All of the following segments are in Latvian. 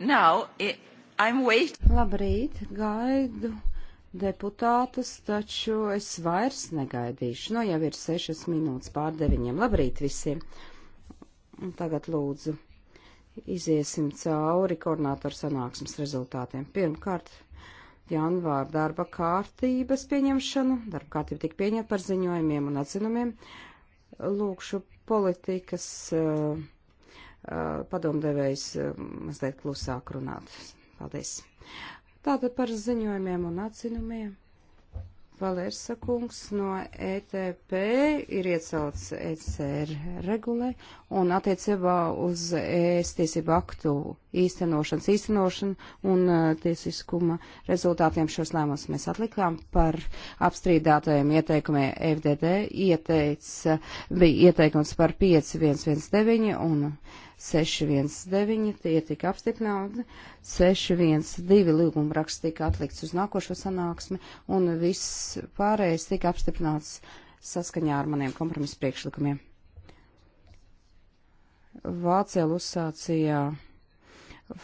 Now, I'm wait. Labrīt, gaidu deputātus, taču es vairs negaidīšu. No nu, jau ir sešas minūtes pār deviņiem. Labrīt visiem. Un tagad lūdzu iziesim cauri koordinātoru sanāksmes rezultātiem. Pirmkārt, janvāra darba kārtības pieņemšanu. Darba kārtība tika pieņemta par ziņojumiem un atzinumiem. Lūkšu politikas. Uh, Eh, padomdevējs eh, mazliet klusāk runāt. Paldies. Tātad par ziņojumiem un atzinumiem. Valērsa kungs no ETP ir iecelts ECR regulē un attiecībā uz ES tiesību aktu īstenošanas īstenošanu un eh, tiesiskuma rezultātiem šos lēmumus mēs atlikām par apstrīdātajiem ieteikumiem FDD ieteica, bija ieteikums par 5119 un 619 tie tika apstiprināti, 612 līguma raksts tika atlikts uz nākošo sanāksmi, un viss pārējais tika apstiprināts saskaņā ar maniem kompromisu priekšlikumiem. Vācijā uzsācīja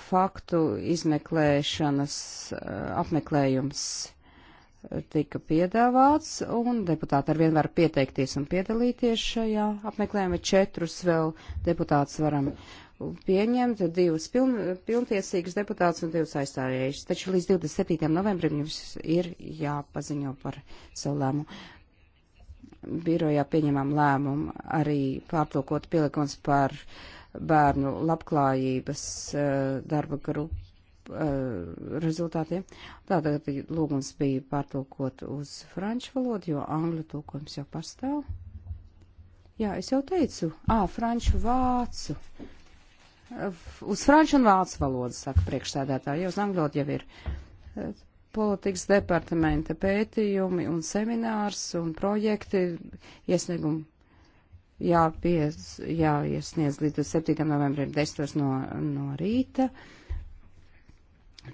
faktu izmeklēšanas eh, apmeklējums tika piedāvāts, un deputāti ar vien var pieteikties un piedalīties šajā apmeklējumā. Četrus vēl deputātus varam pieņemt, divus piln, pilntiesīgus deputātus un divus aizstājējušus. Taču līdz 27. novembrim jums ir jāpaziņo par savu lēmumu. Birojā pieņemam lēmumu arī pārtulkot pielikums par bērnu labklājības eh, darba grupu Eh, rezultātiem. Tātad lūgums bija pārtulkot uz franču valodu, jo angļu tulkojums jau pastāv. Jā, es jau teicu, ā, franču vācu. Uz franču un vācu valodu, saka priekšstādētāji, jo uz angļu jau ir eh, politikas departamenta pētījumi un seminārs un projekti iesniegumi jāpies, jāiesniedz līdz 7. novembrim 10. No, no rīta. Uh,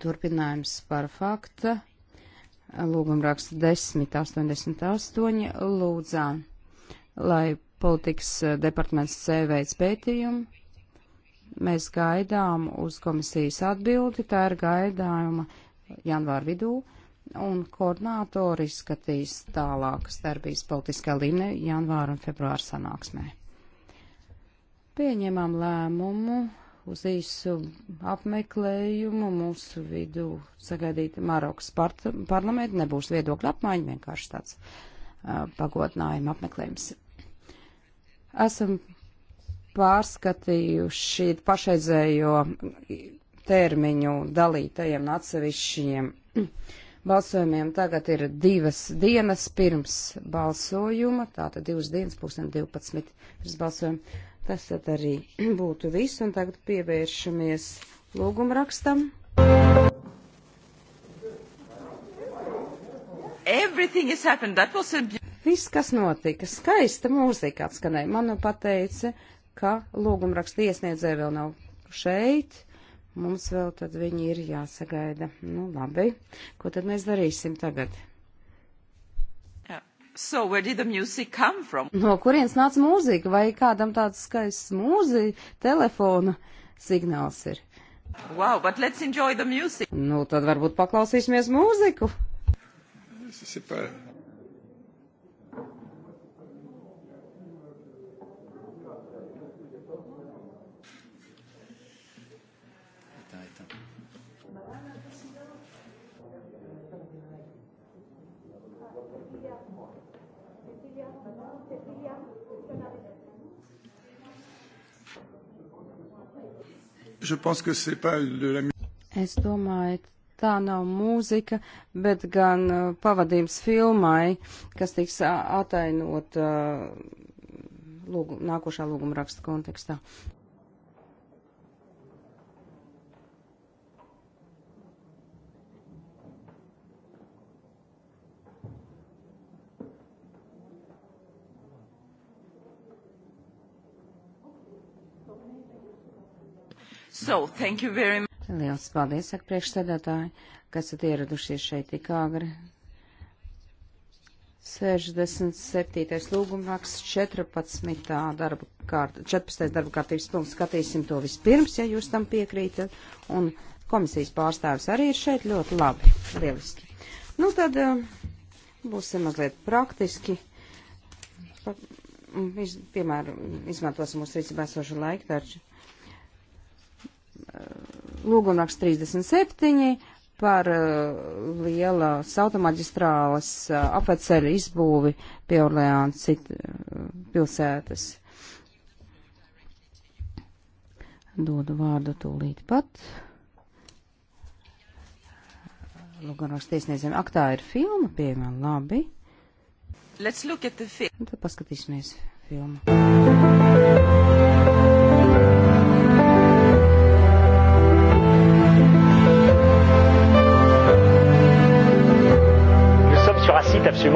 Turpinājums par fakta. Lūgumraksts 1088 lūdzā, lai politikas departaments C veids pētījumu. Mēs gaidām uz komisijas atbildi, tā ir gaidāma janvāra vidū, un koordinātori skatīs tālākas darbības politiskā līmenī janvāra un februāra sanāksmē. Pieņemam lēmumu uz īsu apmeklējumu mūsu vidū sagaidīt Marokas parlamentu. Nebūs viedokļa apmaiņa, vienkārši tāds uh, pagodinājuma apmeklējums. Esam pārskatījuši pašreizējo termiņu dalītajiem atsevišķiem balsojumiem. Tagad ir divas dienas pirms balsojuma, tātad divas dienas, pusdien 12 pirms balsojuma Tas tad arī būtu viss, un tagad pievēršamies lūgumrakstam. A... Viss, kas notika, skaista mūzika atskanēja. Man nu pateica, ka lūgumraksta iesniedzēja vēl nav šeit. Mums vēl tad viņi ir jāsagaida. Nu, labi. Ko tad mēs darīsim tagad? So, where did the music come from? No kurienes nāca mūzika? Vai kādam tāds skaists mūzika telefona signāls ir? Wow, but let's enjoy the music. Nu, tad varbūt paklausīsimies mūziku. Es esmu par... Es domāju, tā nav mūzika, bet gan uh, pavadījums filmai, kas tiks atainot uh, lūgu, nākošā lūguma raksta kontekstā. So, thank you very much. Liels paldies, saka priekšsēdētāji, kas esat ieradušies šeit tik āgri. 67. lūgumraksts, 14. darba kārt, 14. darba kārtības punkts, skatīsim to vispirms, ja jūs tam piekrītat, un komisijas pārstāvis arī ir šeit ļoti labi, lieliski. Nu tad eh, būsim mazliet praktiski, piemēram, izmantosim mūsu rīcībā esošu laiku, taču lūgumraksts 37 par eh, lielas automaģistrāles eh, apveceļa izbūvi pie Orleāns eh, pilsētas. Dodu vārdu tūlīt pat. Lūgumraksts tiesniedzēm. Ak, tā ir filma pieejama. Labi. Let's look at the film. Tad paskatīsimies filmu.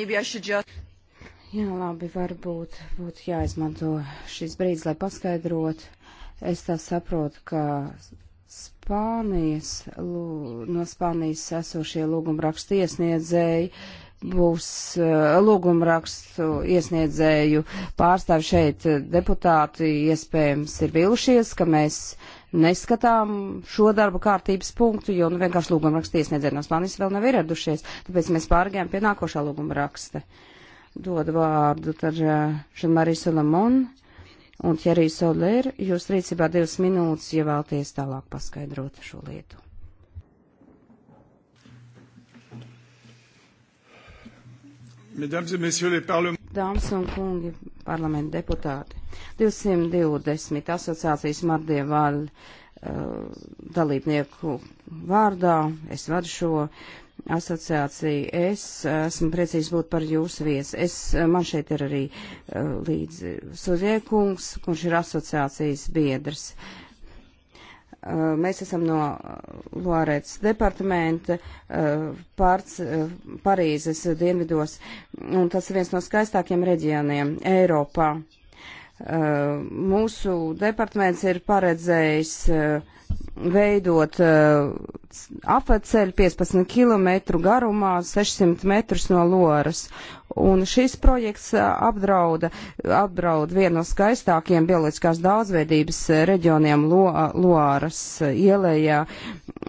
maybe I should just. Jā, labi, varbūt būtu jāizmanto šis brīdis, lai paskaidrotu. Es tā saprotu, ka Spānijas, no Spānijas esošie lūgumrakstu iesniedzēji būs eh, lūgumrakstu iesniedzēju pārstāvi šeit eh, deputāti iespējams ir bilušies, ka mēs neskatām šo darba kārtības punktu, jo nu, vienkārši lūguma raksta iesniedzēja no Spānijas vēl nav ieradušies, tāpēc mēs pārgājām pie nākošā lūguma raksta. Dod vārdu ar Žanmarī eh, Solamon un Tjerī Soler, jūs rīcībā divas minūtes, ja vēlties tālāk paskaidrot šo lietu. Dāmas un kungi, parlamenta deputāti. 220 asociācijas Mardievaļu uh, dalībnieku vārdā. Es vadu šo asociāciju. Es esmu priecīgs būt par jūsu viesu. Es, uh, man šeit ir arī uh, līdzi Suziekungs, kurš ir asociācijas biedrs. Uh, mēs esam no uh, Lorētas departamenta uh, pārts uh, Parīzes dienvidos, un tas ir viens no skaistākiem reģioniem Eiropā. Eh, mūsu departaments ir paredzējis eh, veidot apveceļu 15 km garumā 600 metrus no loras, Un šis projekts uh, apdrauda, apdraud vienu no skaistākiem bioloģiskās daudzveidības uh, reģioniem Lo, uh, Loāras ielējā.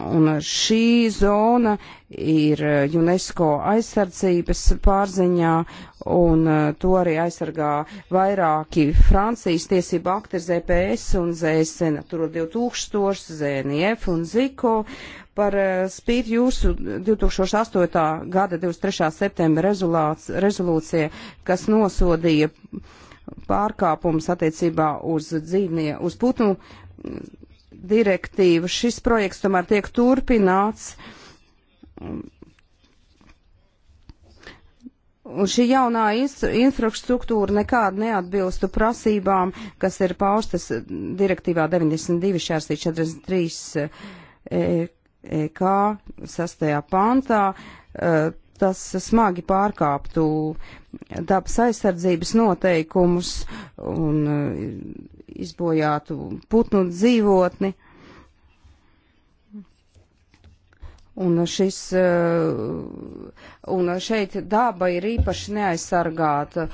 Un šī zona ir UNESCO aizsardzības pārziņā, un to arī aizsargā vairāki Francijas tiesība akti ZPS un ZSN, tur 2000, ZNF un ZIKO. Uh, par eh, spīti jūsu 2008. gada 23. septembra rezolūcija, kas nosodīja pārkāpums attiecībā uz dzīvnie, uz putnu direktīvu. Šis projekts tomēr tiek turpināts. Un šī jaunā infrastruktūra nekāda neatbilstu prasībām, kas ir paustas direktīvā 92 šķērsīt 43 EK 6. pantā, e, tas smagi pārkāptu dabas aizsardzības noteikumus un e, izbojātu putnu dzīvotni. Un, šis, e, un šeit daba ir īpaši neaizsargāta.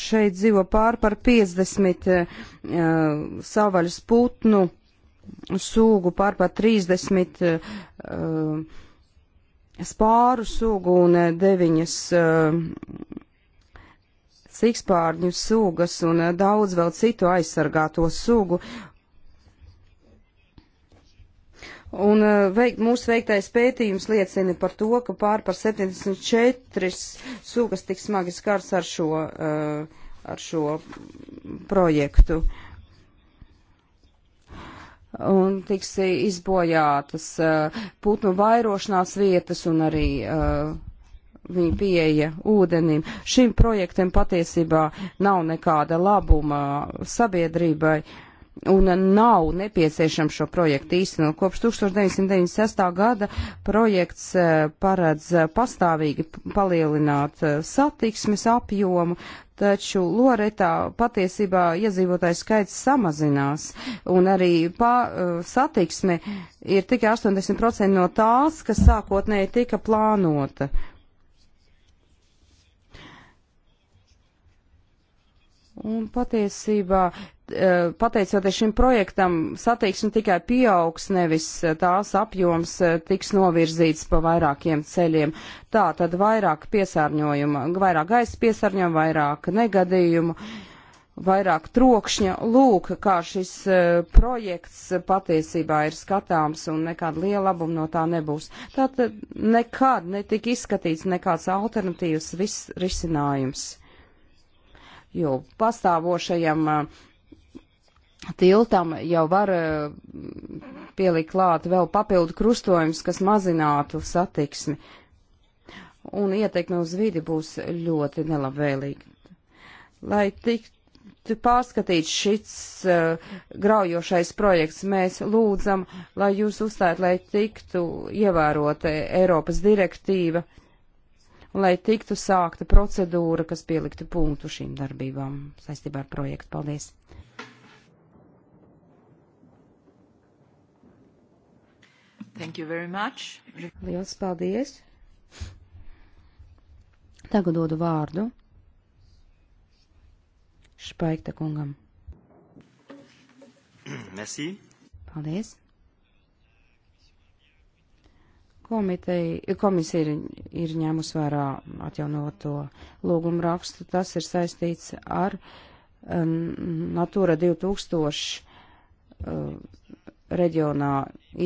Šeit dzīvo pār par 50 uh, savvaļas putnu uh, sūgu pār pat 30 uh, eh, eh, spāru sūgu un 9 eh, uh, sikspārņu sūgas un uh, daudz vēl citu aizsargāto sūgu. Un veik, mūsu veiktais pētījums liecina par to, ka pār par 74 sūgas tik smagi skars ar šo, ar šo projektu. Uh, un tiks izbojātas uh, putnu vairošanās vietas un arī uh, viņa pieeja ūdenim. Šim projektam patiesībā nav nekāda labuma sabiedrībai. Uh, un nav nepieciešams šo projektu īstenot. Kopš 1996. gada projekts eh, paredz pastāvīgi palielināt eh, satiksmes apjomu, taču Loretā patiesībā iedzīvotājs skaits samazinās, un arī pā, eh, satiksme ir tikai 80% no tās, kas sākotnēji tika plānota. Un patiesībā Eh, pateicoties šim projektam, satiksme tikai pieaugs, nevis eh, tās apjoms eh, tiks novirzīts pa vairākiem ceļiem. Tā tad vairāk piesārņojuma, vairāk gaisa piesārņojuma, vairāk negadījumu, vairāk trokšņa. Lūk, kā šis projekts patiesībā ir skatāms un nekāda liela labuma no tā nebūs. Tātad nekad netika izskatīts nekāds alternatīvs risinājums jo pastāvošajam uh, tiltam jau var eh, pielikt klāt vēl papildu krustojums, kas mazinātu satiksmi. Un ieteikme uz vidi būs ļoti nelabvēlīga. Lai tiktu pārskatīts šis uh, graujošais projekts, mēs lūdzam, lai jūs uzstājat, lai tiktu ievērota Eiropas direktīva un lai tiktu sākta procedūra, kas pieliktu punktu šīm darbībām saistībā ar projektu. Paldies! Thank you very much. Liels paldies. Tagad dodu vārdu Špaikta kungam. Merci. Paldies. Komiteja, komisija ir, ir ņēmus vērā atjaunoto lūgumu rakstu. Tas ir saistīts ar um, Natura 2000 um, eh, reģionā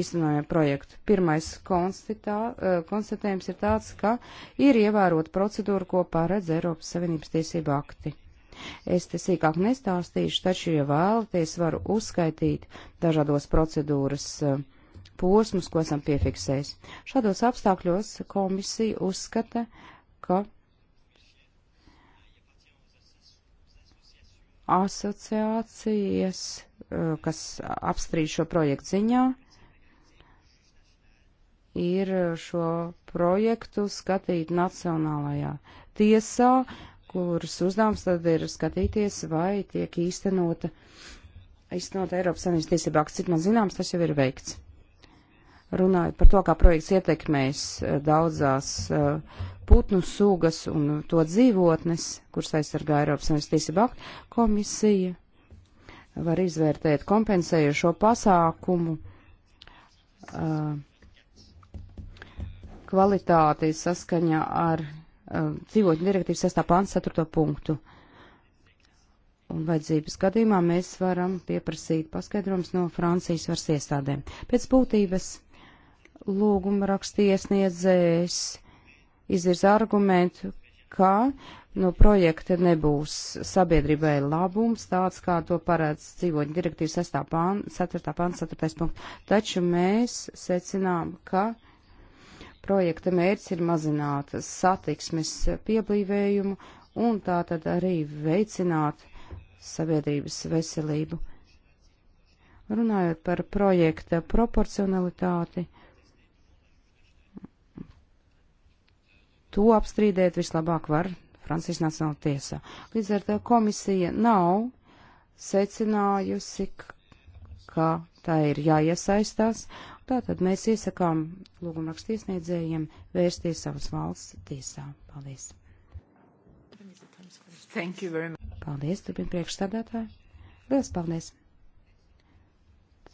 īstenojam projektu. Pirmais eh, konstatējums ir tāds, ka ir ievērota procedūra, ko pāredz Eiropas Savienības tiesība akti. Es te sīkāk nestāstīšu, taču, ja vēlaties, varu uzskaitīt dažādos procedūras eh, posmus, ko esam piefiksējis. Šādos apstākļos komisija uzskata, ka asociācijas, eh, kas apstrīd šo projektu ziņā, ir šo projektu skatīt Nacionālajā tiesā, kuras uzdevums tad ir skatīties, vai tiek īstenota, īstenota Eiropas Savienības tiesība akts. Cik man zināms, tas jau ir veikts. Runājot par to, kā projekts ietekmēs eh, daudzās uh, putnu sugas un to dzīvotnes, kuras aizsargā Eiropas investīcija komisija, var izvērtēt kompensējušo pasākumu uh, kvalitāti saskaņā ar uh, dzīvotņu direktīvas 6. pāns 4. punktu. Un vajadzības gadījumā mēs varam pieprasīt paskaidrojums no Francijas varas iestādēm. Pēc būtības lūguma rakstiesniedzējs izvirz argumentu, ka no nu, projekta nebūs sabiedrībai labums, tāds kā to parāds dzīvoņu direktīvas 6. pāns, 4. pāns, 4. punkts. Taču mēs secinām, ka projekta mērķis ir mazināt satiksmes pieblīvējumu un tā tad arī veicināt sabiedrības veselību. Runājot par projekta proporcionalitāti, to apstrīdēt vislabāk var Francijas Nacionāla tiesā. Līdz ar to komisija nav secinājusi, ka tā ir jāiesaistās. Tātad mēs iesakām lūgumrakstu iesniedzējiem vērsties savas valsts tiesā. Paldies! Paldies, turpin priekšstādātāji. Liels paldies!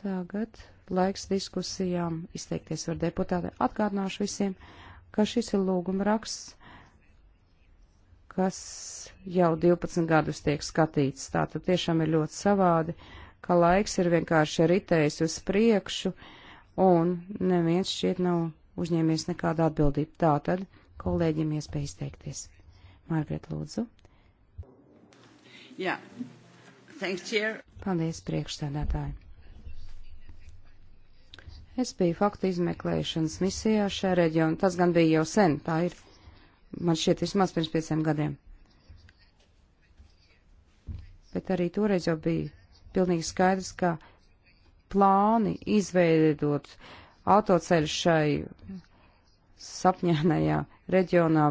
Tagad laiks diskusijām. Izteikties var deputāti. Atgādināšu visiem ka šis ir lūguma raksts, kas jau 12 gadus tiek skatīts. Tā tad tiešām ir ļoti savādi, ka laiks ir vienkārši ritējis uz priekšu, un neviens šķiet nav uzņēmies nekādu atbildību. Tā tad kolēģiem iespēja izteikties. Margaret, lūdzu. Jā. Yeah. Thanks, Chair. Paldies, priekšstādātāji. Es biju faktu izmeklēšanas misijā šajā reģionā. Tas gan bija jau sen, tā ir. Man šķiet vismaz pirms pieciem gadiem. Bet arī toreiz jau bija pilnīgi skaidrs, ka plāni izveidot autoceļu šai sapņēnajā reģionā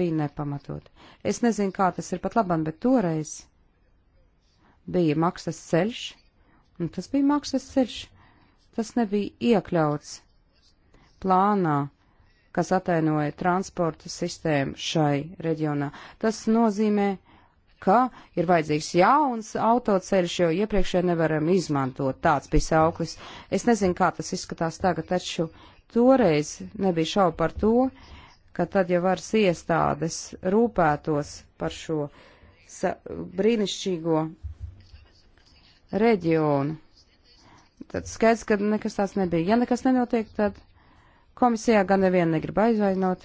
bija nepamatot. Es nezinu, kā tas ir pat labam, bet toreiz bija maksas ceļš, un tas bija maksas ceļš. Tas nebija iekļauts plānā, kas atainoja transporta sistēmu šai reģionā. Tas nozīmē, ka ir vajadzīgs jauns autoceļš, jo iepriekšēji nevaram izmantot. Tāds bija sauklis. Es nezinu, kā tas izskatās tagad, taču toreiz nebija šaubu par to, ka tad jau varas iestādes rūpētos par šo brīnišķīgo reģionu. Tad skaidrs, ka nekas tāds nebija. Ja nekas nenotiek, tad komisijā gan nevienu negrib aizvainot.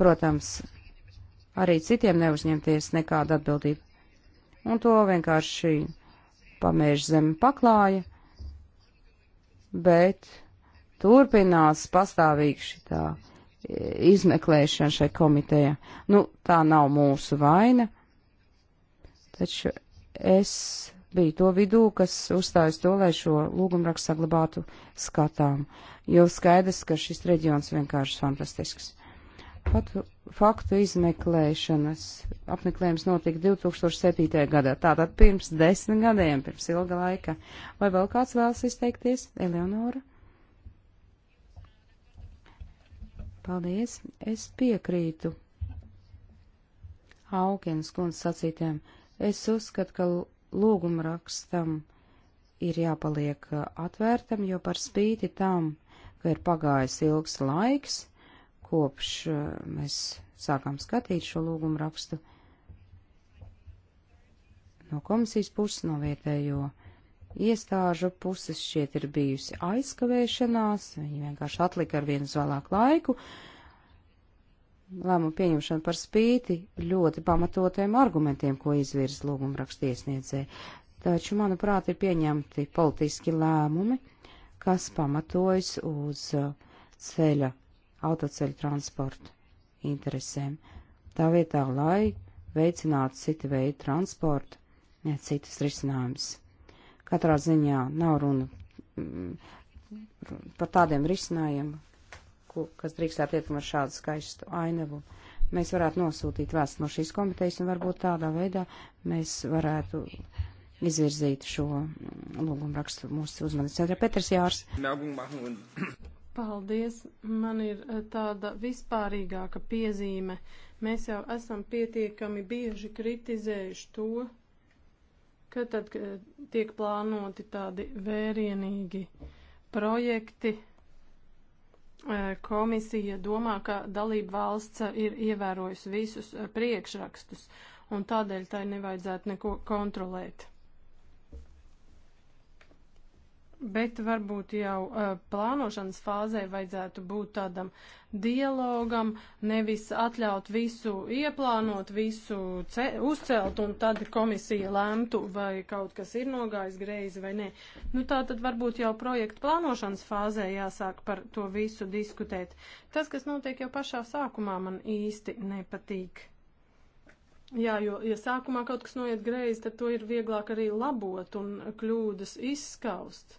Protams, arī citiem neuzņemties nekādu atbildību. Un to vienkārši pamēž zem paklāja, bet turpinās pastāvīgi šitā e, izmeklēšana šai komitejā. Nu, tā nav mūsu vaina, taču es bija to vidū, kas uzstājas to, lai šo lūgumrakstu saglabātu skatām, jo skaidrs, ka šis reģions vienkārši fantastisks. Faktu, faktu izmeklēšanas apmeklējums notika 2007. gadā, tātad pirms desmit gadiem, pirms ilga laika. Vai vēl kāds vēlas izteikties? Eleonora? Paldies, es piekrītu Aukens kundze sacītēm. Es uzskatu, ka lūgumrakstam ir jāpaliek uh, atvērtam, jo par spīti tam, ka ir pagājis ilgs laiks, kopš uh, mēs sākām skatīt šo lūgumrakstu, no komisijas puses, no vietējo iestāžu puses šķiet ir bijusi aizkavēšanās, viņi vienkārši atlika ar vienu vēlāku laiku, uh, lēmumu pieņemšanu par spīti ļoti pamatotiem argumentiem, ko izvirz lūgumraksta iesniedzēji. Taču, manuprāt, ir pieņemti politiski lēmumi, kas pamatojas uz uh, ceļa, autoceļa transportu interesēm. Tā vietā, lai veicinātu citu veidu transportu, ne citas risinājumus. Katrā ziņā nav runa mm, par tādiem risinājumiem, kas drīkstētu iet ar šādu skaistu ainavu. Mēs varētu nosūtīt vēstu no šīs komitejas un varbūt tādā veidā mēs varētu izvirzīt šo lūgumu rakstu mūsu uzmanības centrā. Petrs Jārs. Paldies. Man ir eh, tāda vispārīgāka piezīme. Mēs jau esam pietiekami bieži kritizējuši to, ka tad eh, tiek plānoti tādi vērienīgi projekti, Eh, komisija domā, ka dalība valsts ir ievērojusi visus eh, priekšrakstus, un tādēļ tai nevajadzētu neko kontrolēt. Bet varbūt jau uh, plānošanas fāzē vajadzētu būt tādam dialogam, nevis atļaut visu ieplānot, visu uzcelt un tad komisija lemtu, vai kaut kas ir nogājis greizi vai nē. Nu tā tad varbūt jau projektu plānošanas fāzē jāsāk par to visu diskutēt. Tas, kas notiek jau pašā sākumā, man īsti nepatīk. Jā, jo, ja sākumā kaut kas noiet greizi, tad to ir vieglāk arī labot un kļūdas izskaust.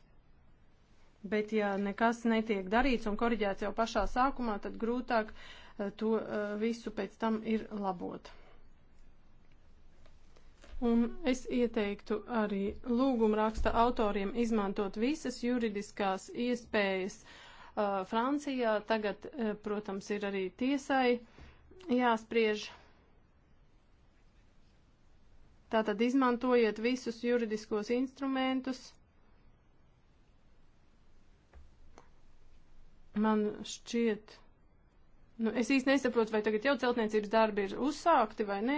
Bet ja nekas netiek darīts un koriģēts jau pašā sākumā, tad grūtāk eh, to eh, visu pēc tam ir labot. Un es ieteiktu arī lūguma raksta autoriem izmantot visas juridiskās iespējas uh, Francijā. Tagad, uh, protams, ir arī tiesai jāspriež. Tātad izmantojiet visus juridiskos instrumentus Man šķiet, nu, es īsti nesaprotu, vai tagad jau celtniecības darbi ir uzsākti vai nē.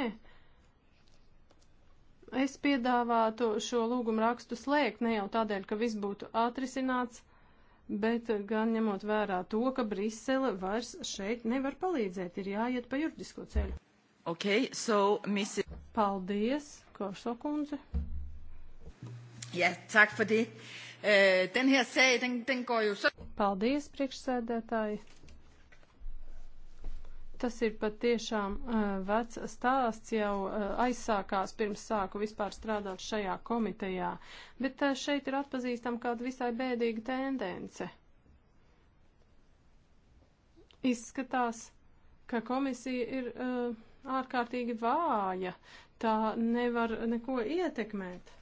Es piedāvātu šo lūgumu rakstu slēgt ne jau tādēļ, ka viss būtu atrisināts, bet gan ņemot vērā to, ka Brisele vairs šeit nevar palīdzēt, ir jāiet pa juridisko ceļu. Okay, so, misi... Paldies, Korso kundze. Jā, yeah, tak for det. Øh, den her sag, den, den går jo så... Paldies, priekšsēdētāji. Tas ir patiešām uh, vecs stāsts, jau uh, aizsākās pirms sāku vispār strādāt šajā komitejā, bet uh, šeit ir atpazīstama kāda visai bēdīga tendence. Izskatās, ka komisija ir uh, ārkārtīgi vāja, tā nevar neko ietekmēt.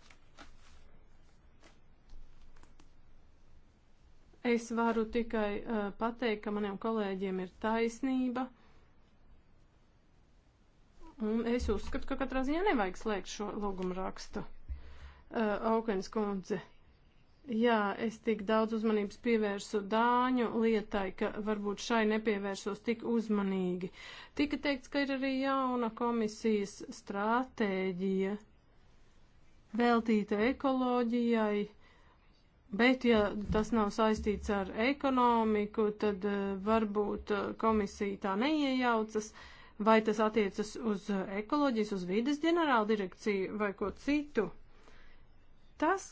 Es varu tikai uh, pateikt, ka maniem kolēģiem ir taisnība. Un es uzskatu, ka katrā ziņā nevajag slēgt šo lūgumu rakstu. Uh, eh, Aukens kundze, Jā, es tik daudz uzmanības pievērsu dāņu lietai, ka varbūt šai nepievērsos tik uzmanīgi. Tika teikts, ka ir arī jauna komisijas stratēģija veltīta ekoloģijai, Bet, ja tas nav saistīts ar ekonomiku, tad eh, varbūt eh, komisija tā neiejaucas, vai tas attiecas uz ekoloģijas, uz vides ģenerāla direkciju vai ko citu. Tas,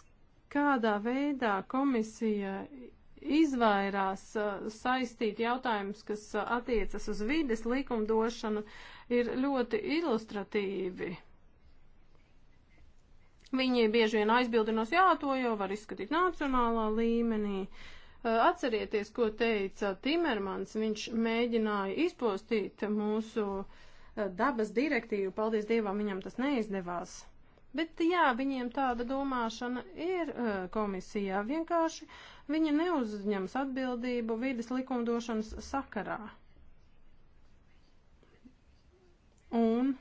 kādā veidā komisija izvairās eh, saistīt jautājumus, kas attiecas uz vides likumdošanu, ir ļoti ilustratīvi. Viņi bieži vien aizbildinos, jā, to jau var izskatīt nacionālā līmenī. Atcerieties, ko teica Timermans, viņš mēģināja izpostīt mūsu dabas direktīvu, paldies Dievam, viņam tas neizdevās. Bet jā, viņiem tāda domāšana ir komisijā, vienkārši viņi neuzņems atbildību vides likumdošanas sakarā. Un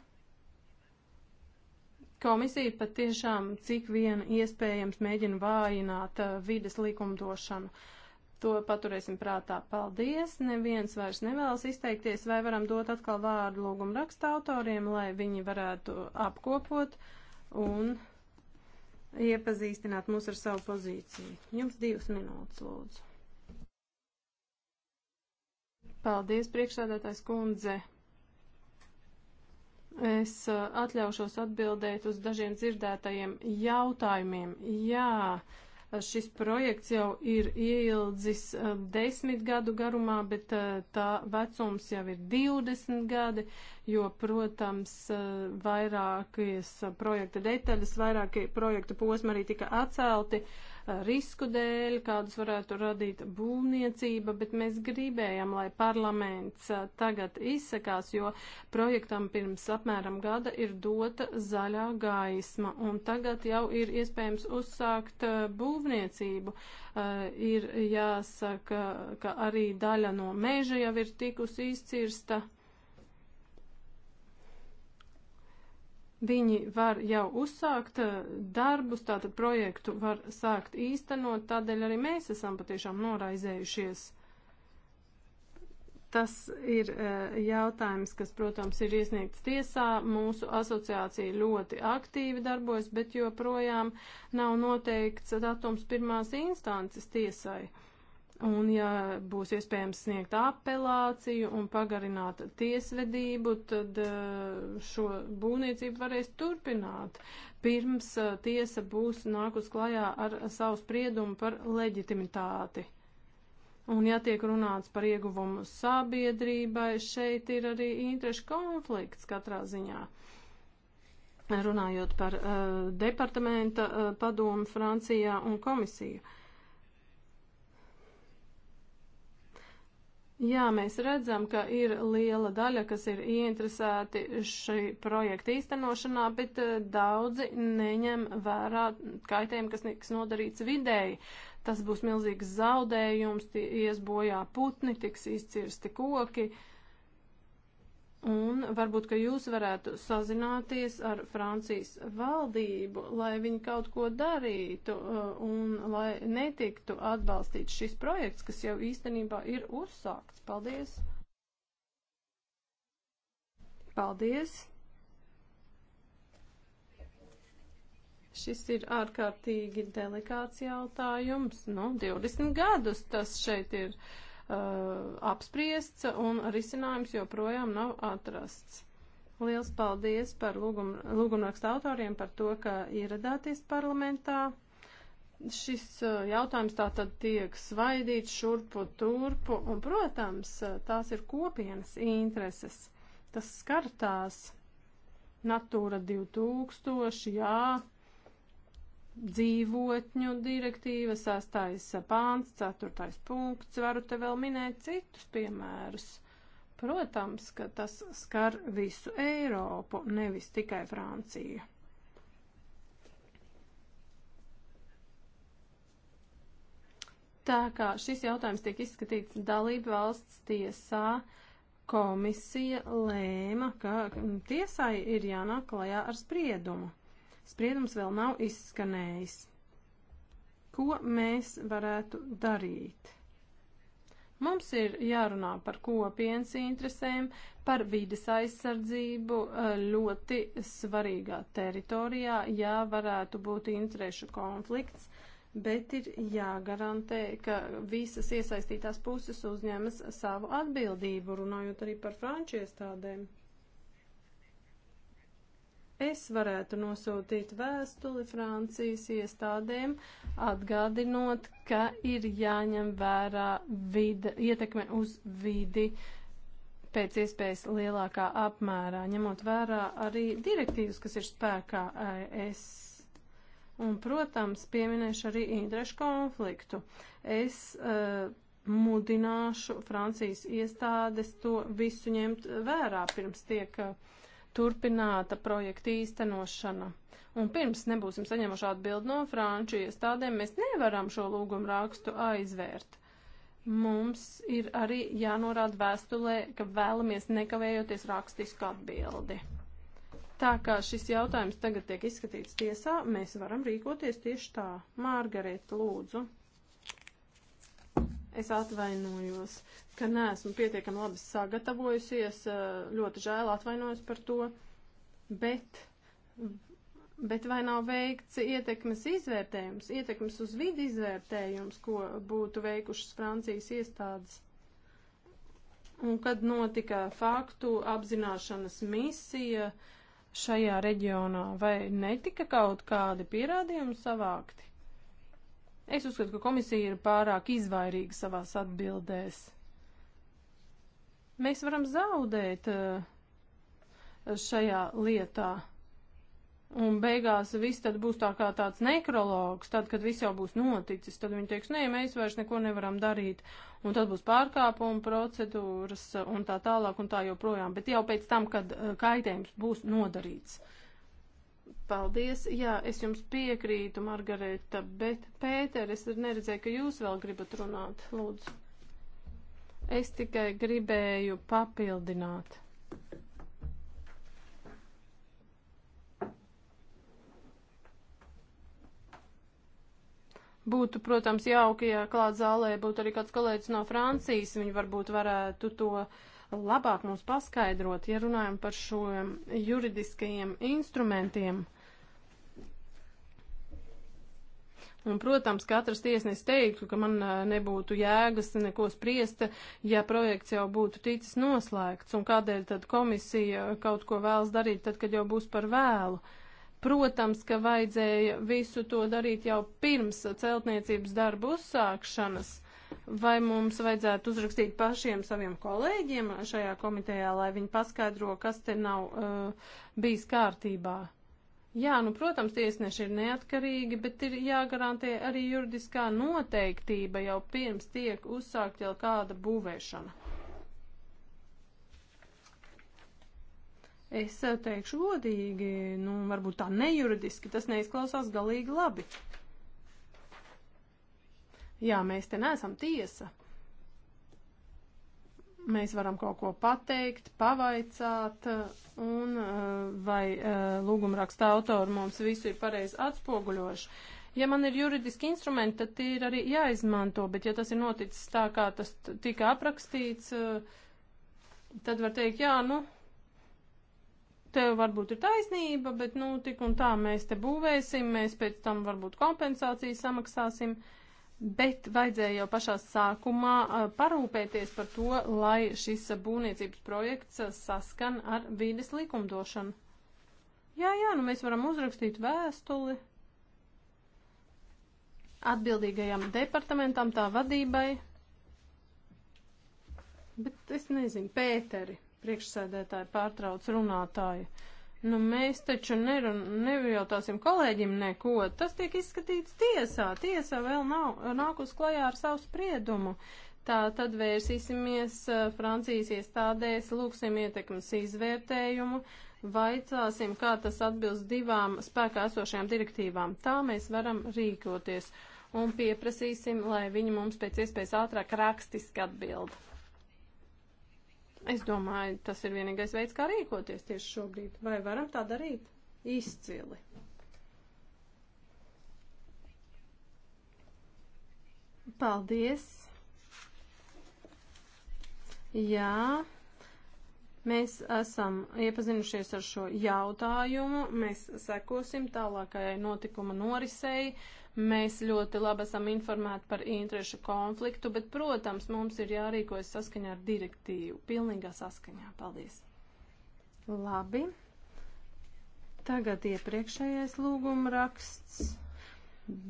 Komisija patiešām cik vien iespējams mēģina vājināt eh, vides likumdošanu. To paturēsim prātā. Paldies! Neviens vairs nevēlas izteikties, vai varam dot atkal vārdu lūgumu raksta autoriem, lai viņi varētu apkopot un iepazīstināt mūs ar savu pozīciju. Jums divas minūtes, lūdzu. Paldies, priekšsādātājs kundze. Es uh, atļaušos atbildēt uz dažiem dzirdētajiem jautājumiem. Jā, šis projekts jau ir ieildzis uh, desmit gadu garumā, bet uh, tā vecums jau ir 20 gadi, jo, protams, vairākas projekta detaļas, vairākie projekta posmi arī tika atcelti. Uh, risku dēļ, kādas varētu radīt būvniecība, bet mēs gribējam, lai parlaments tagad izsakās, jo projektam pirms apmēram gada ir dota zaļā gaisma, un tagad jau ir iespējams uzsākt būvniecību. Ir jāsaka, ka arī daļa no meža jau ir tikusi izcirsta. Viņi var jau uzsākt eh, darbus, tātad projektu var sākt īstenot, tādēļ arī mēs esam patiešām noraizējušies. Tas ir eh, jautājums, kas, protams, ir iesniegts tiesā. Mūsu asociācija ļoti aktīvi darbojas, bet joprojām nav noteikts datums pirmās instances tiesai. Un, ja būs iespējams sniegt apelāciju un pagarināt tiesvedību, tad eh, šo būvniecību varēs turpināt, pirms eh, tiesa būs nākus klajā ar savu spriedumu par leģitimitāti. Un, ja tiek runāts par ieguvumu sabiedrībai, šeit ir arī interešu konflikts katrā ziņā. Runājot par uh, departamenta uh, padomu Francijā un komisiju. Uh, Jā, mēs redzam, ka ir liela daļa, kas ir ieinteresēti šī projekta īstenošanā, bet eh, daudzi neņem vērā kaitējumu, kas tiks nodarīts vidēji. Tas būs milzīgs zaudējums, tie ies bojā putni, tiks izcirsti koki. Uh, Un varbūt, ka jūs varētu sazināties ar Francijas valdību, lai viņi kaut ko darītu uh, un lai netiktu atbalstīts šis projekts, kas jau īstenībā ir uzsākts. Paldies! Paldies! Šis ir ārkārtīgi delikāts jautājums. Nu, 20 gadus tas šeit ir. Uh, Uh, apspriests un risinājums joprojām nav atrasts. Liels paldies par lūgum, lūgumrakstu autoriem par to, ka ieradāties parlamentā. Šis uh, jautājums tā tad tiek svaidīts šurpu turpu, un, protams, uh, tās ir kopienas intereses. Tas skartās Natūra 2000, jā, dzīvotņu direktīva, sastais pāns, ceturtais punkts, varu te vēl minēt citus piemērus. Protams, ka tas skar visu Eiropu, nevis tikai Franciju. Tā kā šis jautājums tiek izskatīts dalību valsts tiesā, komisija lēma, ka tiesai ir jānāk klajā ar spriedumu. Spriedums vēl nav izskanējis. Ko mēs varētu darīt? Mums ir jārunā par kopienas interesēm, par vides aizsardzību eh, ļoti svarīgā teritorijā, jā, varētu būt interešu konflikts, bet ir jāgarantē, ka visas iesaistītās puses uzņemas savu atbildību, runājot arī par frančiestādēm. iestādēm es varētu nosūtīt vēstuli Francijas iestādēm, atgādinot, ka ir jāņem vērā vida, ietekme uz vidi pēc iespējas lielākā apmērā, ņemot vērā arī direktīvas, kas ir spēkā es. Un, protams, pieminēšu arī interešu konfliktu. Es uh, mudināšu Francijas iestādes to visu ņemt vērā pirms tiek. Uh, turpināta projekta īstenošana. Un pirms nebūsim saņēmuši atbildi no franču iestādēm, mēs nevaram šo lūgumu rakstu aizvērt. Mums ir arī jānorāda vēstulē, ka vēlamies nekavējoties rakstisku atbildi. Tā kā šis jautājums tagad tiek izskatīts tiesā, mēs varam rīkoties tieši tā. Mārgarita, lūdzu. Es atvainojos, ka neesmu pietiekami labi sagatavojusies, eh, ļoti žēl atvainojos par to, bet, bet vai nav veikts ietekmes izvērtējums, ietekmes uz vidi izvērtējums, ko būtu veikušas Francijas iestādes? Un kad notika faktu apzināšanas misija šajā reģionā, vai netika kaut kādi pierādījumi savākti? Es uzskatu, ka komisija ir pārāk izvairīga savās atbildēs. Mēs varam zaudēt eh, šajā lietā. Un beigās viss tad būs tā kā tāds nekrologs, tad, kad viss jau būs noticis, tad viņi teiks, nē, mēs vairs neko nevaram darīt, un tad būs pārkāpuma procedūras un tā tālāk un tā joprojām, bet jau pēc tam, kad eh, kaitējums būs nodarīts. Paldies, jā, es jums piekrītu, Margareta, bet Pēter, es neredzēju, ka jūs vēl gribat runāt, lūdzu. Es tikai gribēju papildināt. Būtu, protams, jauki, ja klāt zālē būtu arī kāds kolēģis no Francijas, viņi varbūt varētu to labāk mums paskaidrot, ja runājam par šo juridiskajiem instrumentiem. Un, protams, katrs tiesnesis teiktu, ka man nebūtu jēgas neko spriest, ja projekts jau būtu ticis noslēgts, un kādēļ tad komisija kaut ko vēlas darīt, tad, kad jau būs par vēlu. Protams, ka vajadzēja visu to darīt jau pirms celtniecības darbu uzsākšanas. Vai mums vajadzētu uzrakstīt pašiem saviem kolēģiem šajā komitejā, lai viņi paskaidro, kas te nav uh, bijis kārtībā? Jā, nu, protams, tiesneši ir neatkarīgi, bet ir jāgarantē arī juridiskā noteiktība jau pirms tiek uzsākt jau kāda būvēšana. Es eh, teikšu godīgi, nu, varbūt tā nejuridiski, tas neizklausās galīgi labi. Jā, mēs te neesam tiesa mēs varam kaut ko pateikt, pavaicāt, un eh, vai eh, lūgumraksta autori mums visu ir pareizi atspoguļojuši. Ja man ir juridiski instrumenti, tad tie ir arī jāizmanto, bet ja tas ir noticis tā, kā tas tika aprakstīts, eh, tad var teikt, jā, nu, tev varbūt ir taisnība, bet, nu, tik un tā mēs te būvēsim, mēs pēc tam varbūt kompensāciju samaksāsim. Uh, Bet vajadzēja jau pašā sākumā parūpēties par to, lai šis būvniecības projekts saskan ar vīdes likumdošanu. Jā, jā, nu mēs varam uzrakstīt vēstuli atbildīgajam departamentam, tā vadībai. Bet es nezinu, Pēteri, priekšsēdētāji pārtrauc runātāju. Nu, mēs taču nerun, nevajautāsim kolēģim neko. Tas tiek izskatīts tiesā. Tiesa vēl nav nākus klajā ar savu spriedumu. Tā tad vērsīsimies eh, Francijas iestādēs, lūksim ietekmes izvērtējumu, vaicāsim, kā tas atbilst divām spēkā esošajām direktīvām. Tā mēs varam rīkoties un pieprasīsim, lai viņi mums pēc iespējas ātrāk rakstiski atbild. Es domāju, tas ir vienīgais veids, kā rīkoties tieši šobrīd. Vai varam tā darīt? Izcili. Paldies! Jā, mēs esam iepazinušies ar šo jautājumu, mēs sekosim tālākajai notikuma norisei. Uh, Mēs ļoti labi esam informēti par interešu konfliktu, bet, protams, mums ir jārīkojas saskaņā ar direktīvu. Pilnīgā saskaņā. Paldies! Labi. Tagad iepriekšējais lūguma raksts.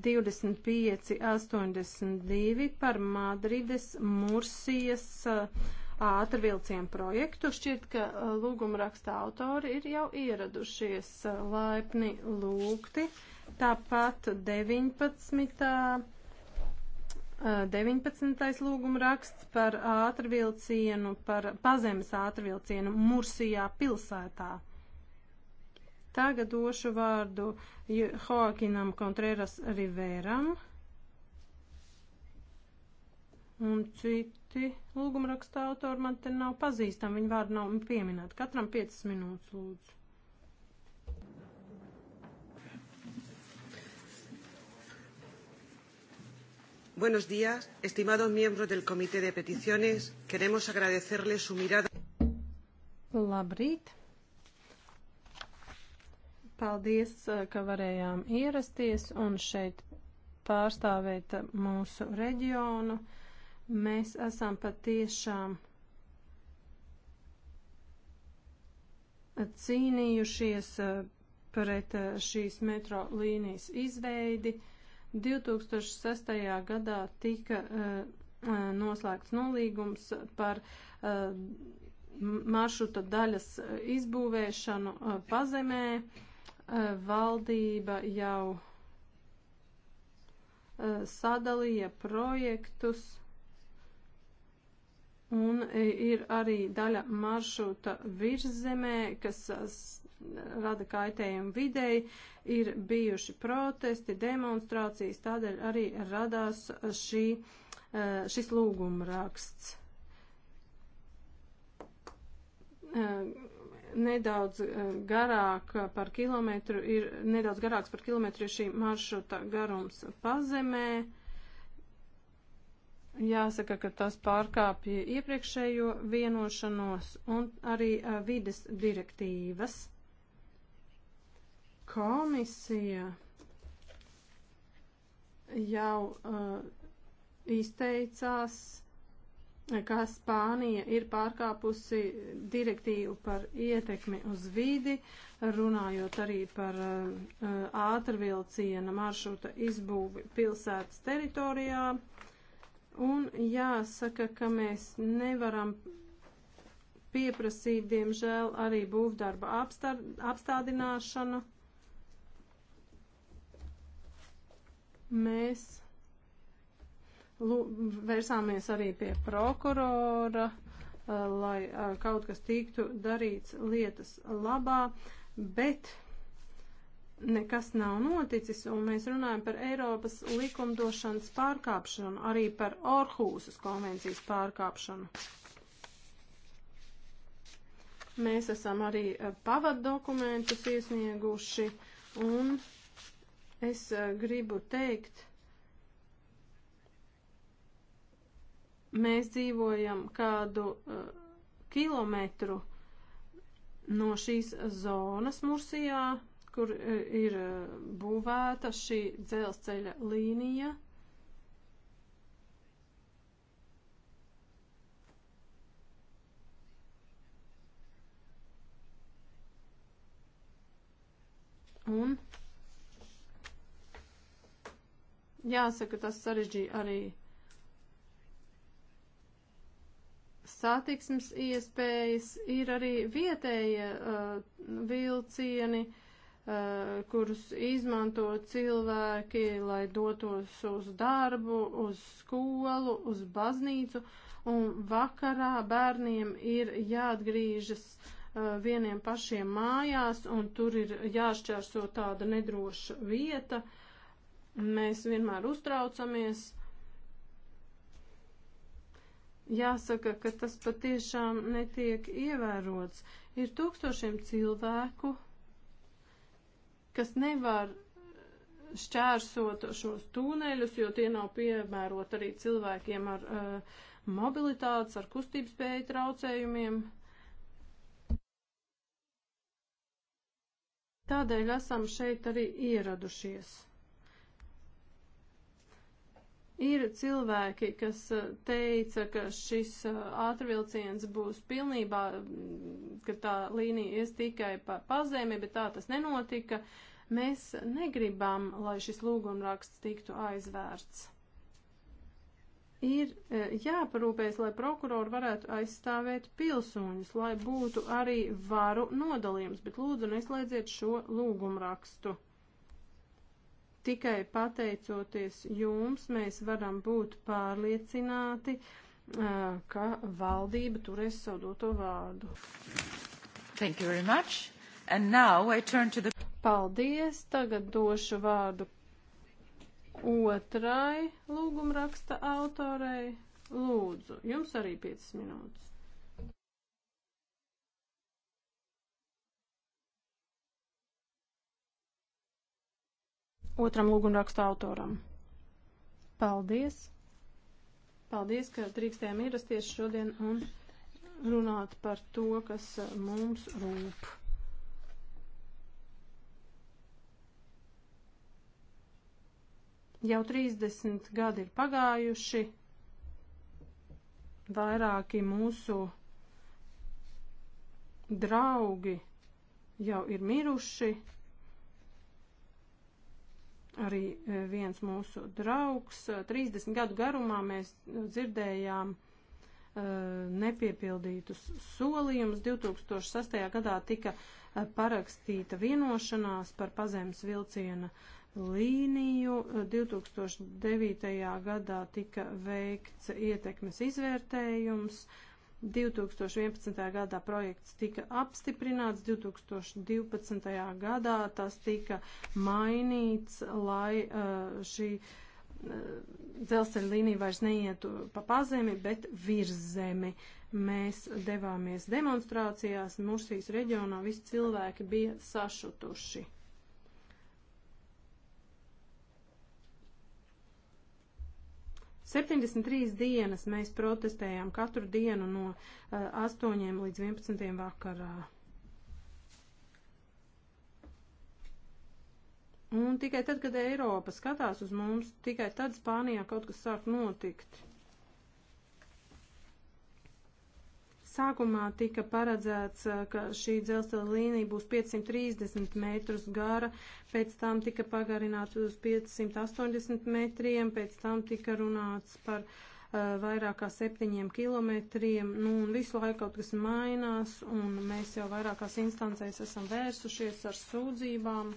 2582 par Madrides Mursijas uh, ātrvilcienu projektu. Šķiet, ka uh, lūguma raksta autori ir jau ieradušies uh, laipni lūgti. Uh, Tāpat 19. 19. lūguma raksts par ātrvilcienu, par pazemes ātrvilcienu Mursijā pilsētā. Tagad došu vārdu Joakinam Kontreras Riveram un citi lūguma raksta autori man te nav pazīstami, viņu vārdu nav pieminēti. Katram 5 minūtes lūdzu. Buenos días, estimados miembros del Comité de Peticiones. Queremos agradecerles su mirada. Labrīt! Paldies, eh, ka varējām ierasties un šeit pārstāvēt mūsu reģionu. Mēs esam patiešām cīnījušies eh, pret eh, šīs metro līnijas izveidi. 2006. gadā tika uh, noslēgts nolīgums par uh, maršruta daļas izbūvēšanu uh, pazemē. Valdība jau sadalīja projektus un ir arī daļa maršruta virzemē, kas rada kaitējumu videi, ir bijuši protesti, demonstrācijas, tādēļ arī radās šī, eh, šis lūgumraksts. Eh, nedaudz eh, garāk par kilometru ir, nedaudz garāks par kilometru ir šī maršruta garums pazemē. Jāsaka, ka tas pārkāpja iepriekšējo vienošanos un arī vides direktīvas. Komisija jau uh, izteicās, ka Spānija ir pārkāpusi direktīvu par ietekmi uz vidi, runājot arī par uh, ātrvilciena maršruta izbūvi pilsētas teritorijā. Un jāsaka, ka mēs nevaram pieprasīt, diemžēl, arī būvdarba apstādināšanu Mēs vērsāmies arī pie prokurora, eh, lai eh, kaut kas tiktu darīts lietas labā, bet nekas nav noticis, un mēs runājam par Eiropas likumdošanas pārkāpšanu, arī par Orhūsas konvencijas pārkāpšanu. Mēs esam arī eh, pavaddokumentus iesnieguši, un Es eh, gribu teikt, mēs dzīvojam kādu uh, kilometru no šīs zonas Mursijā, kur eh, ir būvēta šī dzelzceļa līnija. Un Jāsaka, tas sarežģīja arī satiksmes iespējas, ir arī vietējie uh, vilcieni, uh, kurus izmanto cilvēki, lai dotos uz darbu, uz skolu, uz baznīcu, un vakarā bērniem ir jāatgriežas uh, vieniem pašiem mājās, un tur ir jāšķērso tāda nedroša vieta. Uh, Mēs vienmēr uztraucamies. Jāsaka, ka tas patiešām netiek ievērots. Ir tūkstošiem cilvēku, kas nevar šķērsot šos tūneļus, jo tie nav piemērot arī cilvēkiem ar uh, mobilitātes, ar kustības spēju traucējumiem. Tādēļ esam šeit arī ieradušies. Ir cilvēki, kas uh, teica, ka šis uh, ātrvilciens būs pilnībā, mm, ka tā līnija ies tikai pa pazemi, bet tā tas nenotika. Mēs negribam, lai šis lūgumraksts tiktu aizvērts. Ir uh, jāparūpēs, lai prokurori varētu aizstāvēt pilsoņus, lai būtu arī varu nodalījums, bet lūdzu neslēdziet šo lūgumrakstu. rakstu. Tikai pateicoties jums, mēs varam būt pārliecināti, ka valdība turēs savu doto vārdu. Thank you very much. And now I turn to the... Paldies. Tagad došu vārdu otrai lūgumraksta autorei. Lūdzu, jums arī 5 minūtes. otram lūgumrakstu autoram. Paldies! Paldies, ka drīkstējām ierasties šodien un runāt par to, kas uh, mums rūp. Jau 30 gadi ir pagājuši, vairāki mūsu draugi jau ir miruši, Arī e, viens mūsu draugs, 30 e, gadu garumā mēs dzirdējām uh, nepiepildītus solījumus. 2006. gadā tika parakstīta vienošanās par pazemes vilciena līniju. 2009. gadā tika veikts ietekmes izvērtējums. Uh, 2011. gadā projekts tika apstiprināts, 2012. gadā tas tika mainīts, lai uh, šī uh, dzelzceļa līnija vairs neietu pa pazemi, bet virs zemi. Mēs devāmies demonstrācijās, Mursijas reģionā visi cilvēki bija sašutuši. 73 dienas mēs protestējām katru dienu no uh, eh, 8 līdz 11 vakarā. Un tikai tad, kad Eiropa skatās uz mums, tikai tad Spānijā kaut kas sāk notikt. Sākumā tika paredzēts, uh, ka šī dzelzceļa līnija būs 530 metrus gara, pēc tam tika pagarināts uz 580 metriem, pēc tam tika runāts par uh, vairāk kā septiņiem kilometriem, nu un visu laiku kaut kas mainās, un mēs jau vairākās instancēs esam vērsušies ar sūdzībām.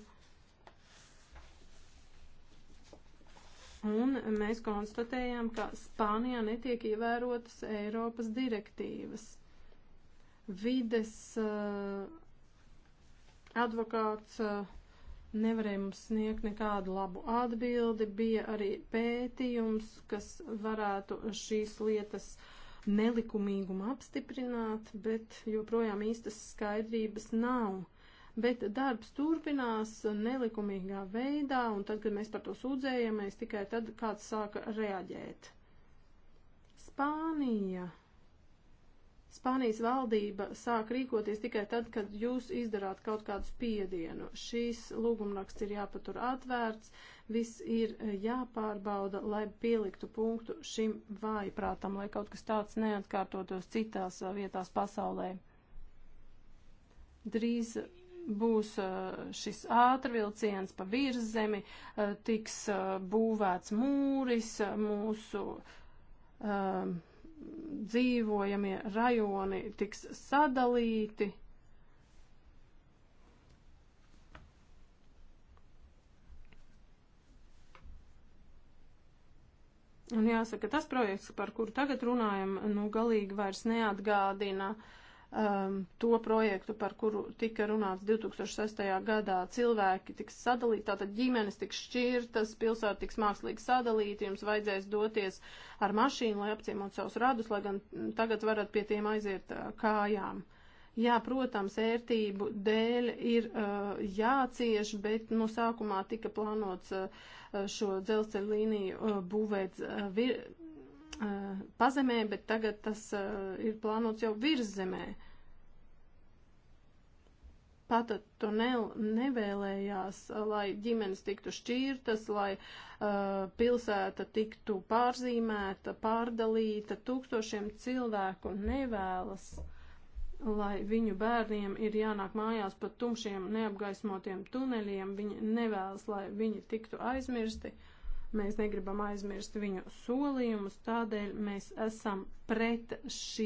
Un mēs konstatējām, ka Spānijā netiek ievērotas Eiropas direktīvas vides eh, advokāts eh, nevarēja mums sniegt nekādu labu atbildi. Bija arī pētījums, kas varētu šīs lietas nelikumīgumu apstiprināt, bet joprojām īstas skaidrības nav bet darbs turpinās nelikumīgā veidā, un tad, kad mēs par to sūdzējamies, tikai tad kāds sāka reaģēt. Spānija Spānijas valdība sāk rīkoties tikai tad, kad jūs izdarāt kaut kādu spiedienu. Šīs lūgumraksts ir jāpatur atvērts, viss ir jāpārbauda, lai pieliktu punktu šim vājprātam, lai kaut kas tāds neatkārtotos citās vietās pasaulē. Drīz būs uh, šis ātrvilciens pa virzemi, uh, tiks uh, būvēts mūris mūsu. Um, dzīvojamie rajoni tiks sadalīti. Un jāsaka, tas projekts, par kuru tagad runājam, nu galīgi vairs neatgādina uh, um, to projektu, par kuru tika runāts 2006. gadā. Cilvēki tiks sadalīti, tātad ģimenes tiks šķirtas, pilsēta tiks mākslīgi sadalīta, jums vajadzēs doties ar mašīnu, lai apciemot savus radus, lai gan tagad varat pie tiem aiziet uh, kājām. Jā, protams, ērtību dēļ ir uh, jācieš, bet no sākumā tika plānots uh, šo dzelzceļa līniju uh, būvēt. Uh, vir pazemē, bet tagad tas ir plānots jau virszemē. Pat Tonel nevēlējās, lai ģimenes tiktu šķirtas, lai uh, pilsēta tiktu pārzīmēta, pārdalīta. Tūkstošiem cilvēku nevēlas, lai viņu bērniem ir jānāk mājās pa tumšiem, neapgaismotiem tuneļiem. Viņi nevēlas, lai viņi tiktu aizmirsti. Uh, Mēs negribam aizmirst viņu solījumus, tādēļ mēs esam pret, šī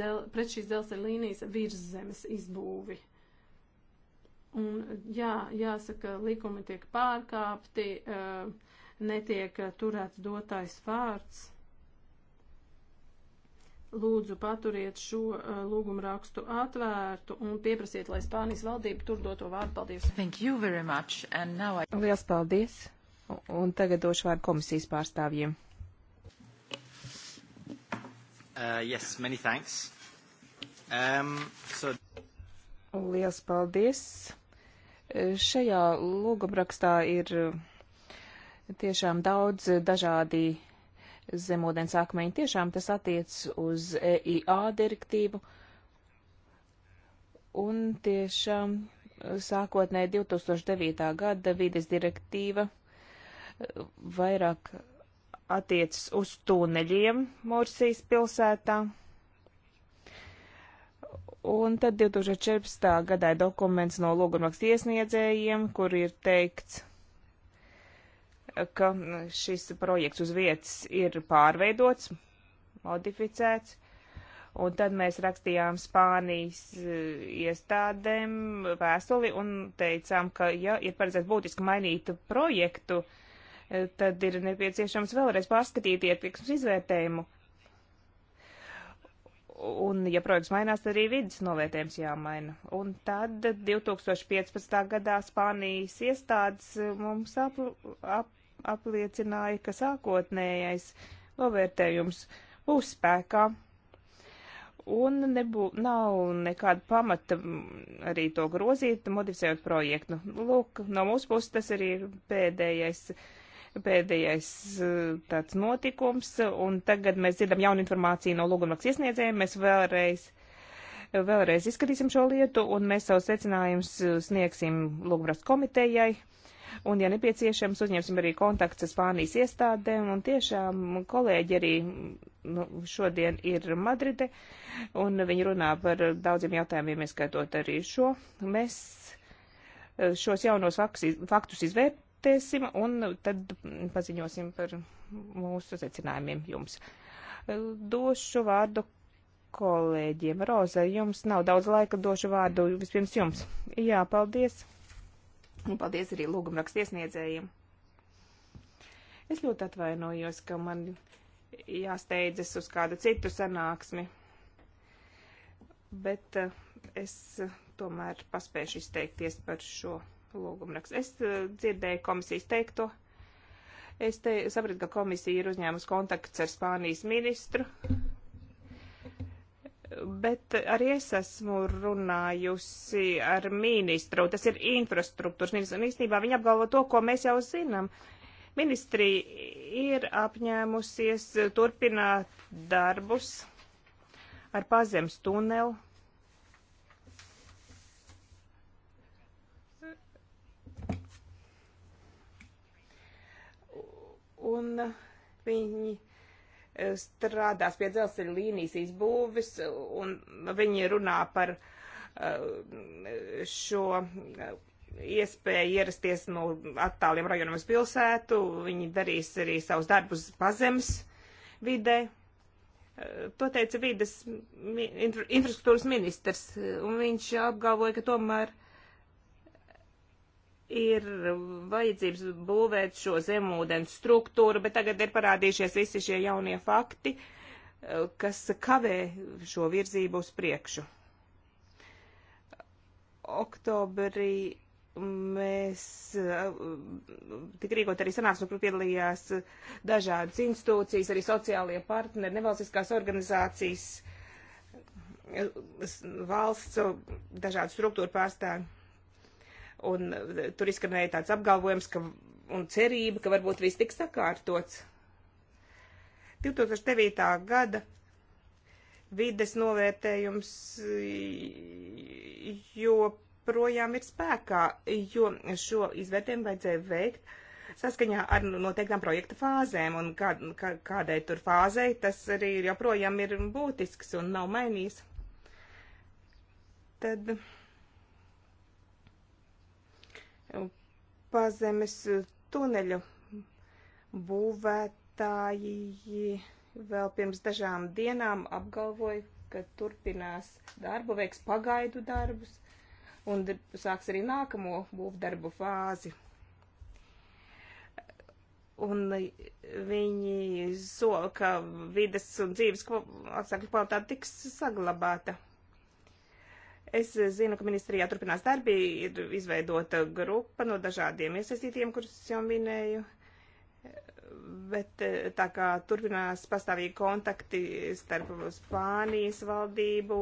dzel, pret šīs dzelzceļa līnijas virszemes izbūvi. Un, jā, jāsaka, likumi tiek pārkāpti, eh, netiek turēts dotais vārds. Lūdzu, paturiet šo eh, lūgumu rakstu atvērtu un pieprasiet, lai Spānijas valdība tur doto vārdu. Paldies! Thank you very much! And now I... Lielas paldies! Un tagad došu vārdu komisijas pārstāvjiem. Uh, yes, many thanks. Um, so... Liels paldies. Šajā lūgumrakstā ir uh, tiešām daudz dažādi zemūdens akmeņi. Tiešām tas attiec uz EIA direktīvu. Un tiešām uh, sākotnēji 2009. gada vides direktīva vairāk attiecas uz tuneļiem Morsijas pilsētā. Un tad 2014. gadā ir dokuments no logumraksta iesniedzējiem, kur ir teikts, ka šis projekts uz vietas ir pārveidots, modificēts. Un tad mēs rakstījām Spānijas eh, iestādēm vēstuli un teicām, ka, ja ir paredzēts būtiski mainīt projektu, uh, tad ir nepieciešams vēlreiz pārskatīt ietekmes izvērtējumu. Un, ja projekts mainās, tad arī vidas novērtējums jāmaina. Un tad 2015. gadā Spānijas iestādes mums ap, ap, apliecināja, ka sākotnējais novērtējums būs spēkā. Un nebū, nav nekāda pamata arī to grozīt, modificējot projektu. Lūk, no mūsu puses tas arī ir pēdējais. Uh, pēdējais eh, tāds notikums, un tagad mēs dzirdam jaunu informāciju no lūgumraks iesniedzējiem. Mēs vēlreiz, vēlreiz izskatīsim šo lietu, un mēs savus secinājumus eh, sniegsim lūgumraks komitejai. Un, ja nepieciešams, uzņemsim arī kontakts ar Spānijas iestādēm. Un tiešām kolēģi arī nu, šodien ir Madride, un viņi runā par daudziem jautājumiem, ieskaitot arī šo. Mēs eh, šos jaunos faktus izvērt, diskutēsim un tad paziņosim par mūsu secinājumiem jums. Došu vārdu kolēģiem. Roza, jums nav daudz laika, došu vārdu vispirms jums. Jā, paldies. Un paldies arī lūgumrakstiesniedzējiem. Es ļoti atvainojos, ka man jāsteidzas uz kādu citu sanāksmi. Bet eh, es eh, tomēr paspēšu izteikties par šo lūgumraksts. Es eh, dzirdēju komisijas teikto. Es te sapratu, ka komisija ir uzņēmusi kontakts ar Spānijas ministru, bet arī es esmu runājusi ar ministru, tas ir infrastruktūras ministrs, un īstenībā viņi apgalvo to, ko mēs jau zinām. Ministrija ir apņēmusies turpināt darbus ar pazemes tunelu un uh, viņi uh, strādās pie dzelzceļa līnijas izbūves, un viņi runā par uh, šo iespēju ierasties no attāliem rajoniem uz pilsētu, viņi darīs arī savus darbus pazemes vidē. To teica vides infrastruktūras ministrs, un viņš apgalvoja, ka tomēr ir vajadzības būvēt šo zemūdens struktūru, bet tagad ir parādījušies visi šie jaunie fakti, eh, kas kavē šo virzību uz priekšu. Oktobrī mēs eh, tik rīkot arī sanāksmi, nu, kur piedalījās dažādas institūcijas, arī sociālie partneri, nevalstiskās organizācijas, eh, valsts, dažādu struktūru pārstāvju Un e, tur izskanēja tāds apgalvojums ka, un cerība, ka varbūt viss tiks sakārtots. 2009. gada vides novērtējums e, joprojām ir spēkā, jo šo izvērtējumu vajadzēja veikt saskaņā ar noteiktām projekta fāzēm, un kā, kā, kādai tur fāzei tas arī joprojām ir būtisks un nav mainījis. Tad pazemes eh, tuneļu būvētāji vēl pirms dažām dienām apgalvoja, ka turpinās darbu, veiks pagaidu darbus un sāks arī nākamo būvdarbu fāzi. Un viņi sola, ka vides un dzīves apstākļu kvalitāte tiks saglabāta. Es zinu, ka ministrijā turpinās darbi, ir izveidota grupa no dažādiem iesaistītiem, kurus es jau minēju, bet eh, tā kā turpinās pastāvīgi kontakti starp Spānijas valdību,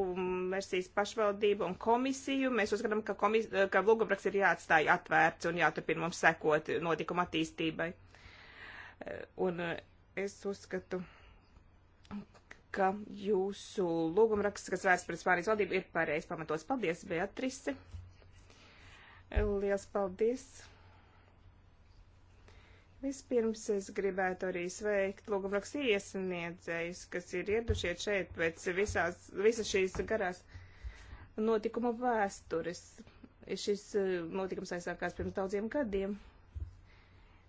Mersijas pašvaldību un komisiju, mēs uzskatām, ka, komis, ka lūgumraks ir jāatstāj atvērts un jāturpina mums sekot notikuma attīstībai. Eh, un eh, es uzskatu, ka jūsu lūgumraksts, kas vērsts pret Spānijas valdību, ir pareizi pamatots. Paldies, Beatrice! Lielas paldies! Vispirms es gribētu arī sveikt lūgumrakstu iesniedzējus, kas ir ieradušies šeit pēc visās, visas šīs garās notikuma vēstures. Šis eh, notikums aizsākās pirms daudziem gadiem,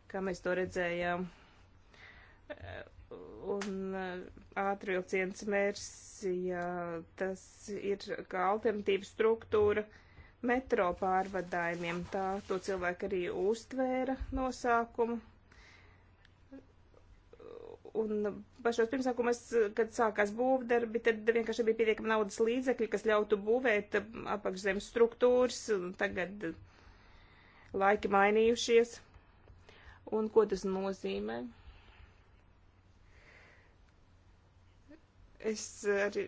kā mēs to redzējām. Eh, un eh, ātrvilciens Mērsija, tas ir kā alternatīva struktūra metro pārvadājumiem. Tā to cilvēku arī uztvēra nosākumu. Un pašos pirmsākumos, kad sākās būvdarbi, tad vienkārši bija pietiekami naudas līdzekļi, kas ļautu būvēt apakšzemes struktūras. Tagad laiki mainījušies. Un ko tas nozīmē? Es arī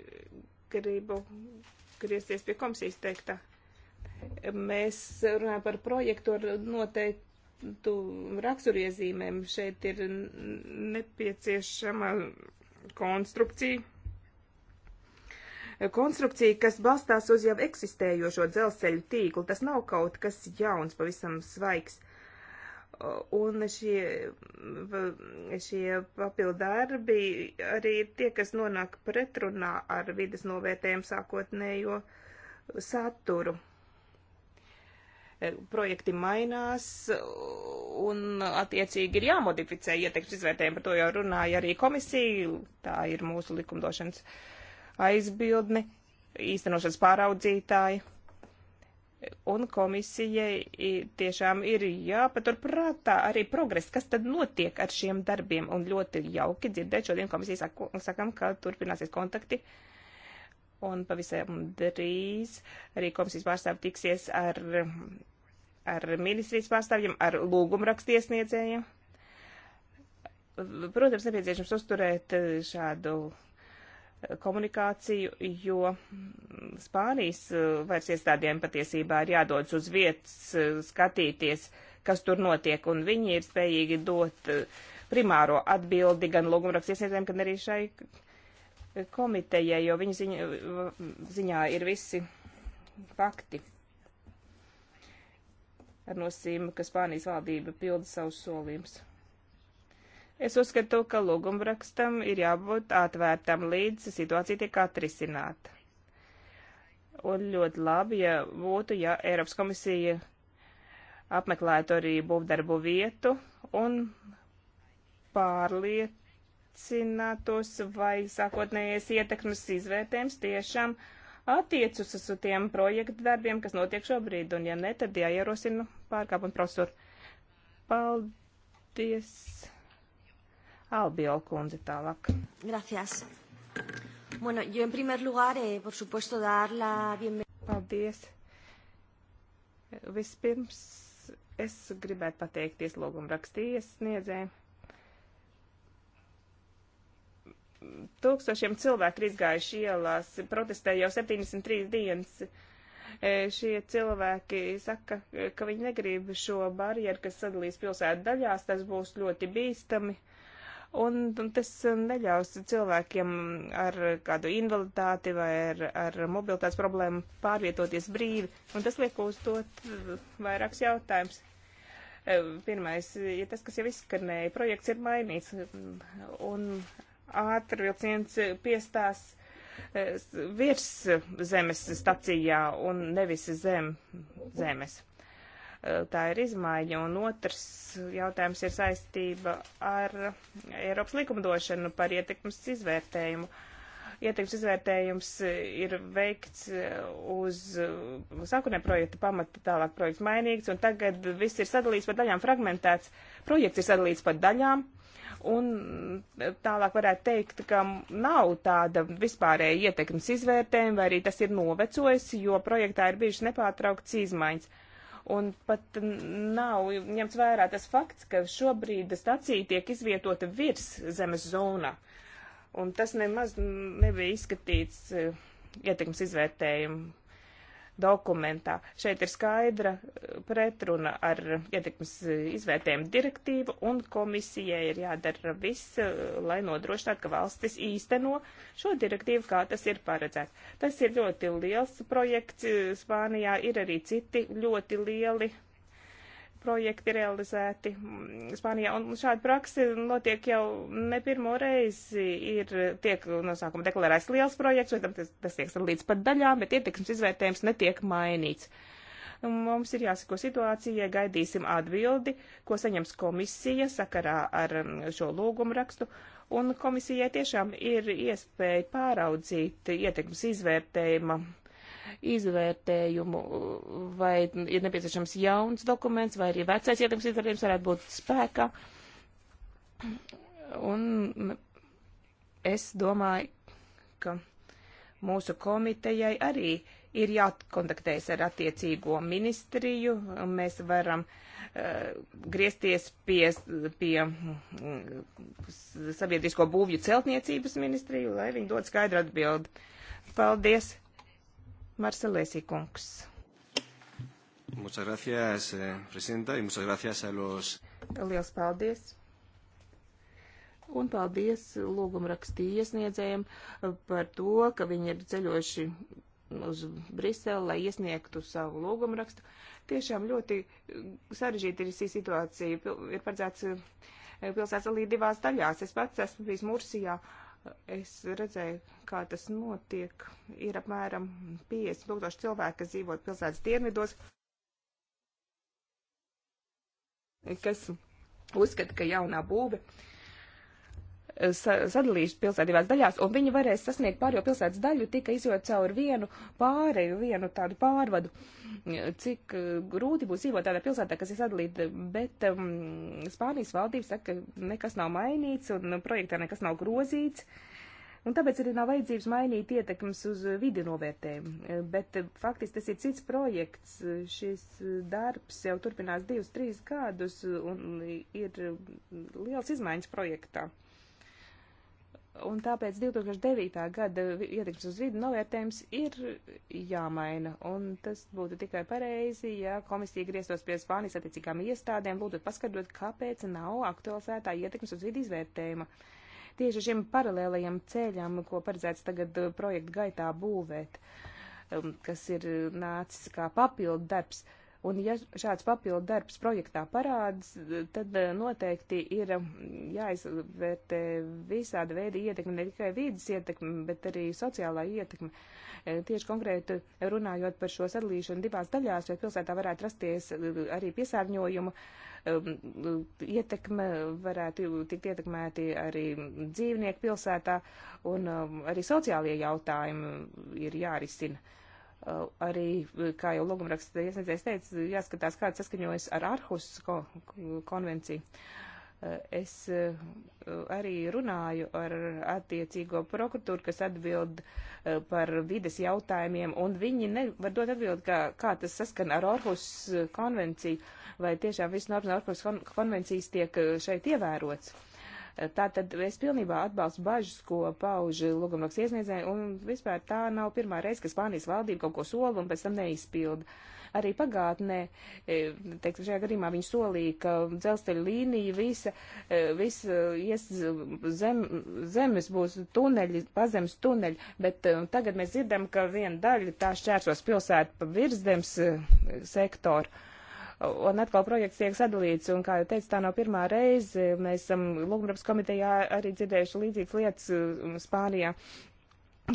gribu griezties pie komisijas teiktā. Mēs runājam par projektu ar noteiktu raksturiezīmēm. Šeit ir nepieciešama konstrukcija. Konstrukcija, kas balstās uz jau eksistējošo dzelzceļu tīklu, tas nav kaut kas jauns, pavisam svaigs. Un šie, šie papildu darbi arī ir tie, kas nonāk pretrunā ar vidas novērtējumu sākotnējo saturu. Projekti mainās un attiecīgi ir jāmodificē ietekmes izvērtējumi, par to jau runāja arī komisija, tā ir mūsu likumdošanas aizbildne, īstenošanas pāraudzītāji un komisijai tiešām ir jāpaturprātā arī progress, kas tad notiek ar šiem darbiem, un ļoti jauki dzirdēt šodien komisijas saku, sakam, ka turpināsies kontakti, un pavisam drīz arī komisijas pārstāvi tiksies ar, ar ministrijas pārstāvjiem, ar lūgumrakstiesniedzējiem. Protams, nepieciešams uzturēt e, šādu komunikāciju, jo Spānijas eh, vairs iestādēm patiesībā ir jādodas uz vietas eh, skatīties, kas tur notiek, un viņi ir spējīgi dot eh, primāro atbildi gan lūgumrakstu iesniedzējiem, gan arī šai komitejai, jo viņa ziņa, ziņā ir visi fakti. Ar nosīm, ka Spānijas valdība pilda savus solījumus. Es uzskatu, ka lūgumrakstam ir jābūt atvērtam līdz situācija tiek atrisināta. Un ļoti labi, ja būtu, ja Eiropas komisija apmeklētu arī būvdarbu vietu un pārliecinātos, vai sākotnējais ietekmes izvērtējums tiešām attiecas uz tiem projektu darbiem, kas notiek šobrīd, un ja ne, tad jāierosina pārkāpuma procedūra. Paldies! Albiol kundze tālāk. Gracias. Bueno, yo en primer lugar, eh, por supuesto, dar la bienvenida. Paldies. Vispirms es gribētu pateikties lūgumu rakstījies sniedzēm. Tūkstošiem cilvēku ir izgājuši ielās, protestēja jau 73 dienas. E, šie cilvēki saka, ka viņi negrib šo barjeru, kas sadalīs pilsētu daļās, tas būs ļoti bīstami. Uh, Un tas neļaus cilvēkiem ar kādu invaliditāti vai ar, ar mobilitātes problēmu pārvietoties brīvi. Un tas liek uzdot uh, vairākus jautājumus. Uh, pirmais ir ja tas, kas jau izskanēja. Projekts ir mainīts. Uh, un ātri vilciens piestās virs zemes stacijā un nevis zem zemes tā ir izmaiņa. Un otrs jautājums ir saistība ar Eiropas likumdošanu par ietekmes izvērtējumu. Ietekmes izvērtējums ir veikts uz sākotnē projekta pamata, tālāk projekts mainīgs, un tagad viss ir sadalīts par daļām, fragmentēts. Projekts ir sadalīts par daļām, un tālāk varētu teikt, ka nav tāda vispārēja ietekmes izvērtējuma, vai arī tas ir novecojis, jo projektā ir bijušas nepārtraukts izmaiņas un pat nav ņemts vērā tas fakts, ka šobrīd stacija tiek izvietota virs zemes zonā, un tas nemaz nebija izskatīts eh, ietekmes izvērtējumu dokumentā. Šeit ir skaidra eh, pretruna ar eh, ietekmes eh, izvērtējumu direktīvu, un komisijai ir jādara viss, lai nodrošinātu, ka valstis īsteno šo direktīvu, kā tas ir paredzēts. Tas ir ļoti liels projekts Spānijā, ir arī citi ļoti lieli projekti realizēti mm, Spānijā. Un šāda praksa notiek jau ne pirmo reizi. Ir, tiek no sākuma deklarēts liels projekts, bet tas, tas tiek sadalīts pat daļām, bet ietekmes izvērtējums netiek mainīts. Mums ir jāsako situācijai, gaidīsim atbildi, ko saņems komisija sakarā ar mm, šo lūgumu rakstu. Un komisijai tiešām ir iespēja pāraudzīt ietekmes izvērtējuma izvērtējumu, vai ir nepieciešams jauns dokuments, vai arī vecais ietekmes izvērtējums varētu būt spēkā. Un es domāju, ka mūsu komitejai arī ir jākontaktējas ar attiecīgo ministriju. Mēs varam uh, griezties pie, pie uh, sabiedrisko būvju celtniecības ministriju, lai viņi dod skaidru atbildi. Paldies! Marcelēsī kungs. Muchas gracias, eh, presidenta, y muchas gracias a los. Liels paldies! Un paldies lūgumrakstī iesniedzējiem par to, ka viņi ir ceļojuši uz Briseli, lai iesniegtu savu lūgumrakstu. Tiešām ļoti sarežģīta ir šī situācija. Ir paredzēts eh, pilsētas līdz divās daļās. Es pats esmu bijis Mursijā Es redzēju, kā tas notiek. Ir apmēram 50 tūkstoši cilvēki, kas dzīvo pilsētas dienvidos, kas uzskata, ka jaunā būve uh, sadalījuši pilsētu divās daļās, un viņi varēs sasniegt pārējo pilsētas daļu, tika izjot cauri vienu pārēju, vienu tādu pārvadu. Cik eh, grūti būs dzīvot tādā pilsētā, kas ir sadalīta, bet um, Spānijas valdības saka, ka nekas nav mainīts un projektā nekas nav grozīts. Un tāpēc arī nav vajadzības mainīt ietekmes uz vidi novērtējumu. Bet eh, faktiski tas ir cits projekts. Šis eh, darbs jau turpinās divus, trīs gadus un ir liels izmaiņas projektā. Un tāpēc 2009. gada ietekmes uz vidu novērtējums ir jāmaina, un tas būtu tikai pareizi, ja komisija grieztos pie Spānijas attiecīgām iestādēm, lūdzu paskatot, kāpēc nav aktualizētā ietekmes uz vidu izvērtējuma. Tieši šim paralēlajam ceļam, ko paredzēts tagad uh, projektu gaitā būvēt, um, kas ir uh, nācis kā papildu darbs. Uh, Un ja šāds papildu darbs projektā parādas, tad eh, noteikti ir mm, jāizvērtē visāda veida ietekme, ne tikai vīdes ietekme, bet arī sociālā ietekme. Eh, tieši konkrēti runājot par šo sadalīšanu divās daļās, jo pilsētā varētu rasties eh, arī piesārņojumu ehm, ietekme, varētu tikt ietekmēti arī dzīvnieki pilsētā, un ehm, arī sociālie jautājumi ir jārisina arī, kā jau logumraksta iesniedzējs teica, jāskatās, kāds saskaņojas ar Arhus ko, konvenciju. Es arī runāju ar attiecīgo prokuratūru, kas atbild par vides jautājumiem, un viņi nevar dot atbildi, kā, kā tas saskan ar Orhus konvenciju, vai tiešām viss normas Orhus konvencijas tiek šeit ievērots. Uh, Tātad es pilnībā atbalstu bažas, ko pauž lūgumraks iesniedzēji, un vispār tā nav pirmā reize, ka Spānijas valdība kaut ko sola un pēc tam neizpilda. Arī pagātnē, e, teiksim, šajā gadījumā viņi solīja, ka dzelzceļa līnija visa, e, visa ies zem, zemes būs tuneļi, pazemes tuneļi, bet e, tagad mēs dzirdam, ka viena daļa tā šķērsos pilsētu pa virsdems sektoru Un atkal projekts tiek sadalīts, un, kā jau teicu, tā nav pirmā reize. Mēs esam um, Lūgumraps komitejā arī dzirdējuši līdzīgas lietas um, Spānijā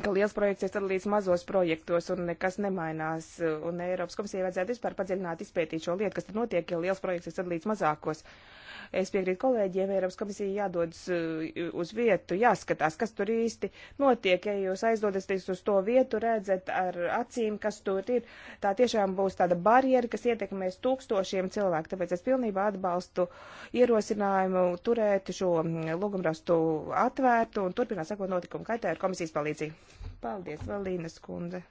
ka liels projekts ir sadalīts mazos projektos un nekas nemainās. Un Eiropas komisijai vajadzētu vispār padziļināt izpētīt šo lietu, kas tad notiek, ja liels projekts ir sadalīts mazākos. Uh, Es piekrītu kolēģiem, Eiropas komisija jādodas uh, uz vietu, jāskatās, kas tur īsti notiek. Ja jūs aizdodaties uz to vietu, redzat ar acīm, kas tur ir, tā tiešām būs tāda barjera, kas ietekmēs tūkstošiem cilvēku. Tāpēc es pilnībā atbalstu ierosinājumu turēt šo lūgumrastu atvērtu un turpināt sekot notikumu kaitē ar komisijas palīdzību. Paldies, Valīnas kundze.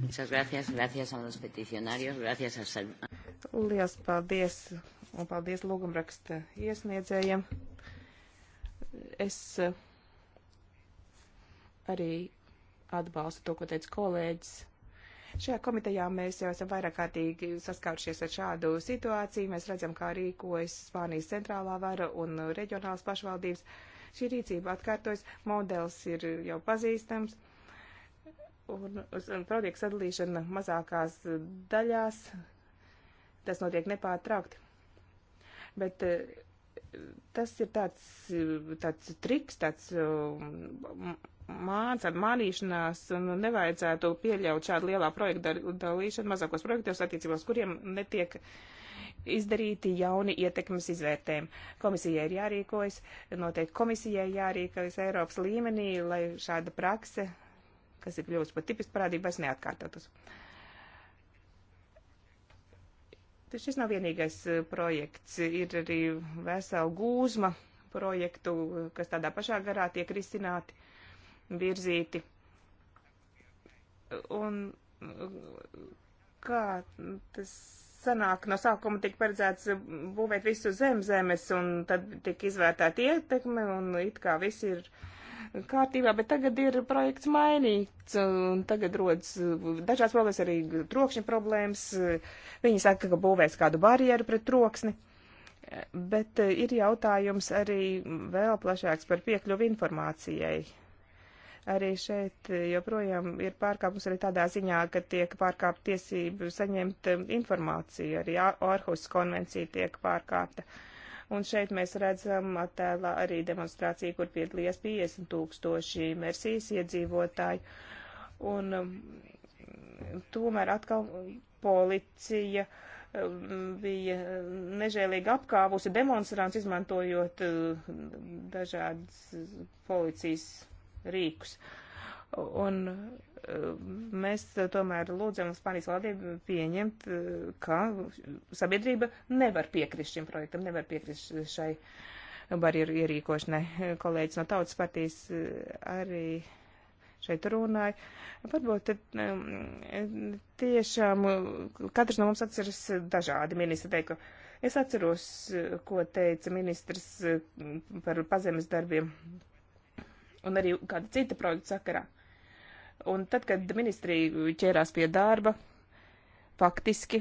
Muchas gracias, gracias a los peticionarios, gracias a. Liels paldies un paldies lūgumraksta iesniedzējiem. Es eh, arī atbalstu to, ko teica kolēģis. Šajā komitejā mēs jau esam vairāk kārtīgi saskārušies ar šādu situāciju. Mēs redzam, kā rīkojas Spānijas centrālā vara un reģionālas pašvaldības. Šī rīcība atkārtojas, modelis ir jau pazīstams. Un, un projekta sadalīšana mazākās daļās, tas notiek nepārtraukti. Bet eh, tas ir tāds, eh, tāds triks, tāds eh, mācība, mānīšanās, un nevajadzētu pieļaut šādu lielā projekta dalīšanu mazākos projektos attiecībās, kuriem netiek izdarīti jauni ietekmes izvērtējumi. Komisijai ir jārīkojas, noteikti komisijai jārīkojas Eiropas līmenī, lai šāda prakse, kas ir kļuvusi par tipisku parādību, vairs neatkārtotos. Uh, Bet šis nav vienīgais eh, projekts. Ir arī vesela gūzma projektu, kas tādā pašā garā tiek risināti, virzīti. Un kā tas sanāk, no sākuma tika paredzēts būvēt visu zem zemes, un tad tika izvērtēta ietekme, un it kā viss ir kārtībā, bet tagad ir projekts mainīts, un tagad rodas dažādas problēmas, arī trokšņa problēmas. Viņi saka, ka būvēs kādu barjeru pret troksni. Bet ir jautājums arī vēl plašāks par piekļuvu informācijai arī šeit joprojām ir pārkāpums arī tādā ziņā, ka tiek pārkāpt tiesību saņemt informāciju, arī Orhus konvencija tiek pārkāpta. Uh, Un šeit mēs redzam attēlā arī demonstrāciju, kur piedalījās 50 tūkstoši Mersijas iedzīvotāji. Un um, tomēr atkal policija um, bija nežēlīgi apkāvusi demonstrants, izmantojot uh, dažādas policijas rīkus. Uh, Un eh, mēs tomēr lūdzam Spānijas valdību pieņemt, eh, ka sabiedrība nevar piekrist šim projektam, nevar piekrist šai barjeru ierīkošanai. Kolēģis no Tautas partijas eh, arī šeit runāja. Varbūt tad, tiešām katrs no mums atceras dažādi ministri teiktu. Es atceros, ko teica ministrs par pazemes darbiem un arī kāda cita projekta sakarā. Uh, Un tad, kad ministrija ķērās pie darba, faktiski,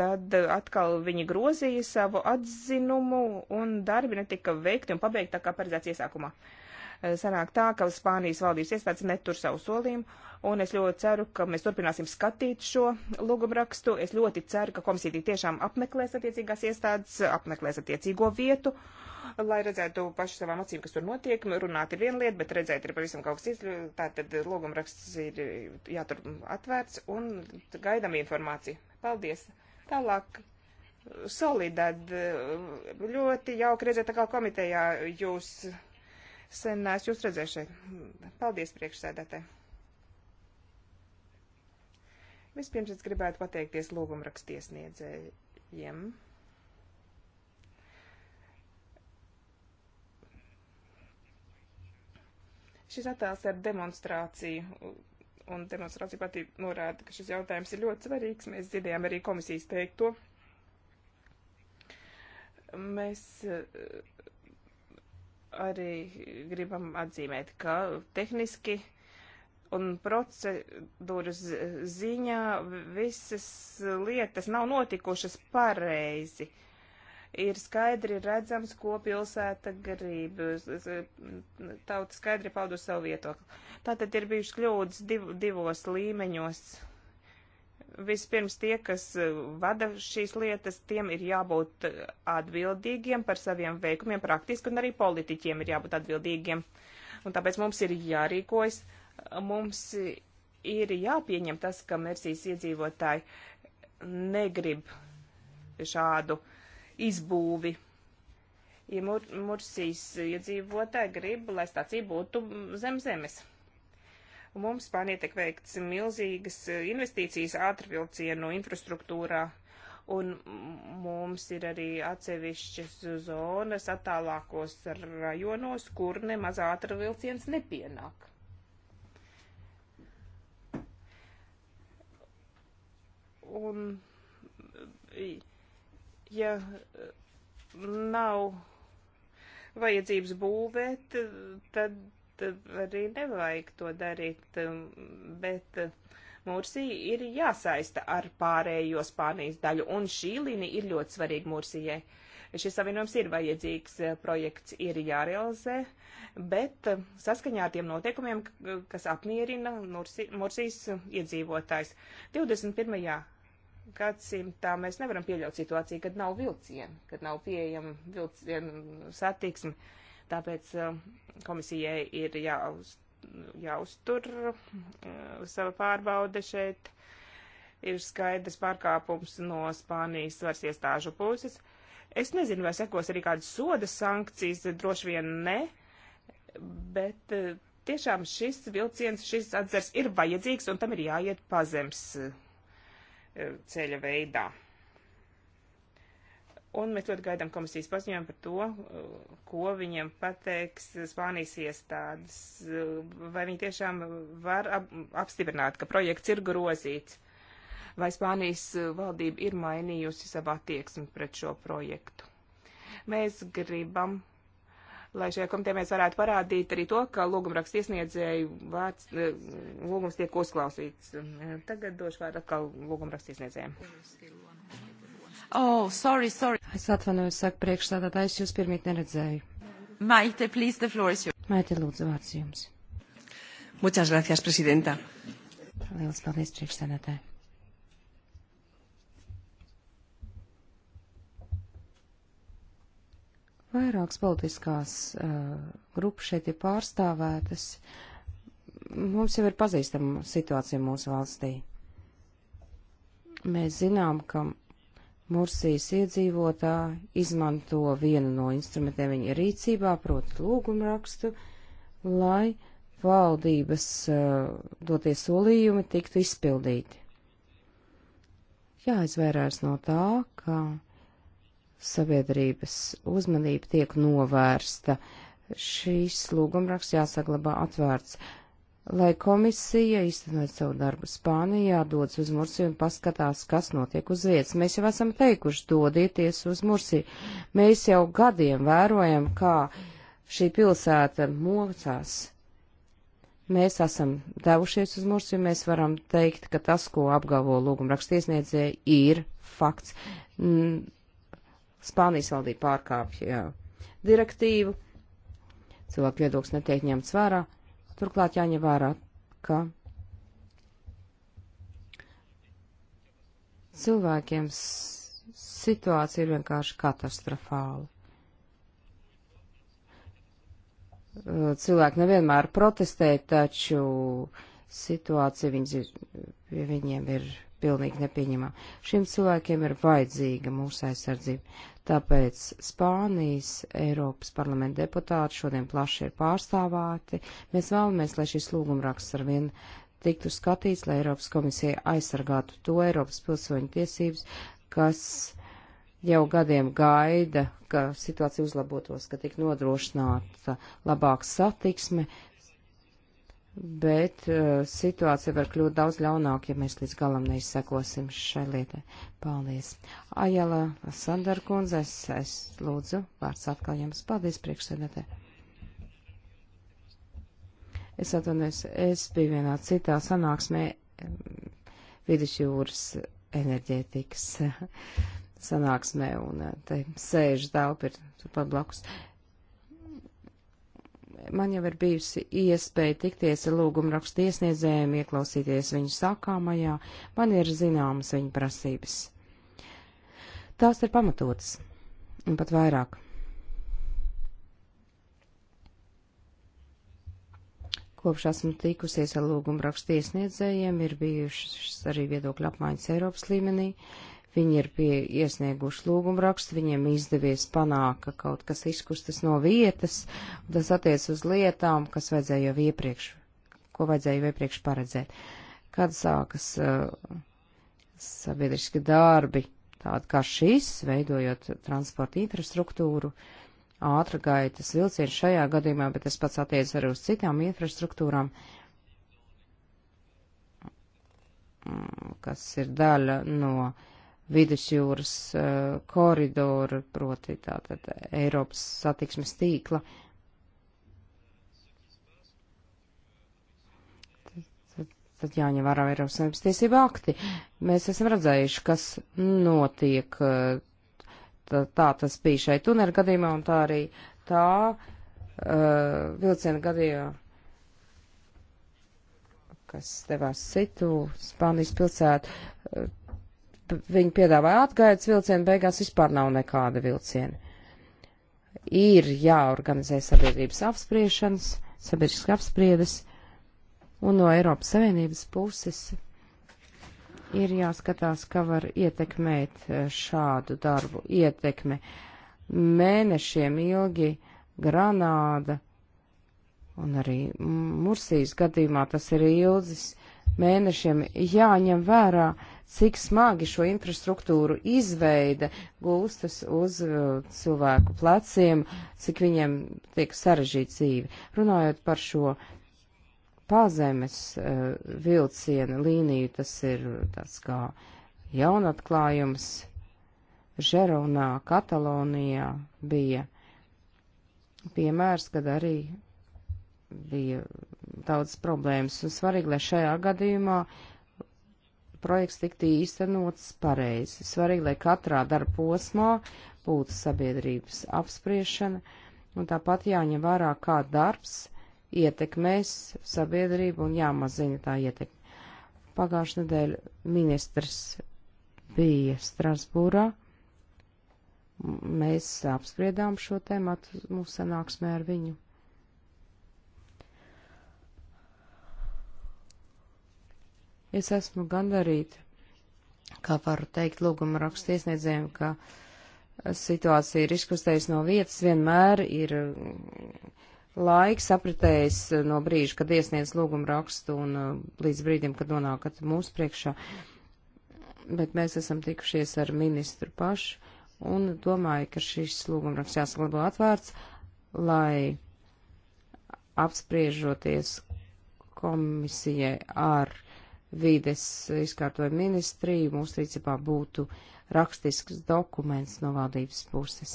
tad atkal viņi grozīja savu atzinumu un darbi netika veikti un pabeigti tā kā paredzēts iesākumā. E, sanāk tā, ka Spānijas valdības iestādes netur savu solījumu, un es ļoti ceru, ka mēs turpināsim skatīt šo lūgumrakstu. Es ļoti ceru, ka komisija tiešām apmeklēs attiecīgās iestādes, apmeklēs attiecīgo vietu, uh, lai redzētu pašu savām acīm, kas tur notiek. Runāt ir viena lieta, bet redzēt ir pavisam kaut kas cits. Tātad logumraksts ir jātur atvērts un gaidam informāciju. Paldies! Tālāk. Solidad, ļoti jauki redzēt, tā kā komitejā jūs sen neesmu jūs redzējuši. Paldies priekšsēdētē. Vispirms es gribētu pateikties lūgumrakstiesniedzējiem. Šis attēls ar demonstrāciju un demonstrācija pati norāda, ka šis jautājums ir ļoti svarīgs. Mēs dzirdējām arī komisijas teikto. Mēs eh, arī gribam atzīmēt, ka tehniski un procedūras ziņā visas lietas nav notikušas pareizi. Uh, ir skaidri redzams, ko pilsēta grib. Tauta skaidri paudu savu vietokli. Tātad ir bijušas kļūdas div, divos līmeņos. Vispirms tie, kas e, vada šīs lietas, tiem ir jābūt atbildīgiem par saviem veikumiem praktiski, un arī politiķiem ir jābūt atbildīgiem. Un tāpēc mums ir jārīkojas, mums ir jāpieņem tas, ka Mersijas iedzīvotāji negrib šādu uh, izbūvi. Ja mur, Mursijas iedzīvotāji grib, lai stācija būtu zem zemes. Mums Spānija tiek veikts milzīgas investīcijas ātrvilcienu infrastruktūrā, un mums ir arī atsevišķas zonas attālākos rajonos, kur nemaz ātrvilciens nepienāk. Un ja nav vajadzības būvēt, tad arī nevajag to darīt, bet Mursī ir jāsaista ar pārējo Spānijas daļu, un šī līnija ir ļoti svarīga Mursijai. Šis savienojums ir vajadzīgs, projekts ir jārealizē, bet saskaņā ar tiem noteikumiem, kas apmierina Mursijas iedzīvotājs. 21 gadsimtā mēs nevaram pieļaut situāciju, kad nav vilcienu, kad nav pieejama vilcienu satiksme. Tāpēc uh, komisijai ir jāuz, jāuztur uh, sava pārbaude šeit. Ir skaidrs pārkāpums no Spānijas varas iestāžu puses. Es nezinu, vai sekos arī kādas soda sankcijas, droši vien ne, bet uh, tiešām šis vilciens, šis atzars ir vajadzīgs un tam ir jāiet pazems ceļa veidā. Un mēs ļoti gaidām komisijas paziņojumu par to, ko viņiem pateiks Spānijas iestādes. Vai viņi tiešām var apstiprināt, ka projekts ir grozīts, vai Spānijas valdība ir mainījusi savu attieksmi pret šo projektu. Mēs gribam lai šajā komitē mēs varētu parādīt arī to, ka lūgumraksts iesniedzēju vārds, e, lūgums tiek uzklausīts. E, tagad došu vārdu atkal lūgumraksts iesniedzējiem. Oh, sorry, sorry. Es atvainojos, saku priekšstādātājs, jūs pirmīt neredzēju. Maite, please, the floor is yours. Maite, lūdzu, vārds jums. Muchas gracias, presidenta. Lielas paldies, priekšstādātāji. Vairākas politiskās uh, grupas šeit ir pārstāvētas. Mums jau ir pazīstama situācija mūsu valstī. Mēs zinām, ka Mursijas iedzīvotāji izmanto vienu no instrumentiem viņa rīcībā, proti lūgumrakstu, lai valdības uh, dotie solījumi tiktu izpildīti. Jāizvērās no tā, ka sabiedrības uzmanība tiek novērsta. Šīs lūgumraksts jāsaglabā atvērts. Lai komisija īstenot savu darbu Spānijā, dodas uz Mursiju un paskatās, kas notiek uz vietas. Mēs jau esam teikuši, dodieties uz Mursiju. Mēs jau gadiem vērojam, kā šī pilsēta mocās. Mēs esam devušies uz Mursiju, mēs varam teikt, ka tas, ko apgalvo lūgumrakstiesniedzēji, ir fakts Spānijas valdība pārkāpja direktīvu, cilvēku viedoklis netiek ņemts vērā, turklāt jāņem vērā, ka cilvēkiem situācija ir vienkārši katastrofāla. Cilvēki nevienmēr protestē, taču situācija viņas, viņiem ir pilnīgi nepieņemama. Šiem cilvēkiem ir vajadzīga mūsu aizsardzība. Tāpēc Spānijas Eiropas parlamenta deputāti šodien plaši ir pārstāvāti. Mēs vēlamies, lai šis lūgumraksts arvien tiktu skatīts, lai Eiropas komisija aizsargātu to Eiropas pilsoņu tiesības, kas jau gadiem gaida, ka situācija uzlabotos, ka tik nodrošināta labāka satiksme, bet uh, situācija var kļūt daudz ļaunāk, ja mēs līdz galam neizsekosim šai lietai. Paldies. Ajala Sandar kundzes, es lūdzu, vārds atkal jums. Paldies, priekšsēdētē. Es atvainojos, es biju vienā citā sanāksmē vidusjūras enerģētikas sanāksmē, un uh, te sēž daudz, ir turpat blakus man jau ir bijusi iespēja tikties ar lūgumu rakstu iesniedzējiem, ieklausīties viņu sākāmajā, man ir zināmas viņa prasības. Tās ir pamatotas, un pat vairāk. Kopš esmu tikusies ar lūgumu rakstu iesniedzējiem, ir bijušas arī viedokļa apmaiņas Eiropas līmenī, uh, Viņi ir pie iesnieguši lūgumu rakstu, viņiem izdevies panākt, ka kaut kas izkustas no vietas, un tas attiec uz lietām, kas vajadzēja jau iepriekš, ko vajadzēja jau iepriekš paredzēt. Kad sākas uh, sabiedriski darbi, tādi kā šis, veidojot transporta infrastruktūru, ātra gaitas vilcienu šajā gadījumā, bet tas pats attiec arī uz citām infrastruktūrām, mm, kas ir daļa no uh, vidusjūras uh, koridoru, proti tātad Eiropas satiksmes tīkla. Tad, tad, tad jāņem vērā Eiropas Savienības tiesība akti. Mēs esam redzējuši, kas notiek. Uh, tā, tā tas bija šai tunera gadījumā un tā arī tā uh, vilciena gadījumā kas devās citu Spānijas pilsētu. Uh, Viņi piedāvāja atgaidas vilcienu, beigās vispār nav nekāda vilciena. Ir jāorganizē sabiedrības apspriešanas, sabiedriskas apspriedes, un no Eiropas Savienības puses ir jāskatās, ka var ietekmēt eh, šādu darbu ietekme. Mēnešiem ilgi Granāda un arī Mursijas gadījumā tas ir ilgs mēnešiem jāņem vērā cik smagi šo infrastruktūru izveida gūstas uz uh, cilvēku pleciem, cik viņiem tiek sarežģīta dzīve. Runājot par šo pazemes uh, vilciena līniju, tas ir tāds kā jaunatklājums. Žeronā, Katalonijā bija piemērs, kad arī bija daudz problēmas. Un svarīgi, lai šajā gadījumā uh, projekts tiktu īstenots pareizi. Svarīgi, lai katrā darba posmā būtu sabiedrības apspriešana, un tāpat jāņem vērā, kā darbs ietekmēs sabiedrību un jāmazina tā ietekme. Pagājušajā nedēļā ministrs bija Strasbūrā. Mēs apspriedām šo tēmu mūsu sanāksmē ar viņu. Es esmu gandarīta, kā varu teikt lūguma rakstu iesniedzējiem, ka situācija ir izkustējusi no vietas, vienmēr ir mm, laiks apritējis eh, no brīža, kad iesniedz lūguma rakstu un eh, līdz brīdim, kad nonākat mūsu priekšā. Bet mēs esam tikušies ar ministru pašu un domāju, ka šis lūgumraksts jāsaglabā atvērts, lai apspriežoties komisijai ar vides izkārtojuma ministriju, mūsu rīcībā būtu rakstisks dokuments no valdības puses.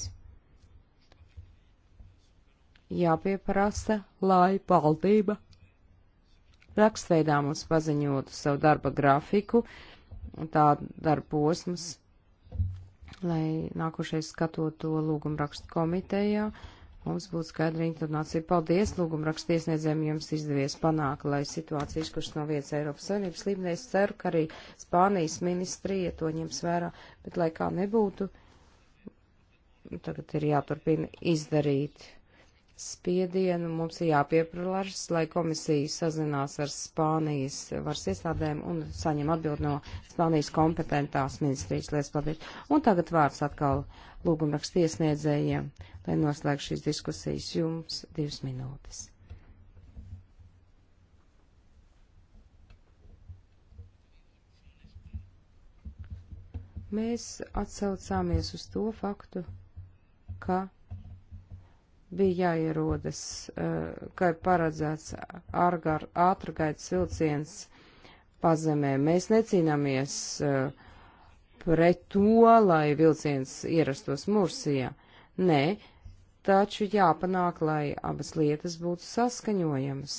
Jāpieprasa, lai valdība rakstveidā mums paziņotu savu darba grafiku un tā darba posmas, lai nākošais skatot to lūgumu rakstu komitejā. Ja Mums būtu skaidra informācija. Paldies, lūguma rakstiesniedzēm, jums izdevies panākt, lai situācija izkušas no vietas Eiropas Savienības līmenī. Es ceru, ka arī Spānijas ministrija to ņems vērā, bet lai kā nebūtu, tagad ir jāturpina izdarīt spiedienu mums ir jāpieprasa, lai komisija sazinās ar Spānijas varas iestādēm un saņem atbild no Spānijas kompetentās ministrijas lietas paldies. Un tagad vārds atkal lūgumrakstu iesniedzējiem, lai noslēgtu šīs diskusijas jums divas minūtes. Mēs atsaucāmies uz to faktu, ka bija jāierodas, eh, kā ir paredzēts ātrgaitas vilciens pazemē. Mēs necīnāmies eh, pret to, lai vilciens ierastos Mursijā. Nē, taču jāpanāk, lai abas lietas būtu saskaņojamas.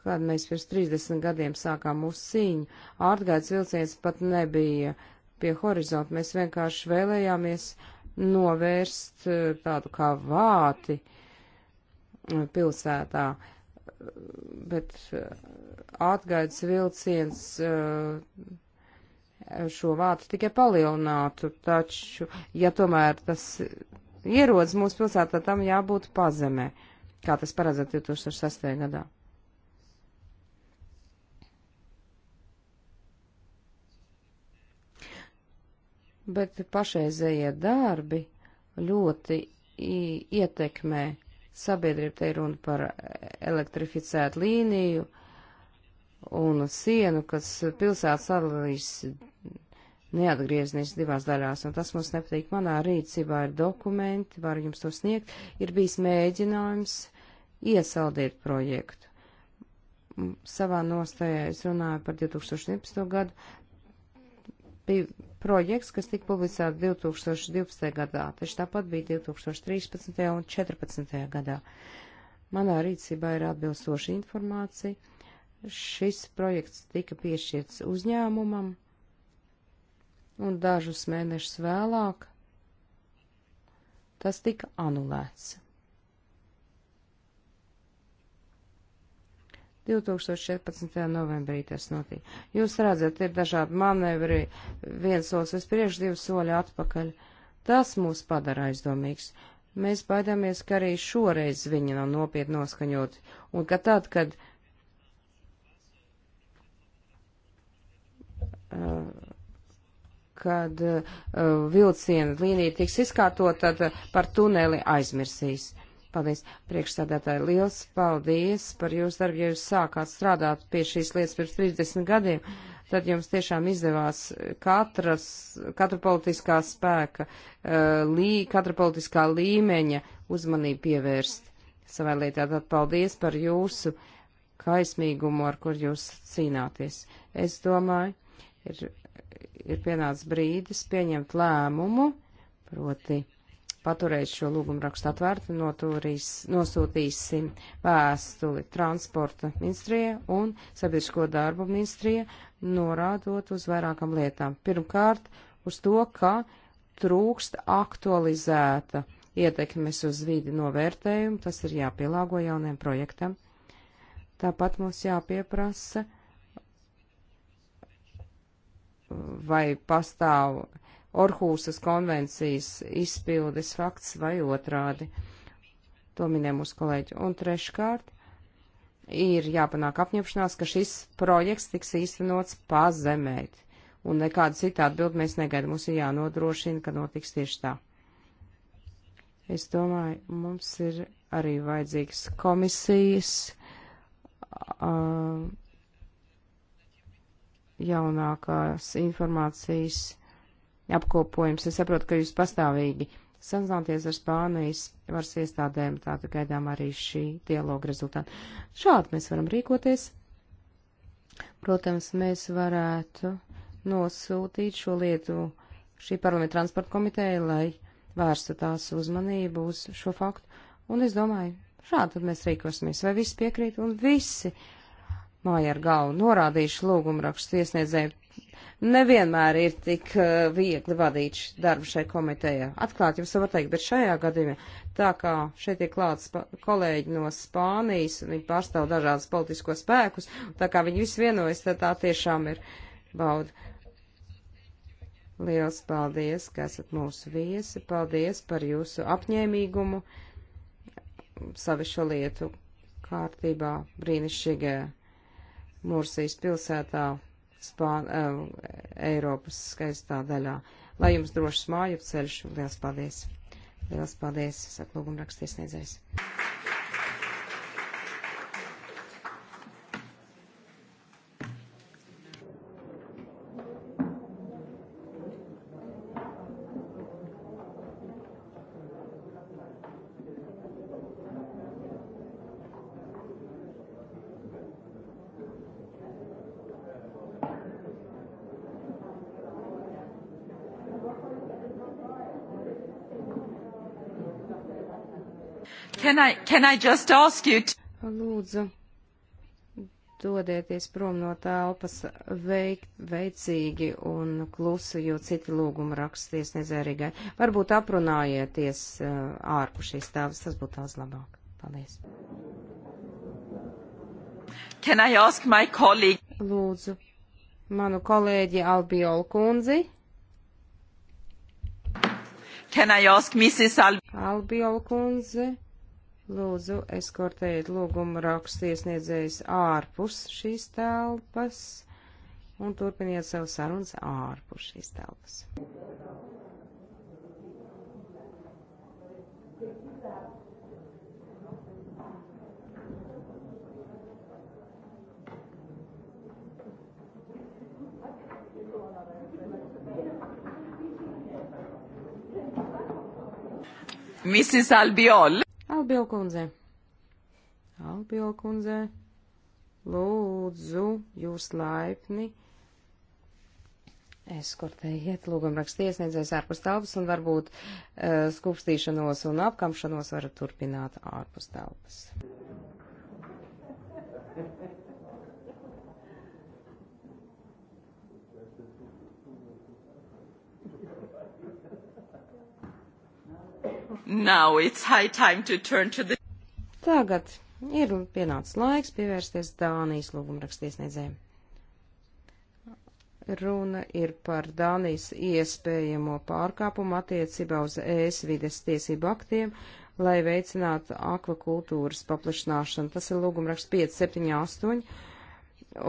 Kad mēs pirms 30 gadiem sākām mūsu cīņu, ārgaitas vilciens pat nebija pie horizonta. Mēs vienkārši vēlējāmies uh, novērst eh, tādu kā vāti eh, pilsētā. Bet eh, atgaidas vilciens šo vātu tikai palielinātu, taču, ja tomēr tas ierodas mūsu pilsētā, tam jābūt pazemē, kā tas paredzēts 2006. gadā. bet pašreizējie darbi ļoti ietekmē sabiedrību. Te ir runa par elektrificētu līniju un sienu, kas pilsētas sadalīs neatgrieznīs divās daļās, un tas mums nepatīk. Manā rīcībā ir dokumenti, varu jums to sniegt. Ir bijis mēģinājums iesaldēt projektu. Savā nostājā es runāju par 2011. gadu. Bija projekts, kas tika publicēts 2012. gadā, taču tāpat bija 2013. un 2014. gadā. Manā rīcībā ir atbilstoša informācija. Šis projekts tika piešķirts uzņēmumam, un dažus mēnešus vēlāk tas tika anulēts. 2014. novembrī tas notika. Jūs redzat, ir dažādi manevri, viens solis uz priekšu, divi soļi atpakaļ. Tas mūs padara aizdomīgs. Mēs baidāmies, ka arī šoreiz viņi nav nopietni noskaņoti, un ka tad, kad kad vilciena līnija tiks izkārtot, tad par tuneli aizmirsīs. Paldies, priekšsādātāji. Liels paldies par jūsu darbu. Ja jūs sākāt strādāt pie šīs lietas pirms 30 gadiem, tad jums tiešām izdevās katras, katra politiskā spēka, eh, lī, katra politiskā līmeņa uzmanību pievērst savai lietā. Tad paldies par jūsu kaismīgumu, ar kur jūs cīnāties. Es domāju, ir, ir pienācis brīdis pieņemt lēmumu, proti paturēt šo lūgumu rakstu atvērtu, noturīs, nosūtīsim vēstuli transporta ministrijai un sabiedrisko darbu ministrijai, norādot uz vairākam lietām. Pirmkārt, uz to, ka trūkst aktualizēta ietekmes uz vīdi novērtējumu, tas ir jāpielāgo jauniem projektam. Tāpat mums jāpieprasa, vai pastāv Orhūsas konvencijas izpildes fakts vai otrādi. To minē mūsu kolēģi. Un treškārt ir jāpanāk apņemšanās, ka šis projekts tiks īstenots pazemēt. Un nekādu citu atbildi mēs negaidām. Mums ir jānodrošina, ka notiks tieši tā. Es domāju, mums ir arī vajadzīgs komisijas uh, jaunākās informācijas apkopojums. Es saprotu, ka jūs pastāvīgi sazināties ar Spānijas varas iestādēm, tātad gaidām arī šī dialoga rezultātu. Šādi mēs varam rīkoties. Protams, mēs varētu nosūtīt šo lietu šī parlamenta transporta komiteja, lai vērstu tās uzmanību uz šo faktu. Un es domāju, šādi tad mēs rīkosimies, vai visi piekrīt un visi māja ar galvu norādīšu lūgumu rakstu iesniedzēju nevienmēr ir tik eh, viegli vadīt darbu šai komitejā. Atklāt jums var teikt, bet šajā gadījumā, tā kā šeit ir klāts kolēģi no Spānijas, un viņi pārstāv dažādas politisko spēkus, tā kā viņi visi vienojas, tad tā tiešām ir bauda. Liels paldies, ka esat mūsu viesi, paldies par jūsu apņēmīgumu savu šo lietu kārtībā brīnišķīgajā Mursijas pilsētā Spān, uh, Eiropas skaistā daļā. Lai jums drošs māju ceļš, liels paldies! Liels paldies, saka lūgumrakstiesniedzējs. Can I, can I just ask you to... Lūdzu, dodieties prom no telpas veik, veicīgi un klusi, jo citi lūguma raksties nezērīgai. Varbūt aprunājieties uh, ārpus šīs tēvas, tas būtu tās labāk. Paldies. Can I ask my colleague? Lūdzu, manu kolēģi Albiolu kundzi. Can I ask Mrs. Al Albiolu kundzi? Lūdzu, eskortējiet lūgumu rakstu iesniedzējus ārpus šīs telpas un turpiniet savu sarunas ārpus šīs telpas. Mrs. Albiol. Albilkundze. Albilkundze, lūdzu, jūs laipni. Es kur te iet, lūgam rakstu iesniedzējs ārpus telpas un varbūt uh, eh, skupstīšanos un apkamšanos varat turpināt ārpus telpas. The... Tagad ir pienācis laiks pievērsties Dānijas lūgumrakstiesniedzējiem. Runa ir par Dānijas iespējamo pārkāpumu attiecībā uz ēs vides tiesību aktiem, lai veicinātu akvakultūras paplašināšanu. Tas ir lūgumraksts 578.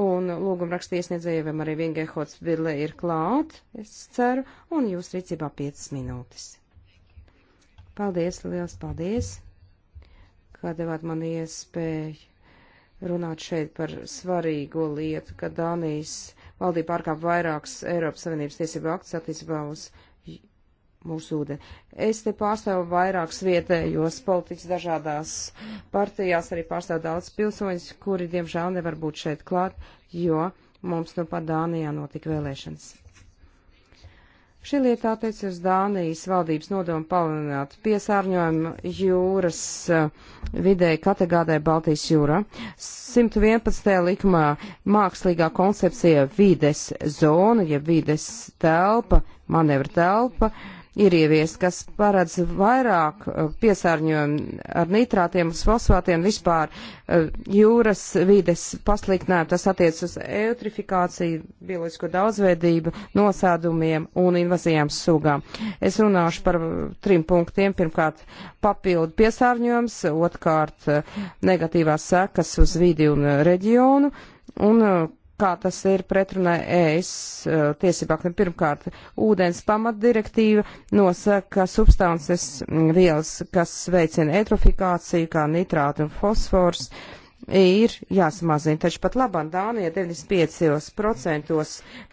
Un lūgumraksta iesniedzējiem arī Vingehots Ville ir klāt, es ceru, un jūs rīcībā 5 minūtes. Paldies, liels paldies, kā devāt man iespēju runāt šeit par svarīgo lietu, ka Dānijas valdība pārkāp vairākas Eiropas Savienības tiesību aktus attiecībā uz mūsu ūdeni. Es te pārstāvu vairākas vietējos politikas dažādās partijās, arī pārstāvu daudz pilsoņus, kuri, diemžēl, nevar būt šeit klāt, jo mums nu pat Dānijā notika vēlēšanas. Šī lieta attiec uz Dānijas valdības nodomu palielināt piesārņojumu jūras eh, vidē Kategādē Baltijas jūrā. 111. likumā mākslīgā koncepcija vides zona, ja vides telpa, manevra telpa, uh, ir ievies, kas paredz vairāk uh, piesārņojumu ar nitrātiem, uz fosfātiem vispār uh, jūras vides pasliktinājumu. Tas attiec uz eutrifikāciju, bioloģisko daudzveidību, nosēdumiem un invazijām sugām. Es runāšu par trim punktiem. Pirmkārt, papildu piesārņojums, otrkārt, uh, negatīvās sekas uz vidi un reģionu. Un kā tas ir pretrunā ES eh, tiesībākiem. Pirmkārt, ūdens pamatdirektīva nosaka substances mm, vielas, kas veicina eitrofikāciju, kā nitrāti un fosfors, ir jāsamazina. Taču pat labam Dānija 95%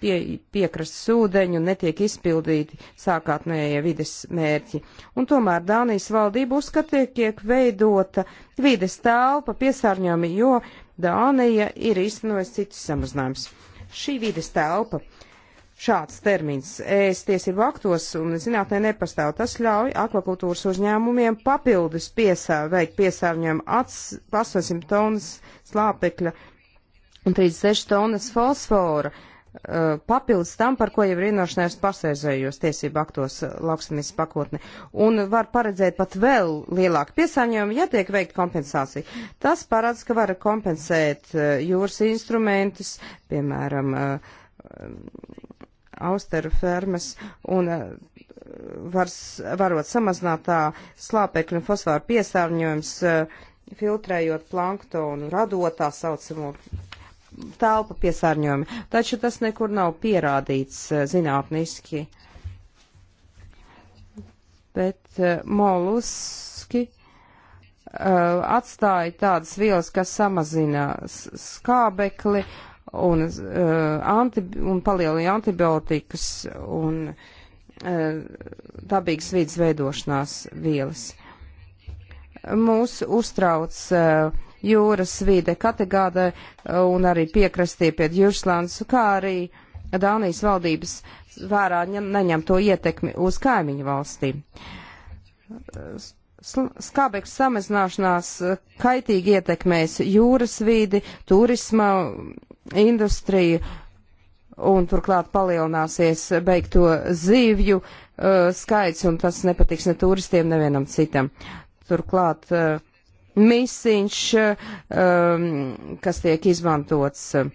pie, piekrastes ūdeņu netiek izpildīti sākotnējie vides mērķi. Un tomēr Dānijas valdība uzskatīja, tiek veidota vides telpa piesārņojumi, jo Dānija ir īstenojusi citus samazinājumus. Šī vides telpa. Šāds termins ēst tiesību aktos un zinātnē nepastāv. Tas ļauj akvakultūras uzņēmumiem papildus piesāv, veikt piesārņojumu 800 tonnas slāpekļa un 36 tonnas fosfora Uh, papildus tam, par ko jau ir vienošanās pašreizējos tiesību aktos uh, lauksamies pakotne. Un var paredzēt pat vēl lielāku piesāņojumu, ja tiek veikta kompensācija. Tas parāds, ka var kompensēt uh, jūras instrumentus, piemēram, austeru fermas un var, varot samazināt tā slāpekļu un fosfāru piesārņojums, filtrējot planktonu, radot tā saucamo telpa piesārņojumi, taču tas nekur nav pierādīts eh, zinātniski. Bet eh, moluski eh, atstāja tādas vielas, kas samazina skābekli un, anti, un palielina antibiotikas un dabīgas vidas veidošanās vielas. Mūs uztrauc uh, jūras vide Kategāda uh, un arī piekrastie pie Jūrslāns, kā arī Dānijas valdības vērā ņem, neņem to ietekmi uz kaimiņu valstīm. Skābeks samazināšanās uh, kaitīgi ietekmēs jūras vīdi, turisma industriju un turklāt palielināsies beigto zīvju uh, skaits un tas nepatiks ne turistiem, nevienam citam. Turklāt uh, misiņš, um, kas tiek izmantots uh,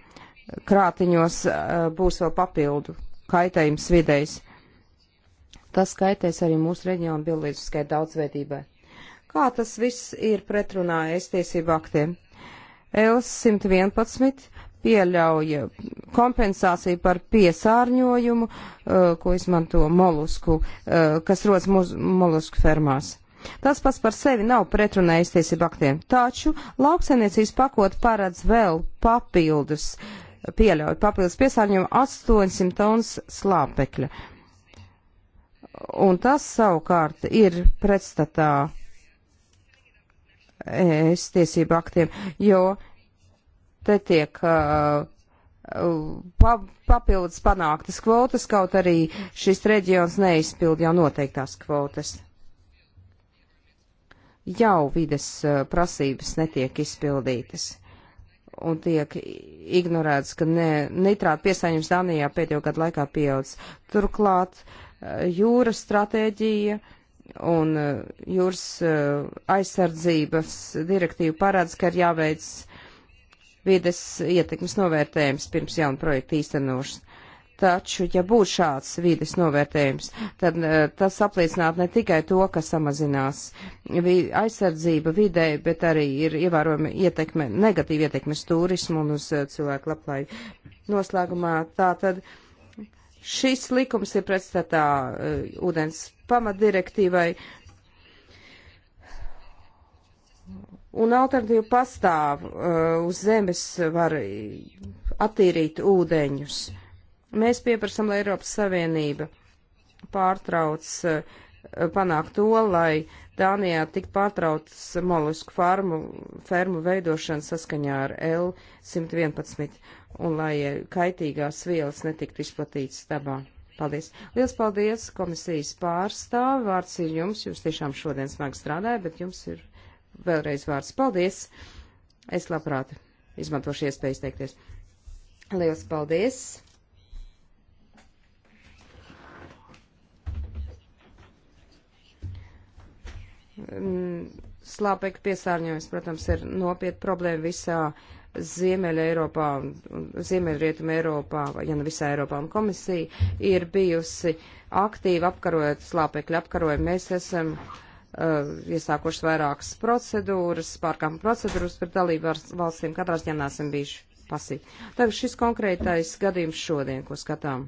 krātiņos, uh, būs vēl papildu kaitējums vidējs. Tas kaitēs arī mūsu reģionu bioloģiskai daudzveidībai. Kā tas viss ir pretrunā ēstiesību aktiem? ELS 111 pieļauj kompensāciju par piesārņojumu, uh, ko izmanto molusku, kas rodas molusku fermās. Tas pats par sevi nav pretrunējis tiesību aktiem, taču lauksainiecības pakot paredz vēl papildus, pieļauj papildus piesārņojumu 800 tonnas slāpekļa. Un tas savukārt ir pretstatā es tiesību aktiem, jo te tiek uh, pa, papildus panāktas kvotas, kaut arī šis reģions neizpild jau noteiktās kvotas jau vides eh, prasības netiek izpildītas un tiek ignorēts, ka ne, nitrāta piesaņums Dānijā pēdējo gadu laikā pieaudz. Turklāt eh, jūras stratēģija un eh, jūras aizsardzības direktīva parāds, ka ir jāveic vides ietekmes novērtējums pirms jaunu projektu īstenošanas. Taču, ja būtu šāds vides novērtējums, tad eh, tas apliecinātu ne tikai to, ka samazinās aizsardzība vidē, bet arī ir ievērojama ietekme, negatīva ietekme uz turismu un uz eh, cilvēku labklājību. Noslēgumā tā tad šis likums ir pretstatā uh, ūdens pamatdirektīvai. Un alternatīva pastāv uh, uz zemes var attīrīt ūdeņus. Uh, Mēs pieprasam, lai Eiropas Savienība pārtrauc eh, panākt to, lai Dānijā tik pārtraucas molusku farmu, fermu veidošana saskaņā ar L111 un lai eh, kaitīgās vielas netiktu izplatītas dabā. Paldies. Liels paldies komisijas pārstāvi. Vārds ir jums. Jūs tiešām šodien smagi strādājat, bet jums ir vēlreiz vārds. Paldies. Es labprāt izmantošu iespēju izteikties. Liels paldies. Mm, slāpekļa piesārņojums, protams, ir nopietna problēma visā Ziemeļa Eiropā un Ziemeļrietuma Eiropā, vai ja ne nu visā Eiropā, un komisija ir bijusi aktīvi apkarojot slāpekļu apkarojumu. Mēs esam uh, iesākuši vairākas procedūras, pārkāpuma procedūras par dalību valstīm, katrā ziņā nesam bijuši pasīvi. Tagad šis konkrētais gadījums šodien, ko skatām.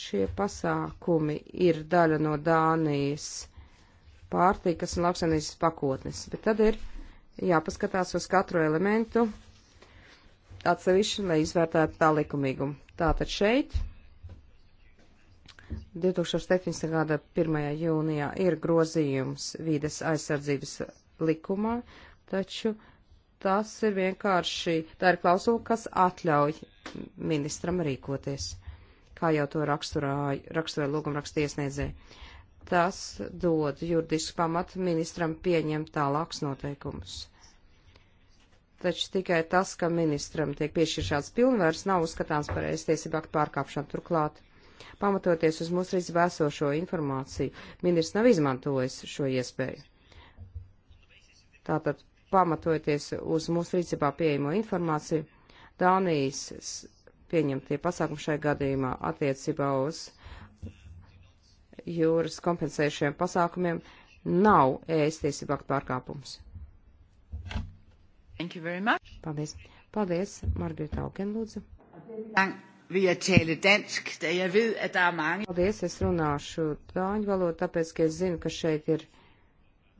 Šie pasākumi ir daļa no Dānijas pārtikas un lauksainīsas pakotnes, bet tad ir jāpaskatās uz katru elementu atsevišķi, lai izvērtētu tā likumīgumu. Tātad šeit 2017. gada 1. jūnijā ir grozījums vīdes aizsardzības likumā, taču tas ir vienkārši, tā ir klausula, kas atļauj ministram rīkoties, kā jau to raksturāja, raksturoja lūgumrakstiesniedzēji tas dod juridisku pamatu ministram pieņemt tālākus noteikumus. Taču tikai tas, ka ministram tiek piešķiršāds pilnvērs, nav uzskatāms par ēstiesību aktu pārkāpšanu. Turklāt, pamatoties uz mūsu rīcībā esošo informāciju, ministrs nav izmantojis šo iespēju. Tātad, pamatojoties uz mūsu rīcībā pieejamo informāciju, Dānijas pieņemtie pasākumi šai gadījumā attiecībā uz jūras kompensējušiem pasākumiem nav ēstiesību aktu pārkāpums. Thank you very much. Paldies. Paldies, Margarita Auken, lūdzu. Ved er at tale dansk, da jeg ved, at der er mange... Paldies, es runāšu dāņu valodu, tāpēc, ka es zinu, ka šeit ir,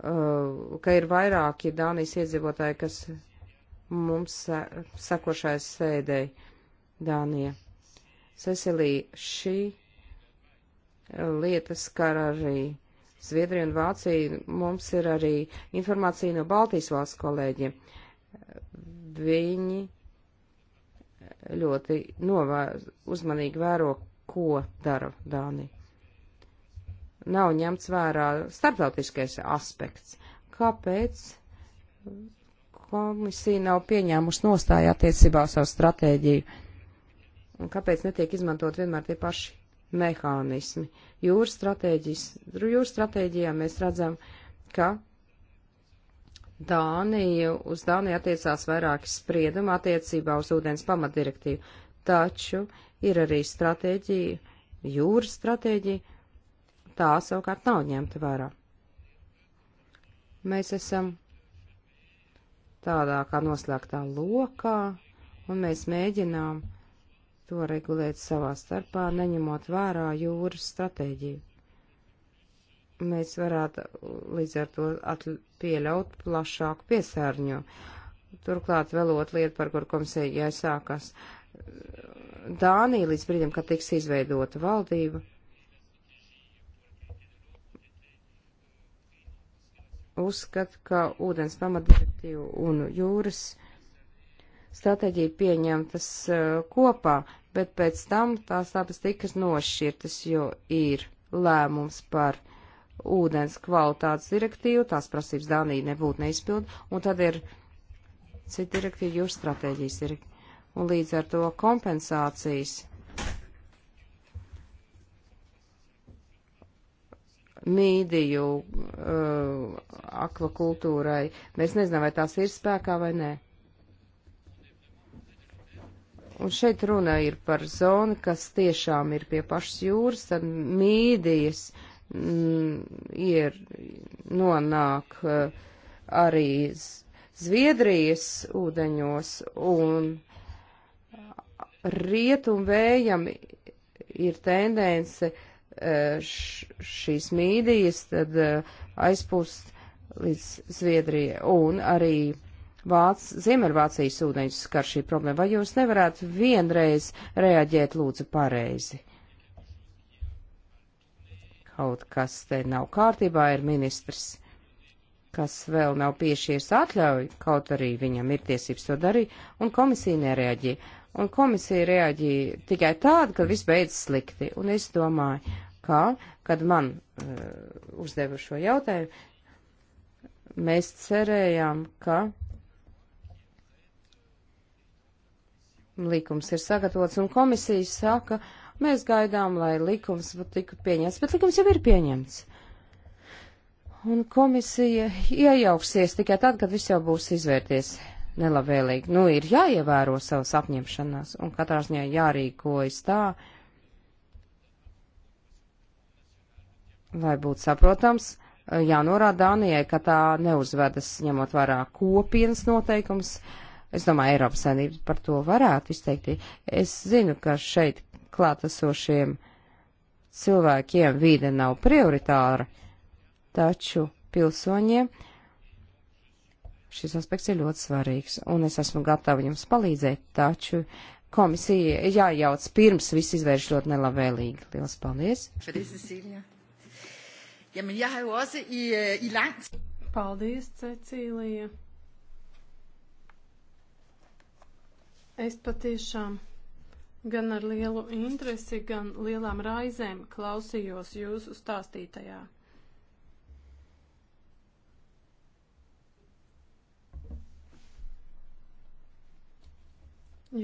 uh, ka ir vairāki Dānijas iedzīvotāji, kas mums sekošais sēdēja Dānija. Cecilija, šī lietas skar arī Zviedriju un Vāciju. Mums ir arī informācija no Baltijas valsts kolēģiem. Viņi ļoti novēr, uzmanīgi vēro, ko dara Dānija. Nav ņemts vērā starptautiskais aspekts. Kāpēc komisija nav pieņēmusi nostāju attiecībā uz savu stratēģiju? Un kāpēc netiek izmantot vienmēr tie paši mehānismi. Jūras, jūras stratēģijā mēs redzam, ka Dānija, uz Dāniju attiecās vairāki spriedumi attiecībā uz ūdens pamatdirektīvu, taču ir arī stratēģija, jūras stratēģija, tā savukārt nav ņemta vērā. Mēs esam tādā kā noslēgtā lokā, un mēs mēģinām uh, to regulēt savā starpā, neņemot vērā jūras stratēģiju. Mēs varētu līdz ar to pieļaut plašāku piesārņu. Turklāt velot lietu, par kur komisija jāsākas. Dānija līdz brīdim, kad tiks izveidota valdība, uzskata, ka ūdens pamatdirektīva un jūras stratēģija pieņemtas uh, kopā bet pēc tam tās abas tika nošķirtas, jo ir lēmums par ūdens kvalitātes direktīvu, tās prasības Dānija nebūtu neizpild, un tad ir cita direktīva, jūras stratēģijas ir, un līdz ar to kompensācijas mīdiju uh, akvakultūrai. Mēs nezinām, vai tās ir spēkā vai nē. Un šeit runa ir par zonu, kas tiešām ir pie pašas jūras, tad mīdijas mm, ir nonāk eh, arī Zviedrijas ūdeņos un rietumvējam ir tendence eh, šīs mīdijas tad eh, aizpūst līdz Zviedrijai un arī Vāc, Ziemeļvācijas ūdeņus skar šī problēma. Vai jūs nevarētu vienreiz reaģēt lūdzu pareizi? Kaut kas te nav kārtībā, ir ministrs, kas vēl nav piešies atļauju, kaut arī viņam ir tiesības to darīt, un komisija nereaģē. Un komisija reaģēja tikai tāda, ka viss beidzas slikti. Un es domāju, kā, kad man uh, uzdeva šo jautājumu, mēs cerējām, ka likums ir sagatavots, un komisija saka, mēs gaidām, lai likums tiktu pieņemts, bet likums jau ir pieņemts. Un komisija iejauksies tikai tad, kad viss jau būs izvērties nelabvēlīgi. Nu, ir jāievēro savas apņemšanās, un katrā ziņā jārīkojas tā, lai būtu saprotams, jānorāda Dānijai, ka tā neuzvedas ņemot vērā kopienas noteikums. Uh, Es domāju, Eiropas saimnības par to varētu izteikti. Es zinu, ka šeit klātesošiem cilvēkiem vīde nav prioritāra, taču pilsoņiem šis aspekts ir ļoti svarīgs, un es esmu gatava jums palīdzēt, taču komisija jājauc pirms viss izvērš ļoti nelabvēlīgi. Lielas paldies! Paldies, Cecīlija! Es patiešām gan ar lielu interesi, gan lielām raizēm klausījos jūsu stāstītajā.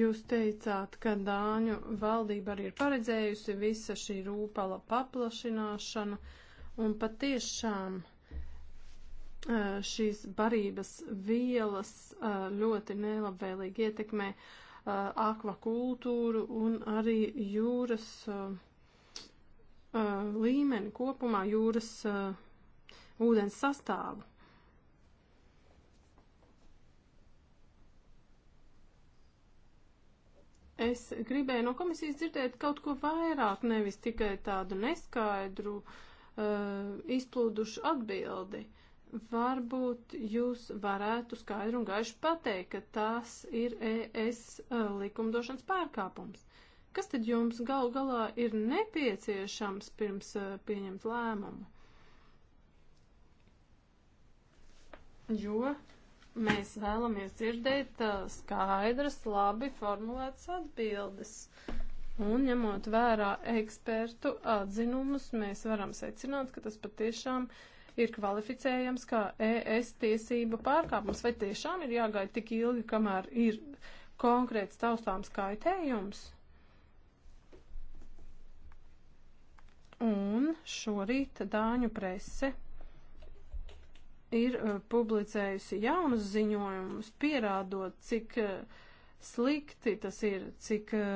Jūs teicāt, ka Dāņu valdība arī ir paredzējusi visa šī rūpala paplašināšanu, un patiešām eh, šīs barības vielas eh, ļoti nelabvēlīgi ietekmē uh, Uh, akvakultūru un arī jūras uh, uh, līmeni kopumā, jūras ūdens sastāvu. Es gribēju no komisijas dzirdēt kaut ko vairāk, nevis tikai tādu neskaidru, uh, izplūdušu atbildi. Uh, Varbūt jūs varētu skaidri un gaiši pateikt, ka tās ir ES e, likumdošanas pārkāpums. Kas tad jums gal galā ir nepieciešams pirms e, pieņemt lēmumu? Jo mēs vēlamies dzirdēt e, skaidras, labi formulētas atbildes. Un ņemot vērā ekspertu atzinumus, mēs varam secināt, ka tas patiešām ir ir kvalificējams kā ES tiesība pārkāpums. Vai tiešām ir jāgaida tik ilgi, kamēr ir konkrēts taustāms kaitējums? Un šorīt Dāņu prese ir e, publicējusi jaunus ziņojumus, pierādot, cik e, slikti tas ir, cik e,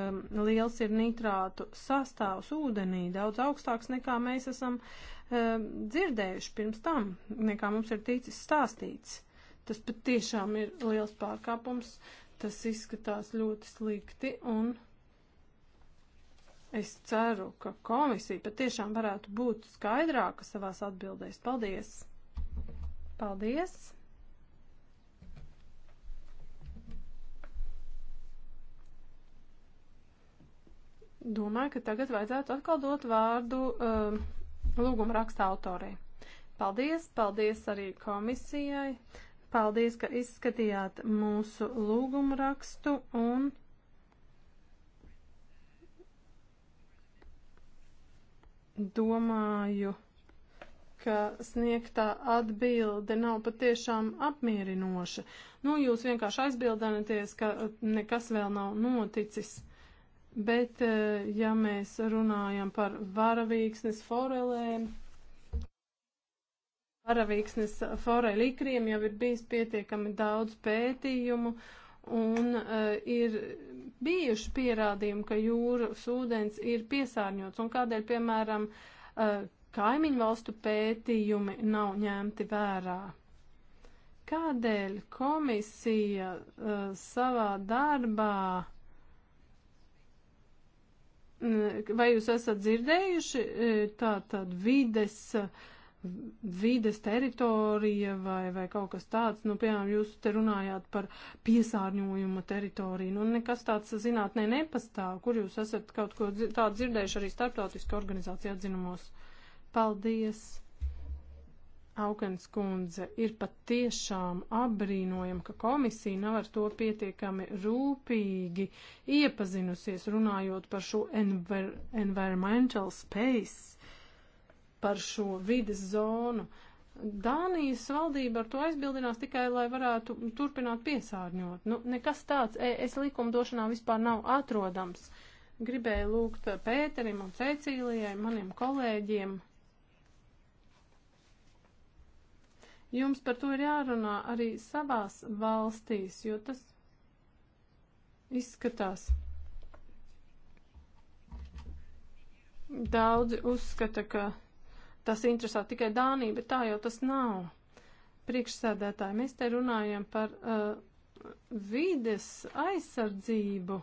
liels ir nitrātu sastāvs ūdenī, daudz augstāks nekā mēs esam uh, Um, dzirdējuši pirms tam, nekā mums ir ticis stāstīts. Tas pat tiešām ir liels pārkāpums, tas izskatās ļoti slikti, un es ceru, ka komisija pat tiešām varētu būt skaidrāka savās atbildēs. Paldies! Paldies! Domāju, ka tagad vajadzētu atkal dot vārdu. Uh, lūguma raksta autorei. Paldies, paldies arī komisijai, paldies, ka izskatījāt mūsu lūgumu rakstu un domāju, ka sniegtā atbilde nav patiešām apmierinoša. Nu, jūs vienkārši aizbildināties, ka nekas vēl nav noticis. Bet, eh, ja mēs runājam par varavīksnes forelēm, varavīksnes forelikriem jau ir bijis pietiekami daudz pētījumu un uh, ir bijuši pierādījumi, ka jūras ūdens ir piesārņots un kādēļ, piemēram, uh, kaimiņu valstu pētījumi nav ņemti vērā kādēļ komisija uh, savā darbā Mm, vai jūs esat dzirdējuši e, tā tad vides, vides teritorija vai, vai kaut kas tāds, nu, piemēram, jūs te runājāt par piesārņojuma teritoriju, nu, nekas tāds zinātnē ne nepastāv, kur jūs esat kaut ko tādu dzirdējuši arī starptautiska organizācija atzinumos. Paldies! Augans kundze, ir pat tiešām apbrīnojam, ka komisija nav ar to pietiekami rūpīgi iepazinusies runājot par šo enver, environmental space, par šo vides zonu. Dānijas valdība ar to aizbildinās tikai, lai varētu turpināt piesārņot. Nu, nekas tāds es likumdošanā vispār nav atrodams. Gribēju lūgt Pēterim un Cecīlijai, maniem kolēģiem, Jums par to ir jārunā arī savās valstīs, jo tas izskatās. Daudzi uzskata, ka tas interesē tikai Dāniju, bet tā jau tas nav. Priekšsēdētāji, mēs te runājam par uh, vides aizsardzību.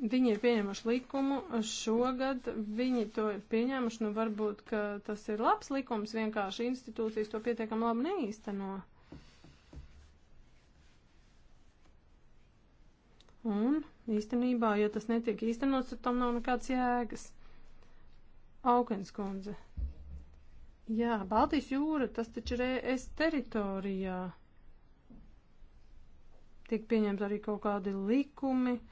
Viņi ir pieņēmuši likumu šogad, viņi to ir pieņēmuši, nu varbūt, ka tas ir labs likums, vienkārši institūcijas to pietiekam labi neīsteno. Un īstenībā, ja tas netiek īstenots, tad tam nav nekāds jēgas. Aukens kundze. Jā, Baltijas jūra, tas taču ir ES teritorijā. Tiek pieņemti arī kaut kādi likumi. Uh,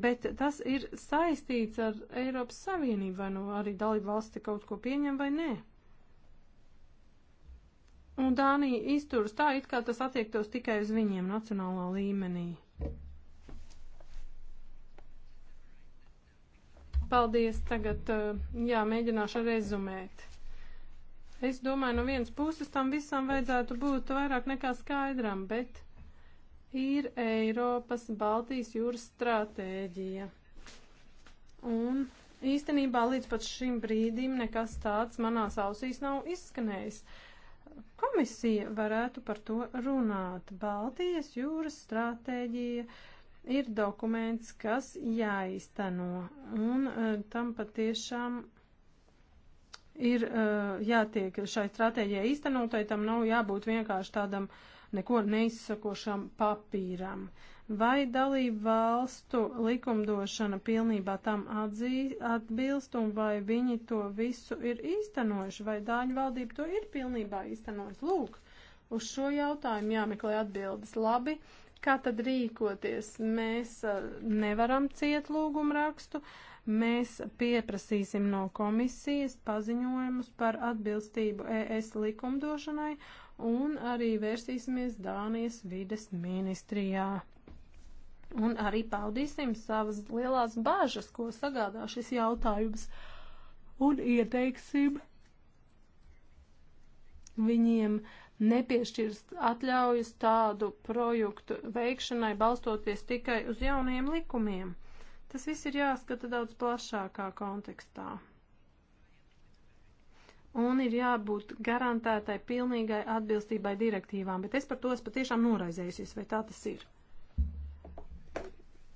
Bet tas ir saistīts ar Eiropas Savienību, vai nu arī dalību valsti kaut ko pieņem vai nē. Un Dānija izturas tā, it kā tas attiektos tikai uz viņiem nacionālā līmenī. Paldies, tagad uh, jā, mēģināšu rezumēt. Es domāju, no vienas puses tam visam vajadzētu būt vairāk nekā skaidram, bet ir Eiropas Baltijas jūras stratēģija. Un īstenībā līdz pat šim brīdim nekas tāds manās ausīs nav izskanējis. Komisija varētu par to runāt. Baltijas jūras stratēģija ir dokuments, kas jāīsteno, un e, tam patiešām ir e, jātiek šai stratēģijai īstenotai, tam nav jābūt vienkārši tādam uh, neko neizsakošam papīram. Vai dalību valstu likumdošana pilnībā tam atzī, atbilst un vai viņi to visu ir īstenojuši, vai Dāņu valdība to ir pilnībā īstenojusi? Lūk, uz šo jautājumu jāmeklē atbildes labi. Kā tad rīkoties? Mēs uh, nevaram ciet lūgumu rakstu, mēs pieprasīsim no komisijas paziņojumus par atbilstību ES likumdošanai un arī vērsīsimies Dānijas vides ministrijā. Un arī paudīsim savas lielās bāžas, ko sagādā šis jautājums, un ieteiksim viņiem nepiešķirst atļaujas tādu projektu veikšanai, balstoties tikai uz jauniem likumiem. Tas viss ir jāskata daudz plašākā kontekstā un ir jābūt garantētai pilnīgai atbilstībai direktīvām, bet es par to esmu patiešām noraizējusies, vai tā tas ir.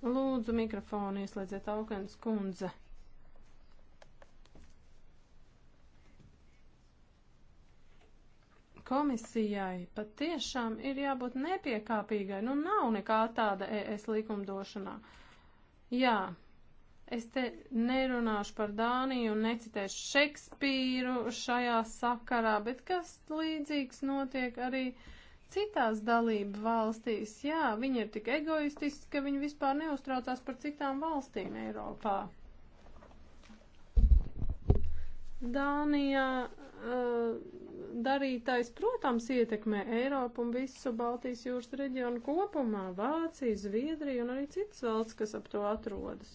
Lūdzu, mikrofonu ieslēdziet Aukens kundze. Komisijai patiešām ir jābūt nepiekāpīgai, nu nav nekā tāda ES likumdošanā. Jā, Es te nerunāšu par Dāniju un necitēšu Šekspīru šajā sakarā, bet kas līdzīgs notiek arī citās dalību valstīs. Jā, viņi ir tik egoistiski, ka viņi vispār neuztraucās par citām valstīm Eiropā. Dānijā uh, darītais, protams, ietekmē Eiropu un visu Baltijas jūras reģionu kopumā, Vāciju, Zviedriju un arī citas valsts, kas ap to atrodas.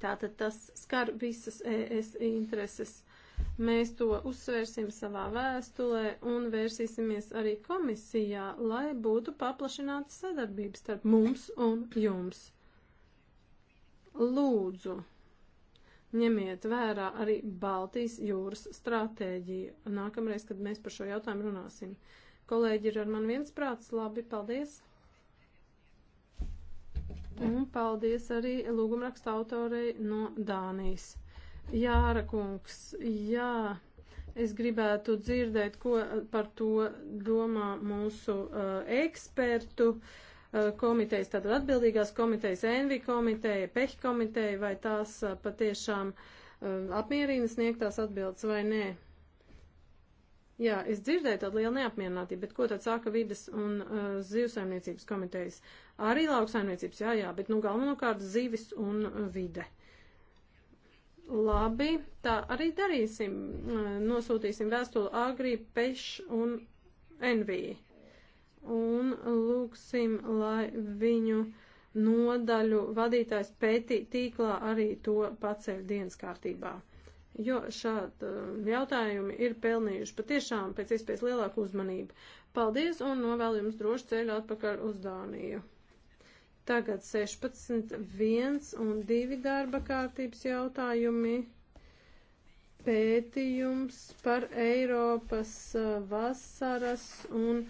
Tātad tas skar visas ES intereses. Mēs to uzsvērsim savā vēstulē un vērsīsimies arī komisijā, lai būtu paplašināta sadarbība starp mums un jums. Lūdzu, ņemiet vērā arī Baltijas jūras stratēģiju. Nākamreiz, kad mēs par šo jautājumu runāsim. Kolēģi ir ar man viensprāts, labi, paldies! Un paldies arī lūgumraksta autorei no Dānijas. Jāra kungs, jā, es gribētu dzirdēt, ko par to domā mūsu uh, ekspertu uh, komitejas, tātad atbildīgās komitejas, Envi komiteja, Peh komiteja, vai tās uh, patiešām uh, apmierina sniegtās atbildes vai nē. Jā, es dzirdēju tādu lielu neapmierinātību, bet ko tad sāka vidas un uh, zivsaimniecības komitejas? Arī lauksaimniecības, jā, jā, bet nu galvenokārt zivis un uh, vide. Labi, tā arī darīsim. Uh, nosūtīsim vēstuli Agri, Peš un Envī. Un lūksim, lai viņu nodaļu vadītājs pētī tīklā arī to paceļ dienas kārtībā jo šādi um, jautājumi ir pelnījuši patiešām pēc iespējas lielāku uzmanību. Paldies un novēlu jums drošu ceļu atpakaļ uz Dāniju. Tagad 16, 1 un 2 darba kārtības jautājumi. Pētījums par Eiropas uh, vasaras un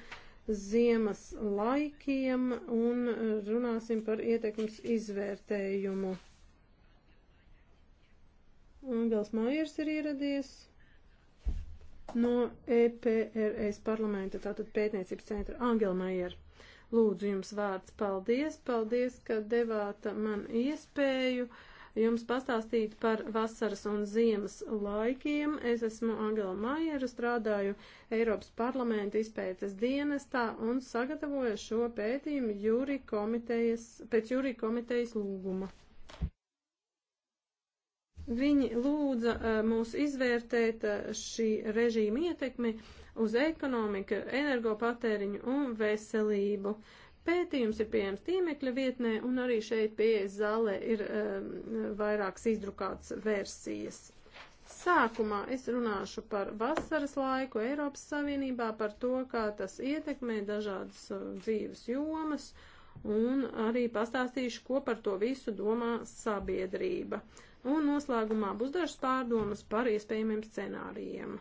ziemas laikiem un uh, runāsim par ietekmes izvērtējumu. Un Bils Maiers ir ieradies no EPRS parlamenta, tātad pētniecības centra Angela Maier. Lūdzu, jums vārds paldies, paldies, ka devāt man iespēju jums pastāstīt par vasaras un ziemas laikiem. Es esmu Angela Maiera, strādāju Eiropas parlamenta izpētes dienestā un sagatavoju šo pētījumu jūri komitejas, pēc jūri komitejas lūguma. Viņi lūdza eh, mūs izvērtēt eh, šī režīma ietekmi uz ekonomiku, energopatēriņu un veselību. Pētījums ir pieejams tīmekļa vietnē, un arī šeit pieejas zālē ir um, vairākas izdrukātas versijas. Sākumā es runāšu par vasaras laiku Eiropas Savienībā, par to, kā tas ietekmē dažādas dzīves jomas, un arī pastāstīšu, ko par to visu domā sabiedrība. Uh, Un noslēgumā būs dažas pārdomas par iespējamiem scenārijiem.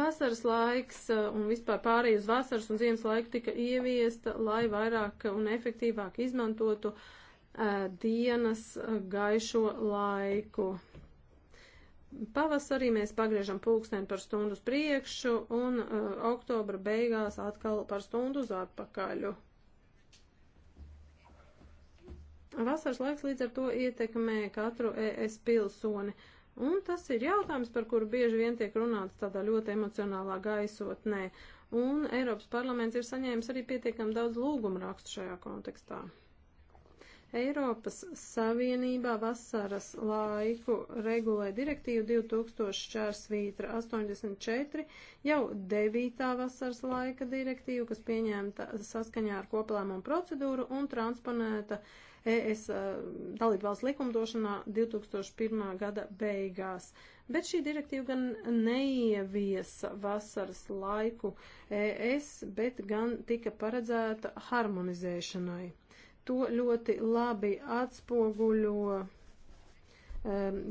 Vasaras laiks uh, un vispār pārējai uz vasaras un ziemas laiku tika ieviesta, lai vairāk un efektīvāk izmantotu uh, dienas uh, gaišo laiku. Pavasarī mēs pagriežam pulksteni par stundu uz priekšu un uh, oktobra beigās atkal par stundu uz atpakaļu. Vasaras laiks līdz ar to ietekmē katru ES pilsoni. Un tas ir jautājums, par kuru bieži vien tiek runāts tādā ļoti emocionālā gaisotnē. Un Eiropas parlaments ir saņēmis arī pietiekami daudz lūgumu rakstu šajā kontekstā. Eiropas Savienībā vasaras laiku regulē direktīva 2004-84, jau 9. vasaras laika direktīva, kas pieņemta saskaņā ar koplēmumu procedūru un transponēta uh, ES uh, dalību valsts likumdošanā 2001. gada beigās. Bet šī direktīva gan neieviesa vasaras laiku ES, bet gan tika paredzēta harmonizēšanai. To ļoti labi atspoguļo um,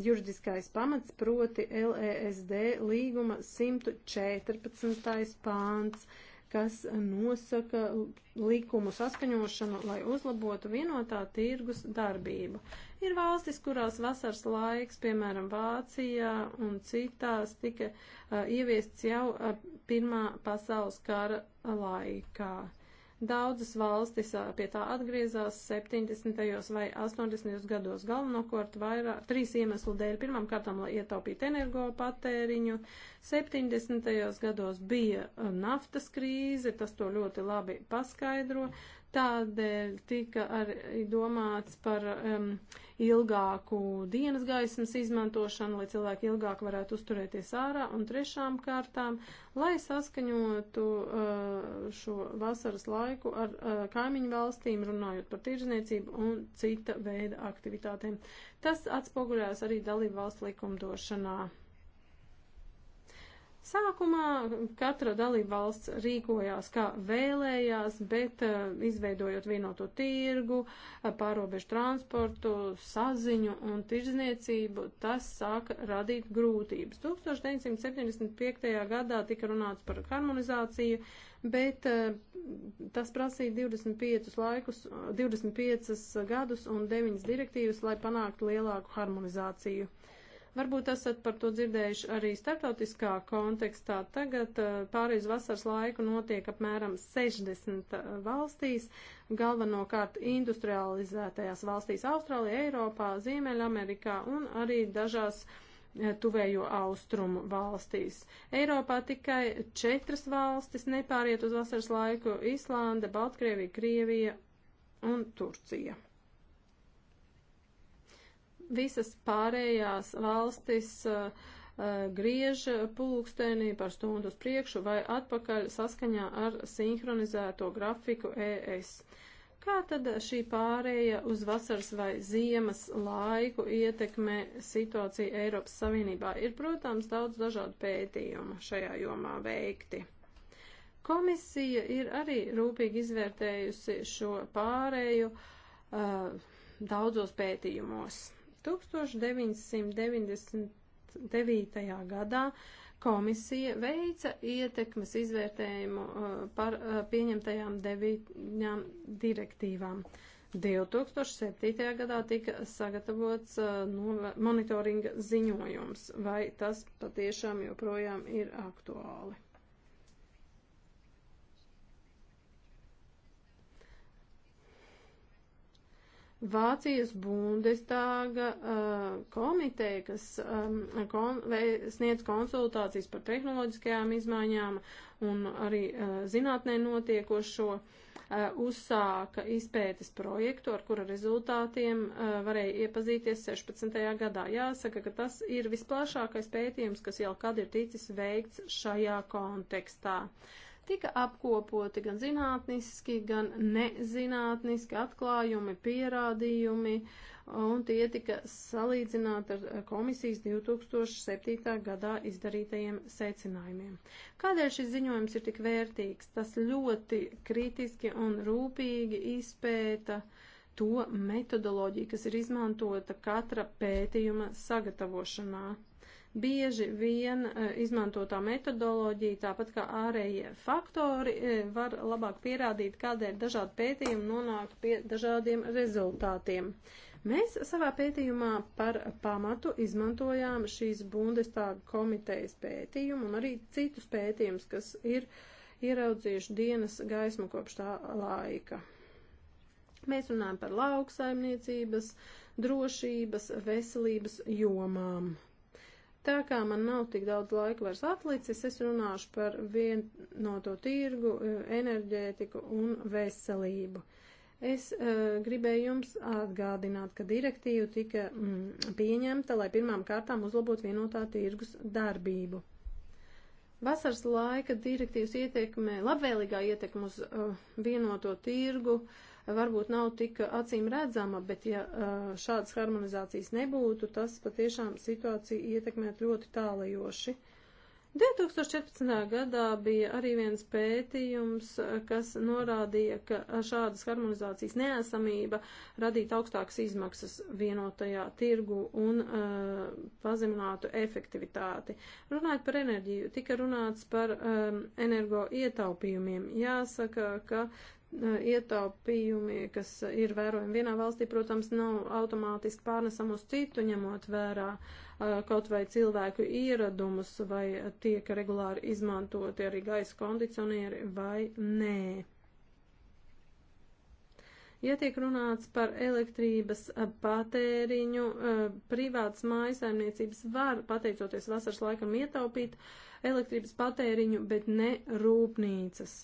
juridiskais pamats, proti LESD līguma 114. pāns kas nosaka likumu saskaņošanu, lai uzlabotu vienotā tirgus darbību. Ir valstis, kurās vasaras laiks, piemēram, Vācijā un citās, tika uh, ieviests jau uh, Pirmā pasaules kara laikā. Uh, Daudzas valstis pie tā atgriezās 70. vai 80. gados galvenokārt vairāk, trīs iemeslu dēļ. Pirmām kārtām, lai ietaupītu energopatēriņu. 70. gados bija naftas krīze, tas to ļoti labi paskaidro. Tādēļ tika arī domāts par um, ilgāku dienas gaismas izmantošanu, lai cilvēki ilgāk varētu uzturēties ārā, un trešām kārtām, lai saskaņotu uh, šo vasaras laiku ar uh, kaimiņu valstīm, runājot par tirzniecību un cita veida aktivitātēm. Tas atspoguļās arī dalību valstu likumdošanā. Sākumā katra dalība valsts rīkojās, kā vēlējās, bet eh, izveidojot vienoto tirgu, eh, pārobežu transportu, saziņu un tirzniecību, tas sāka radīt grūtības. 1975. gadā tika runāts par harmonizāciju, bet eh, tas prasīja 25, laikus, 25 gadus un 9 direktīvas, lai panāktu lielāku harmonizāciju. Varbūt esat par to dzirdējuši arī starptautiskā kontekstā. Tagad eh, pārējais vasaras laiku notiek apmēram 60 eh, valstīs, galvenokārt industrializētajās valstīs - Austrālija, Eiropā, Ziemeļamerikā un arī dažās eh, tuvējo austrumu valstīs. Eiropā tikai četras valstis nepāriet uz vasaras laiku - Islanda, Baltkrievija, Krievija un Turcija. Visas pārējās valstis uh, griež pulkstenī par stundu uz priekšu vai atpakaļ saskaņā ar sinhronizēto grafiku ES. Kā tad šī pārēja uz vasaras vai ziemas laiku ietekmē situāciju Eiropas Savienībā? Ir, protams, daudz dažādu pētījumu šajā jomā veikti. Komisija ir arī rūpīgi izvērtējusi šo pārēju uh, daudzos pētījumos. 1999. gadā komisija veica ietekmes izvērtējumu uh, par uh, pieņemtajām deviņām direktīvām. 2007. gadā tika sagatavots uh, monitoringa ziņojums, vai tas patiešām joprojām ir aktuāli. Vācijas Bundestāga uh, komiteja, kas um, kon, vei, sniedz konsultācijas par tehnoloģiskajām izmaiņām un arī uh, zinātnē notiekošo, uh, uzsāka izpētes projektu, ar kura rezultātiem uh, varēja iepazīties 16. gadā. Jāsaka, ka tas ir visplašākais pētījums, kas jau kad ir ticis veikts šajā kontekstā. Uh, Tika apkopoti gan zinātniski, gan nezinātniski atklājumi, pierādījumi, un tie tika salīdzināti ar komisijas 2007. gadā izdarītajiem secinājumiem. Kādēļ šis ziņojums ir tik vērtīgs? Tas ļoti kritiski un rūpīgi izpēta to metodoloģiju, kas ir izmantota katra pētījuma sagatavošanā. Bieži vien e, izmantotā metodoloģija, tāpat kā ārējie faktori, e, var labāk pierādīt, kādēļ dažādi pētījumi nonāk pie dažādiem rezultātiem. Mēs savā pētījumā par pamatu izmantojām šīs Bundestāga komitejas pētījumu un arī citus pētījumus, kas ir ieraudzījuši dienas gaismu kopš tā laika. Mēs runājam par lauksaimniecības, drošības, veselības jomām. Tā kā man nav tik daudz laika vairs atlicis, es runāšu par vienoto no tirgu, e, enerģētiku un veselību. Es uh, gribēju jums atgādināt, ka direktīva tika mm, pieņemta, lai pirmām kārtām uzlabotu vienotā tirgus darbību. Vasaras laika direktīvas ietekme, labvēlīgā ietekme uz uh, vienoto tirgu uh, varbūt nav tik acīm redzama, bet ja šādas harmonizācijas nebūtu, tas patiešām situāciju ietekmētu ļoti tālajoši. 2014. gadā bija arī viens pētījums, kas norādīja, ka šādas harmonizācijas neesamība radītu augstākas izmaksas vienotajā tirgu un uh, pazeminātu efektivitāti. Runājot par enerģiju, tika runāts par um, energo ietaupījumiem. Jāsaka, ka ietaupījumi, kas ir vērojami vienā valstī, protams, nav automātiski pārnesam uz citu, ņemot vērā kaut vai cilvēku ieradumus, vai tiek regulāri izmantoti arī gaisa kondicionieri vai nē. Ja tiek runāts par elektrības patēriņu, privātas mājasaimniecības var, pateicoties vasaras laikam, ietaupīt elektrības patēriņu, bet ne rūpnīcas.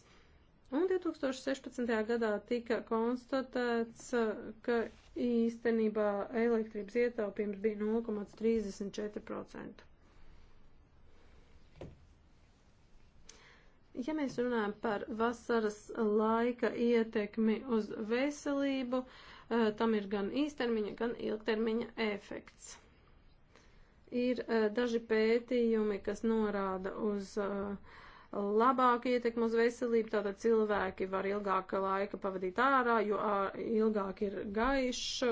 Un 2016. gadā tika konstatēts, uh, ka īstenībā elektrības ietaupījums bija 0,34%. Ja mēs runājam par vasaras laika ietekmi uz veselību, uh, tam ir gan īstermiņa, gan ilgtermiņa efekts. Ir uh, daži pētījumi, kas norāda uz uh, labāka ietekma uz veselību, tātad cilvēki var ilgāk laika pavadīt ārā, jo ilgāk ir gaišs,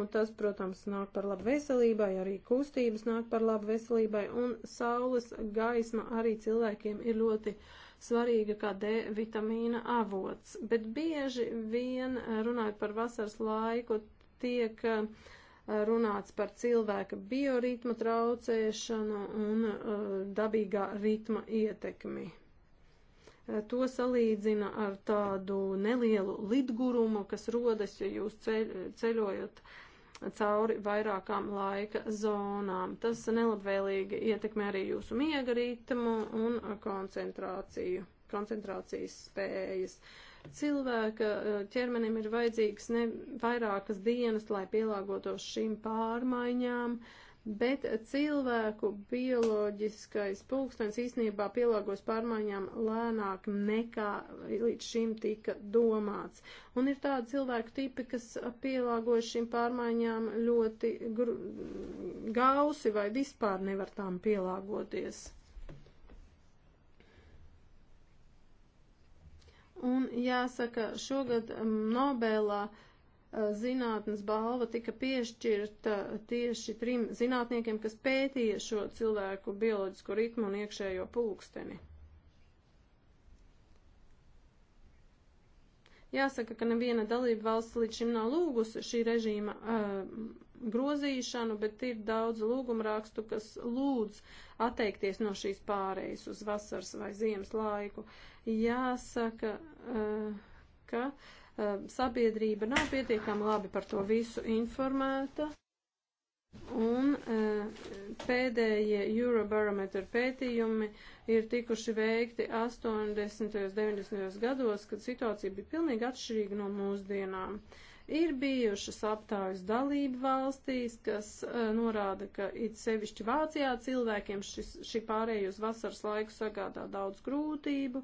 un tas, protams, nāk par labu veselībai, arī kustības nāk par labu veselībai, un saules gaisma arī cilvēkiem ir ļoti svarīga kā D vitamīna avots. Bet bieži vien, runājot par vasaras laiku, tiek uh, runāts par cilvēka bioritma traucēšanu un uh, dabīgā ritma ietekmi. Uh, to salīdzina ar tādu nelielu lidgurumu, kas rodas, ja jūs ceļ, ceļojat uh, cauri vairākām laika zonām. Tas nelabvēlīgi ietekmē arī jūsu miega ritmu un koncentrāciju, koncentrācijas spējas. Uh, Cilvēka eh, ķermenim ir vajadzīgas ne vairākas dienas, lai pielāgotos šīm pārmaiņām, bet cilvēku bioloģiskais pulkstenis īstenībā pielāgojas pārmaiņām lēnāk nekā līdz šim tika domāts. Un ir tādi cilvēku tipi, kas pielāgojas šīm pārmaiņām ļoti gausi vai vispār nevar tām pielāgoties. Un jāsaka, šogad mm, Nobelā eh, zinātnes balva tika piešķirta tieši trim zinātniekiem, kas pētīja šo cilvēku bioloģisko ritmu un iekšējo pulksteni. Jāsaka, ka neviena dalība valsts līdz šim nav lūgusi šī režīma uh, grozīšanu, bet ir daudz lūgumrakstu, kas lūdz atteikties no šīs pārējas uz vasaras vai ziemas laiku. Jāsaka, eh, ka eh, sabiedrība nav pietiekami labi par to visu informēta. Un eh, pēdējie Eurobarometra pētījumi ir tikuši veikti 80. un 90. gados, kad situācija bija pilnīgi atšķirīga no mūsdienām. Uh, Ir bijušas aptājas dalību valstīs, kas uh, norāda, ka it sevišķi Vācijā cilvēkiem šis, šī pārējus vasaras laiku sagādā daudz grūtību.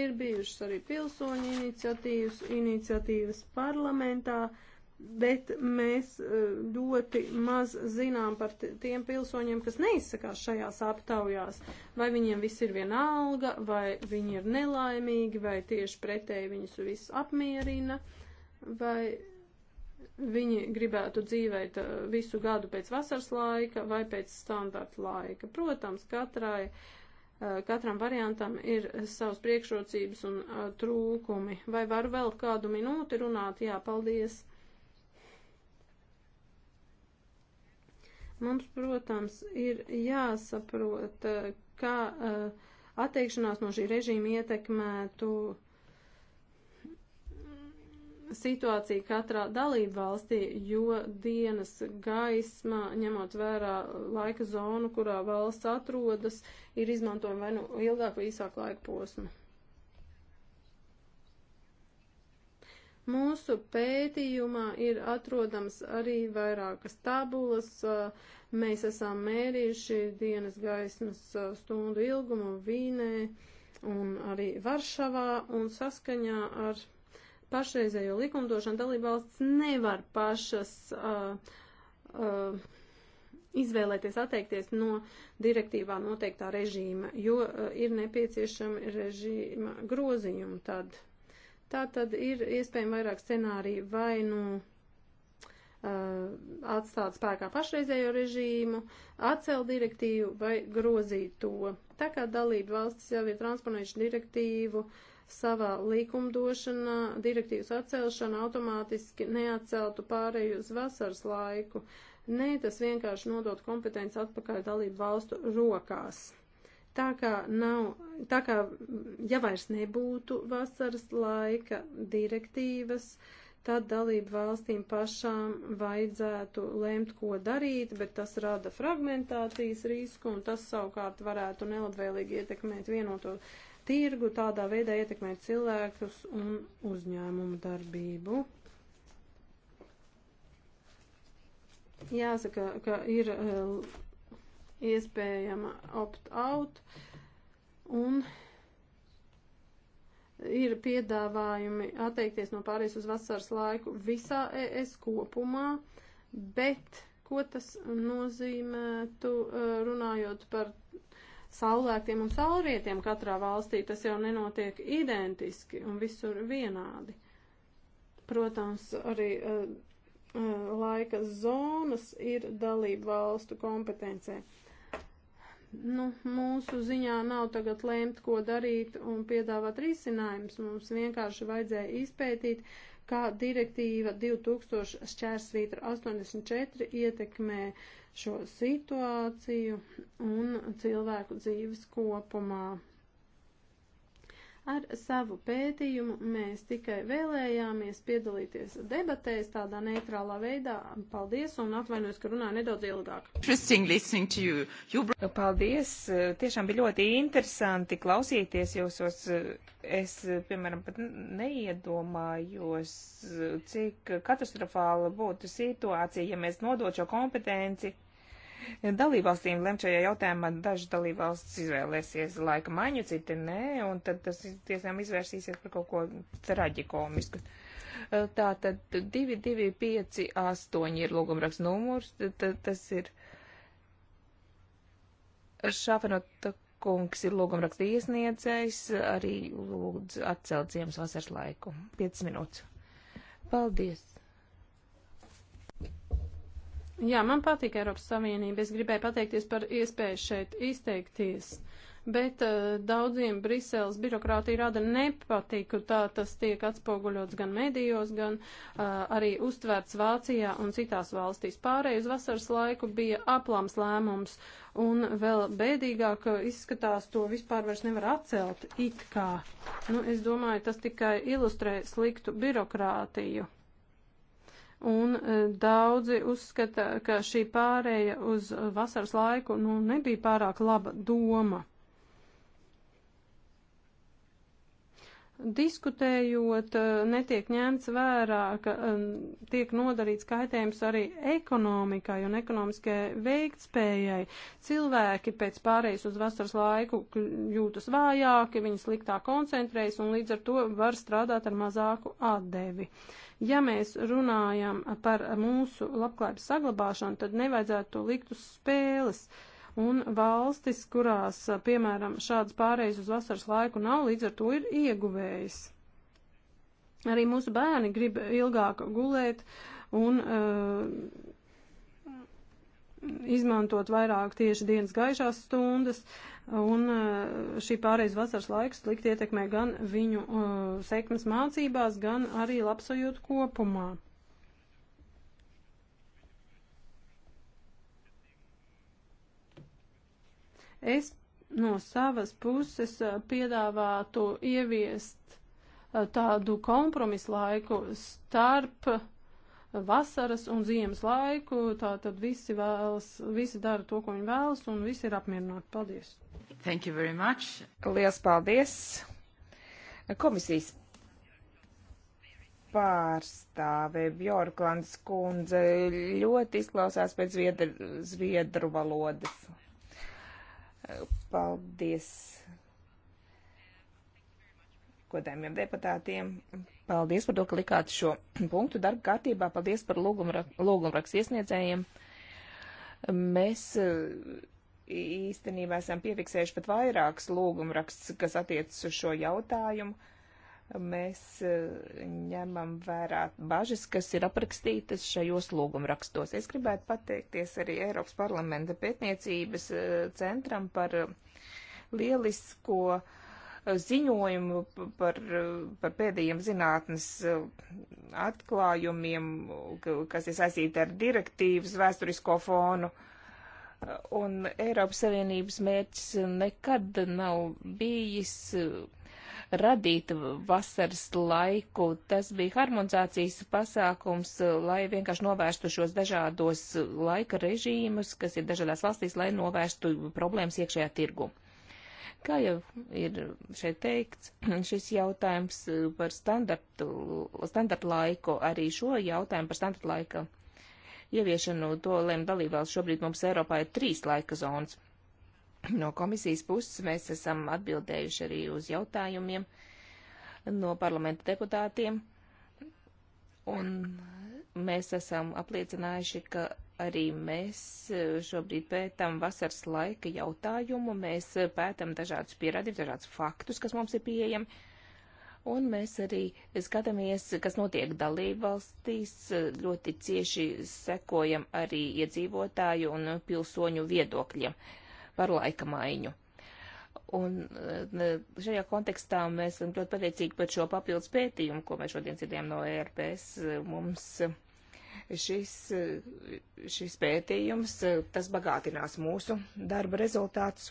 Ir bijušas arī pilsoņu iniciatīvas, iniciatīvas parlamentā, bet mēs eh, ļoti maz zinām par tiem pilsoņiem, kas neizsakās šajās aptaujās, vai viņiem viss ir vienalga, vai viņi ir nelaimīgi, vai tieši pretēji viņus viss apmierina, vai viņi gribētu dzīvēt uh, visu gadu pēc vasaras laika vai pēc standarta laika. Protams, katrai, uh, katram variantam ir savas priekšrocības un uh, trūkumi. Vai varu vēl kādu minūti runāt? Jā, paldies. Mums, protams, ir jāsaprot, kā atteikšanās no šī režīma ietekmētu uh, situācija katrā dalību valstī, jo dienas gaisma, ņemot vērā laika zonu, kurā valsts atrodas, ir izmantojama vai nu ilgāk vai īsāk laika posma. Mūsu pētījumā ir atrodams arī vairākas tabulas. Mēs esam mērījuši dienas gaismas stundu ilgumu Vīnē un arī Varšavā un saskaņā ar pašreizējo likumdošanu dalībvalsts nevar pašas uh, uh, izvēlēties atteikties no direktīvā noteiktā režīma, jo uh, ir nepieciešama režīma grozījuma tad. Tā tad ir iespējami vairāk scenāriju vai nu uh, atstāt spēkā pašreizējo režīmu, atcelt direktīvu vai grozīt to. Tā kā dalība valstis jau ir transponējuši direktīvu uh, savā likumdošanā direktīvas atcelšana automātiski neatceltu pārēju uz vasaras laiku. Nē, tas vienkārši nodot kompetenci atpakaļ dalību valstu rokās. Tā kā nav, tā kā ja vairs nebūtu vasaras laika direktīvas, tad dalību valstīm pašām vajadzētu lemt, ko darīt, bet tas rada fragmentācijas risku un tas savukārt varētu nelabvēlīgi ietekmēt vienoto no tirgu, tādā veidā ietekmēt cilvēkus un uzņēmumu darbību. Jāsaka, ka ir eh, iespējama opt-out un ir piedāvājumi atteikties no pārējais uz vasaras laiku visā ES kopumā, bet ko tas nozīmētu eh, runājot par saulēktiem un saulrietiem katrā valstī. Tas jau nenotiek identiski un visur vienādi. Protams, arī uh, laika zonas ir dalību valstu kompetencē. Nu, mūsu ziņā nav tagad lēmt, ko darīt un piedāvāt risinājumus. Mums vienkārši vajadzēja izpētīt, kā direktīva 2000 šķērsvītra 84 ietekmē uh, šo situāciju un cilvēku dzīves kopumā. Ar savu pētījumu mēs tikai vēlējāmies piedalīties debatēs tādā neitrālā veidā. Paldies un atvainojos, ka runāju nedaudz ilgāk. You. You... Paldies, tiešām bija ļoti interesanti klausīties jūsos. Es, piemēram, pat neiedomājos, cik katastrofāla būtu situācija, ja mēs nodot šo kompetenci dalībvalstīm lemt šajā jautājumā. Daži dalībvalstis izvēlēsies laika maiņu, citi nē, un tad tas tiešām izvērsīsies par kaut ko traģikomisku. Tā tad 2258 ir lūgumraks numurs, tad tas ir Šāfenota kungs ir lūgumraksta iesniedzējs, arī lūdz atcelt ziemas vasaras laiku. 5 minūtes. Paldies! Jā, man patīk Eiropas Savienība. Es gribēju pateikties par iespēju šeit izteikties. Bet uh, daudziem Briseles birokrātija rada nepatiku. Tā tas tiek atspoguļots gan medijos, gan uh, arī uztvērts Vācijā un citās valstīs. Pārējais uz vasaras laiku bija aplams lēmums, un vēl bēdīgāk eh, izskatās to vispār vairs nevar atcelt it kā. Nu, es domāju, tas tikai ilustrē sliktu birokrātiju un e, daudzi uzskata, ka šī pārēja uz vasaras laiku nu, nebija pārāk laba doma. Diskutējot, e, netiek ņemts vērā, ka um, tiek nodarīts kaitējums arī ekonomikai un ekonomiskajai veiktspējai. Cilvēki pēc pārējais uz vasaras laiku jūtas vājāki, viņi sliktāk koncentrējas un līdz ar to var strādāt ar mazāku atdevi. Uh, Ja mēs runājam par mūsu labklājības saglabāšanu, tad nevajadzētu to likt uz spēles. Un valstis, kurās, piemēram, šāds pārējais uz vasaras laiku nav, līdz ar to ir ieguvējis. Arī mūsu bērni grib ilgāk gulēt un uh, izmantot vairāk tieši dienas gaišās stundas, un eh, šī pārējais vasaras laiks slikti ietekmē gan viņu uh, sekmes mācībās, gan arī labsajūtu kopumā. Es no savas puses eh, piedāvātu ieviest tādu kompromisu laiku starp uh, vasaras un ziemas laiku, tā tad visi vēlas, visi dara to, ko viņi vēlas, un visi ir apmierināti. Paldies! Thank you very much! Lielas paldies! Komisijas pārstāve Bjorklands kundze ļoti izklausās pēc zviedru, zviedru valodas. Paldies godējumiem deputātiem Paldies par to, ka likāt šo punktu darba kārtībā. Paldies par lūgumraks iesniedzējiem. Mēs e, īstenībā esam piefiksējuši pat vairākas lūgumraksts, kas attiecas uz šo jautājumu. Mēs e, ņemam vērā bažas, kas ir aprakstītas šajos lūgumrakstos. Es gribētu pateikties arī Eiropas parlamenta pētniecības e, centram par lielisko uh, ziņojumu par, par pēdējiem zinātnes eh, atklājumiem, kas ir saistīti ar direktīvas vēsturisko fonu. Un Eiropas Savienības mērķis nekad nav bijis eh, radīt vasaras laiku. Tas bija harmonizācijas pasākums, eh, lai vienkārši novērstu šos dažādos laika režīmus, kas ir dažādās valstīs, lai novērstu problēmas iekšējā tirgu. Uh, Kā jau ir šeit teikts, šis jautājums eh, par standartu, standartu laiku, arī šo jautājumu par standartu laika ieviešanu, to lem dalībvalsts. Šobrīd mums Eiropā ir trīs laika zonas. No komisijas puses mēs esam atbildējuši arī uz jautājumiem no parlamenta deputātiem. Un mēs esam apliecinājuši, ka arī mēs šobrīd pētam vasaras laika jautājumu, mēs pētam dažādus pierādījumus, dažādus faktus, kas mums ir pieejami. Un mēs arī skatāmies, kas notiek dalībvalstīs, ļoti cieši sekojam arī iedzīvotāju un pilsoņu viedokļiem par laika maiņu. Un e, šajā kontekstā mēs esam ļoti pateicīgi par šo papildus pētījumu, ko mēs šodien dzirdējām no ERPS. E, mums šis, e, šis pētījums, tas bagātinās mūsu darba rezultātus.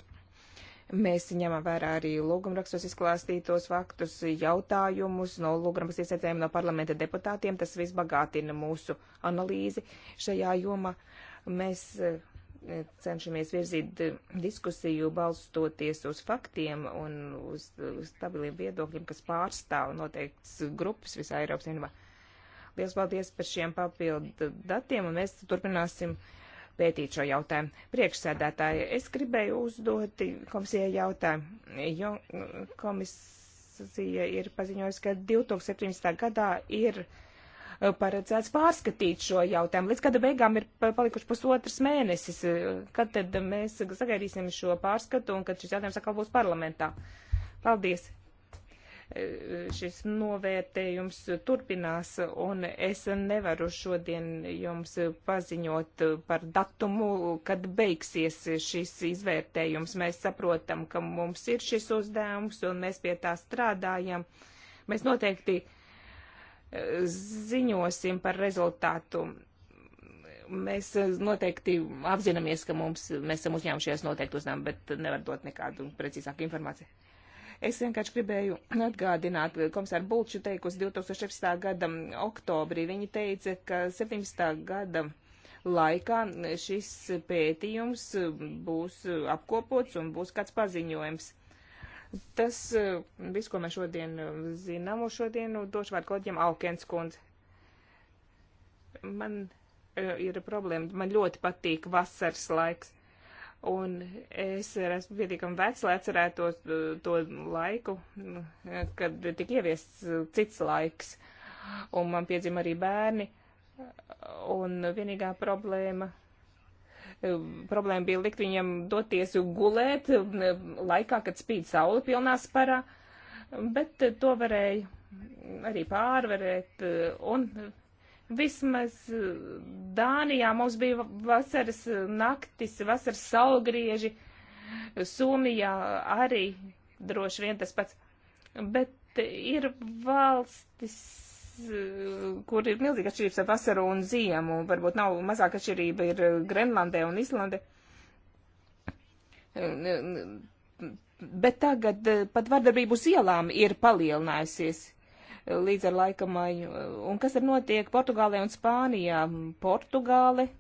Mēs ņemam vērā arī lūgumrakstos izklāstītos faktus, jautājumus no lūgumrakstos iesaistējiem no parlamenta deputātiem. Tas viss bagātina mūsu analīzi šajā jomā. Mēs cenšamies virzīt diskusiju balstoties uz faktiem un uz stabiliem viedokļiem, kas pārstāv noteikts grupas visā Eiropas Savienībā. Lielas paldies par šiem papildu datiem, un mēs turpināsim pētīt šo jautājumu. Priekšsēdētāji, es gribēju uzdot komisijai jautājumu, jo komisija ir paziņojusi, ka 2017. gadā ir Eh, paredzēts pārskatīt šo jautājumu. Līdz gada beigām ir palikuši pusotras mēnesis, eh, kad tad mēs sagaidīsim šo pārskatu un kad šis jautājums atkal būs parlamentā. Paldies! Eh, šis novērtējums turpinās, un es nevaru šodien jums paziņot par datumu, kad beigsies šis izvērtējums. Mēs saprotam, ka mums ir šis uzdevums, un mēs pie tā strādājam. Mēs noteikti uh, ziņosim par rezultātu. Mēs noteikti apzināmies, ka mums, mēs esam uzņēmušies noteikti uzdevumu, bet nevar dot nekādu precīzāku informāciju. Es vienkārši gribēju atgādināt, komisāra Bulču teikusi 2017. gada oktobrī, viņa teica, ka 17. gada laikā šis pētījums būs apkopots un būs kāds paziņojums. Tas eh, viss, ko mēs šodien eh, zinām, un šodien nu, došu vārdu kolēģiem Aukens kundze. Man eh, ir problēma, man ļoti patīk vasaras laiks. Un es esmu pietiekami vecs, lai atcerētos to, to laiku, kad tika ieviests cits laiks. Un man piedzima arī bērni. Un vienīgā problēma Problēma bija likt viņam doties gulēt laikā, kad spīd saule pilnā sparā, bet eh, to varēja arī pārvarēt. Eh, un vismaz eh, Dānijā mums bija vasaras naktis, vasaras saulgrieži, Somijā arī droši vien tas pats. Bet ir valstis, kur ir milzīga atšķirības ar vasaru un ziemu. Varbūt nav mazāka atšķirība ir Grenlandē un Islande. Bet tagad eh, pat vardarbību uz ielām ir palielinājusies līdz ar laikamaiņu. Un kas ir notiek Portugālē un Spānijā? Portugāle eh,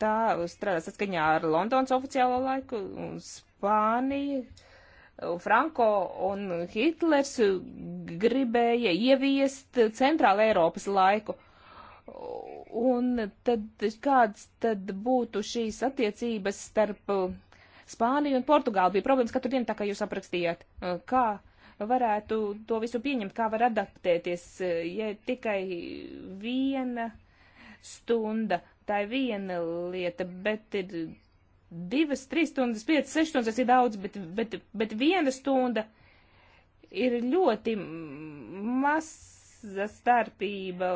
tā strādā saskaņā ar Londonas oficiālo laiku un Spānija Franko un Hitlers gribēja ieviest centrāla Eiropas laiku. Un tad kāds tad būtu šīs attiecības starp Spāniju un Portugāli? Bija problēmas katru dienu, tā kā jūs aprakstījāt. Kā varētu to visu pieņemt, kā var adaptēties, ja tikai viena stunda, tā ir viena lieta, bet ir divas, trīs stundas, piecas, sešas stundas ir daudz, bet, bet, bet viena stunda ir ļoti maza starpība.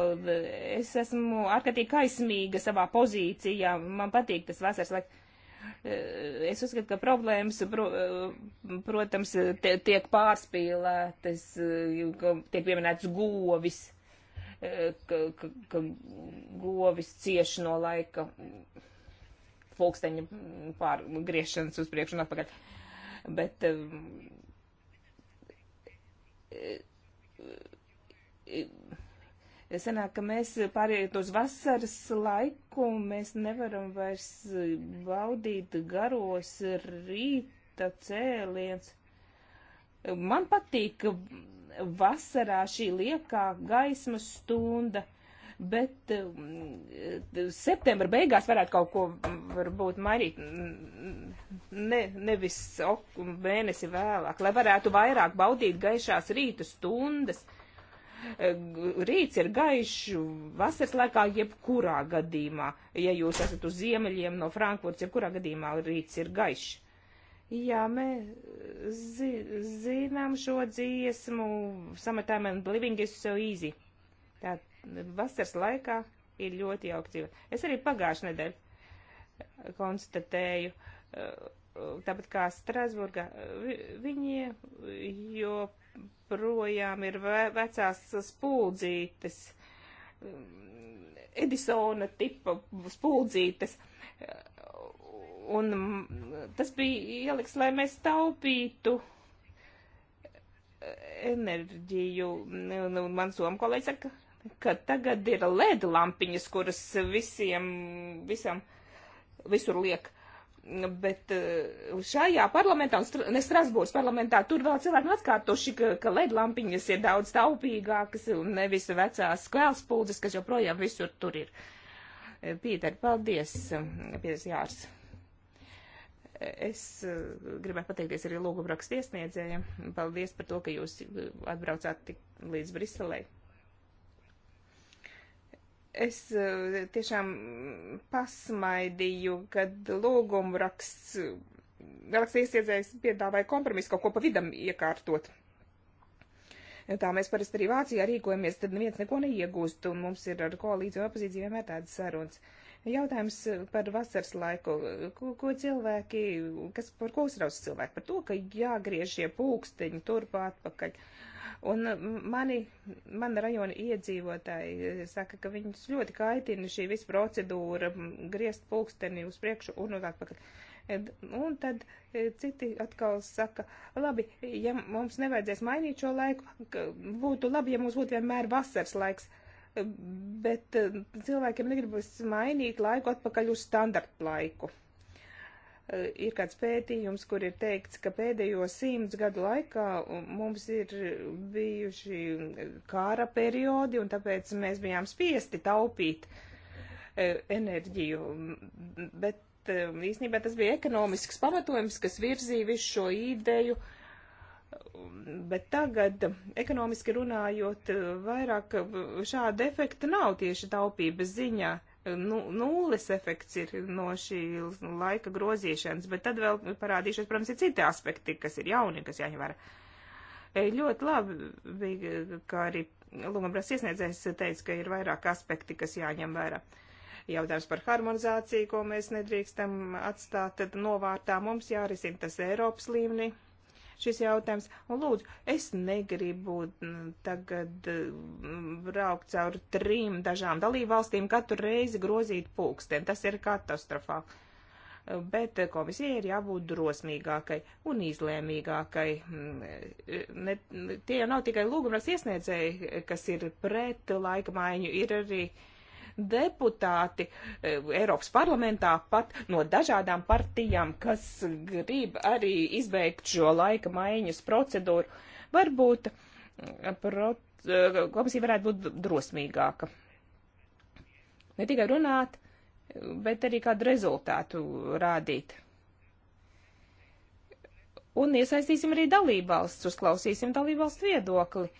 Es esmu ārkārtīgi kaismīga savā pozīcijā, man patīk tas vasaras laiks. Eh, es uzskatu, ka problēmas, pro, eh, protams, tiek pārspīlētas, eh, tiek pieminēts govis, ka, ka, ka govis cieši no laika pulksteņa pārgriešanas uz priekšu un atpakaļ. Bet eh, eh, sanāk, ka mēs pārējot uz vasaras laiku, mēs nevaram vairs baudīt garos rīta cēliens. Man patīk vasarā šī liekā gaismas stunda. Uh, bet eh, eh, septembra beigās varētu kaut ko mm, varbūt mainīt, mm, mm, ne, nevis ok, mēnesi vēlāk, lai varētu vairāk baudīt gaišās rīta stundas. Eh, rīts ir gaišs vasaras laikā jebkurā gadījumā. Ja jūs esat uz ziemeļiem no Frankfurts, jebkurā gadījumā rīts ir gaišs. Jā, mēs zi zinām šo dziesmu, Summertime and Living is so easy. Tātad vasaras laikā ir ļoti jauka dzīve. Es arī pagājušajā nedēļā konstatēju, uh, tāpat kā Strasburgā, viņi joprojām ir vecās spuldzītes, um, Edisona tipa spuldzītes. Uh, un tas bija ieliks, lai mēs taupītu uh, enerģiju. Un, un man somu kolēģis saka, ka tagad ir LED lampiņas, kuras visiem, visam, visur liek. Bet uh, šajā parlamentā, un ne Strasbūras parlamentā, tur vēl cilvēki atkārtoši, ka, ka LED lampiņas ir daudz taupīgākas un nevis vecās kvēlspuldzes, kas joprojām visur tur ir. Eh, Pīter, paldies, um, Pīters Jārs. Es uh, gribētu pateikties arī lūgumrakstu iesniedzējiem. Paldies par to, ka jūs uh, atbraucāt tik līdz Briselei es eh, tiešām pasmaidīju, kad lūgumu raksts, eh, raksts iesiedzējs piedāvāja kompromisu kaut ko pa vidam iekārtot. Tā mēs parasti arī Vācijā rīkojamies, tad neviens neko neiegūst, un mums ir ar koalīciju opozīciju vienmēr tādas sarunas. Jautājums eh, par vasaras laiku. Ko, ko cilvēki, kas par ko uzrauc cilvēki? Par to, ka jāgriež šie pūksteņi turpā atpakaļ. Uh, Un mani, mana rajona iedzīvotāji eh, saka, ka viņus ļoti kaitina šī visa procedūra, griezt pulksteni uz priekšu un uz atpakaļ. Un tad eh, citi atkal saka, labi, ja mums nevajadzēs mainīt šo laiku, būtu labi, ja mums būtu vienmēr vasaras laiks eh, bet cilvēkiem negribas mainīt laiku atpakaļ uz standartu laiku. Eh, ir kāds pētījums, kur ir teikts, ka pēdējo simts gadu laikā mums ir bijuši kāra periodi, un tāpēc mēs bijām spiesti taupīt eh, enerģiju. Bet eh, īsnībā tas bija ekonomisks pamatojums, kas virzīja visu šo ideju. Bet tagad, ekonomiski runājot, vairāk šāda efekta nav tieši taupības ziņā. Uh, nu, nulles efekts ir no šī laika grozīšanas, bet tad vēl parādīšos, protams, ir citi aspekti, kas ir jauni, kas jāņem vērā. Ļoti labi bija, kā arī Lūgumbrās iesniedzējs teica, ka ir vairāk aspekti, kas jāņem vērā. Jautājums par harmonizāciju, ko mēs nedrīkstam atstāt novārtā, mums jārisina tas Eiropas līmenī šis jautājums. Un lūdzu, es negribu mm, tagad mm, braukt caur trim dažām dalībvalstīm, katru reizi grozīt pulksteni. Tas ir katastrofāli. Bet komisijai ir jābūt drosmīgākai un izlēmīgākai. Mm, ne, tie jau nav tikai lūgumraks iesniedzēji, kas ir pret laika maiņu, ir arī uh, deputāti e, Eiropas parlamentā pat no dažādām partijām, kas grib arī izbeigt šo laika maiņas procedūru. Varbūt mm, prot, e, komisija varētu būt drosmīgāka. Ne tikai runāt, bet arī kādu rezultātu rādīt. Un iesaistīsim arī dalībvalsts, uzklausīsim dalībvalstu viedokli.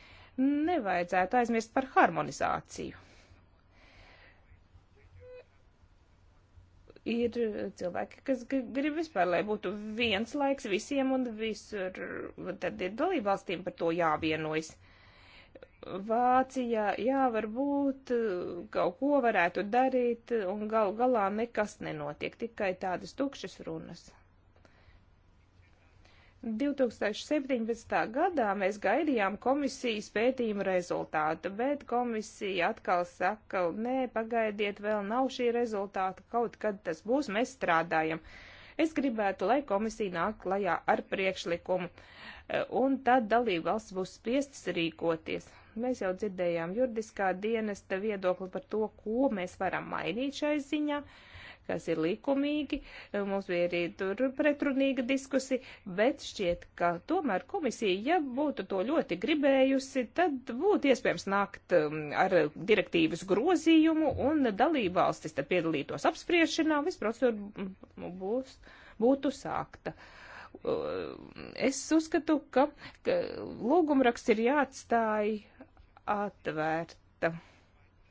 Nevajadzētu aizmirst par harmonizāciju. ir cilvēki, kas grib vispār, lai būtu viens laiks visiem un visur. Tad ir dalībvalstīm par to jāvienojas. Vācijā, jā, varbūt uh, kaut ko varētu darīt, un gal galā nekas nenotiek, tikai tādas tukšas runas. 2017. gadā mēs gaidījām komisijas pētījuma rezultātu, bet komisija atkal saka, nē, pagaidiet, vēl nav šī rezultāta, kaut kad tas būs, mēs strādājam. Es gribētu, lai komisija nāk klajā ar priekšlikumu, un tad dalību valsts būs spiestas rīkoties. Mēs jau dzirdējām juridiskā dienesta viedokli par to, ko mēs varam mainīt šai ziņā. Uh, kas ir likumīgi. Mums bija arī tur pretrunīga diskusija, bet šķiet, ka tomēr komisija, ja būtu to ļoti gribējusi, tad būtu iespējams nākt um, ar direktīvas grozījumu un dalībvalstis tad piedalītos apspriešanā, viss procedūra būs, būtu sākta. Uh, es uzskatu, ka, ka lūgumraksts ir jāatstāj atvērta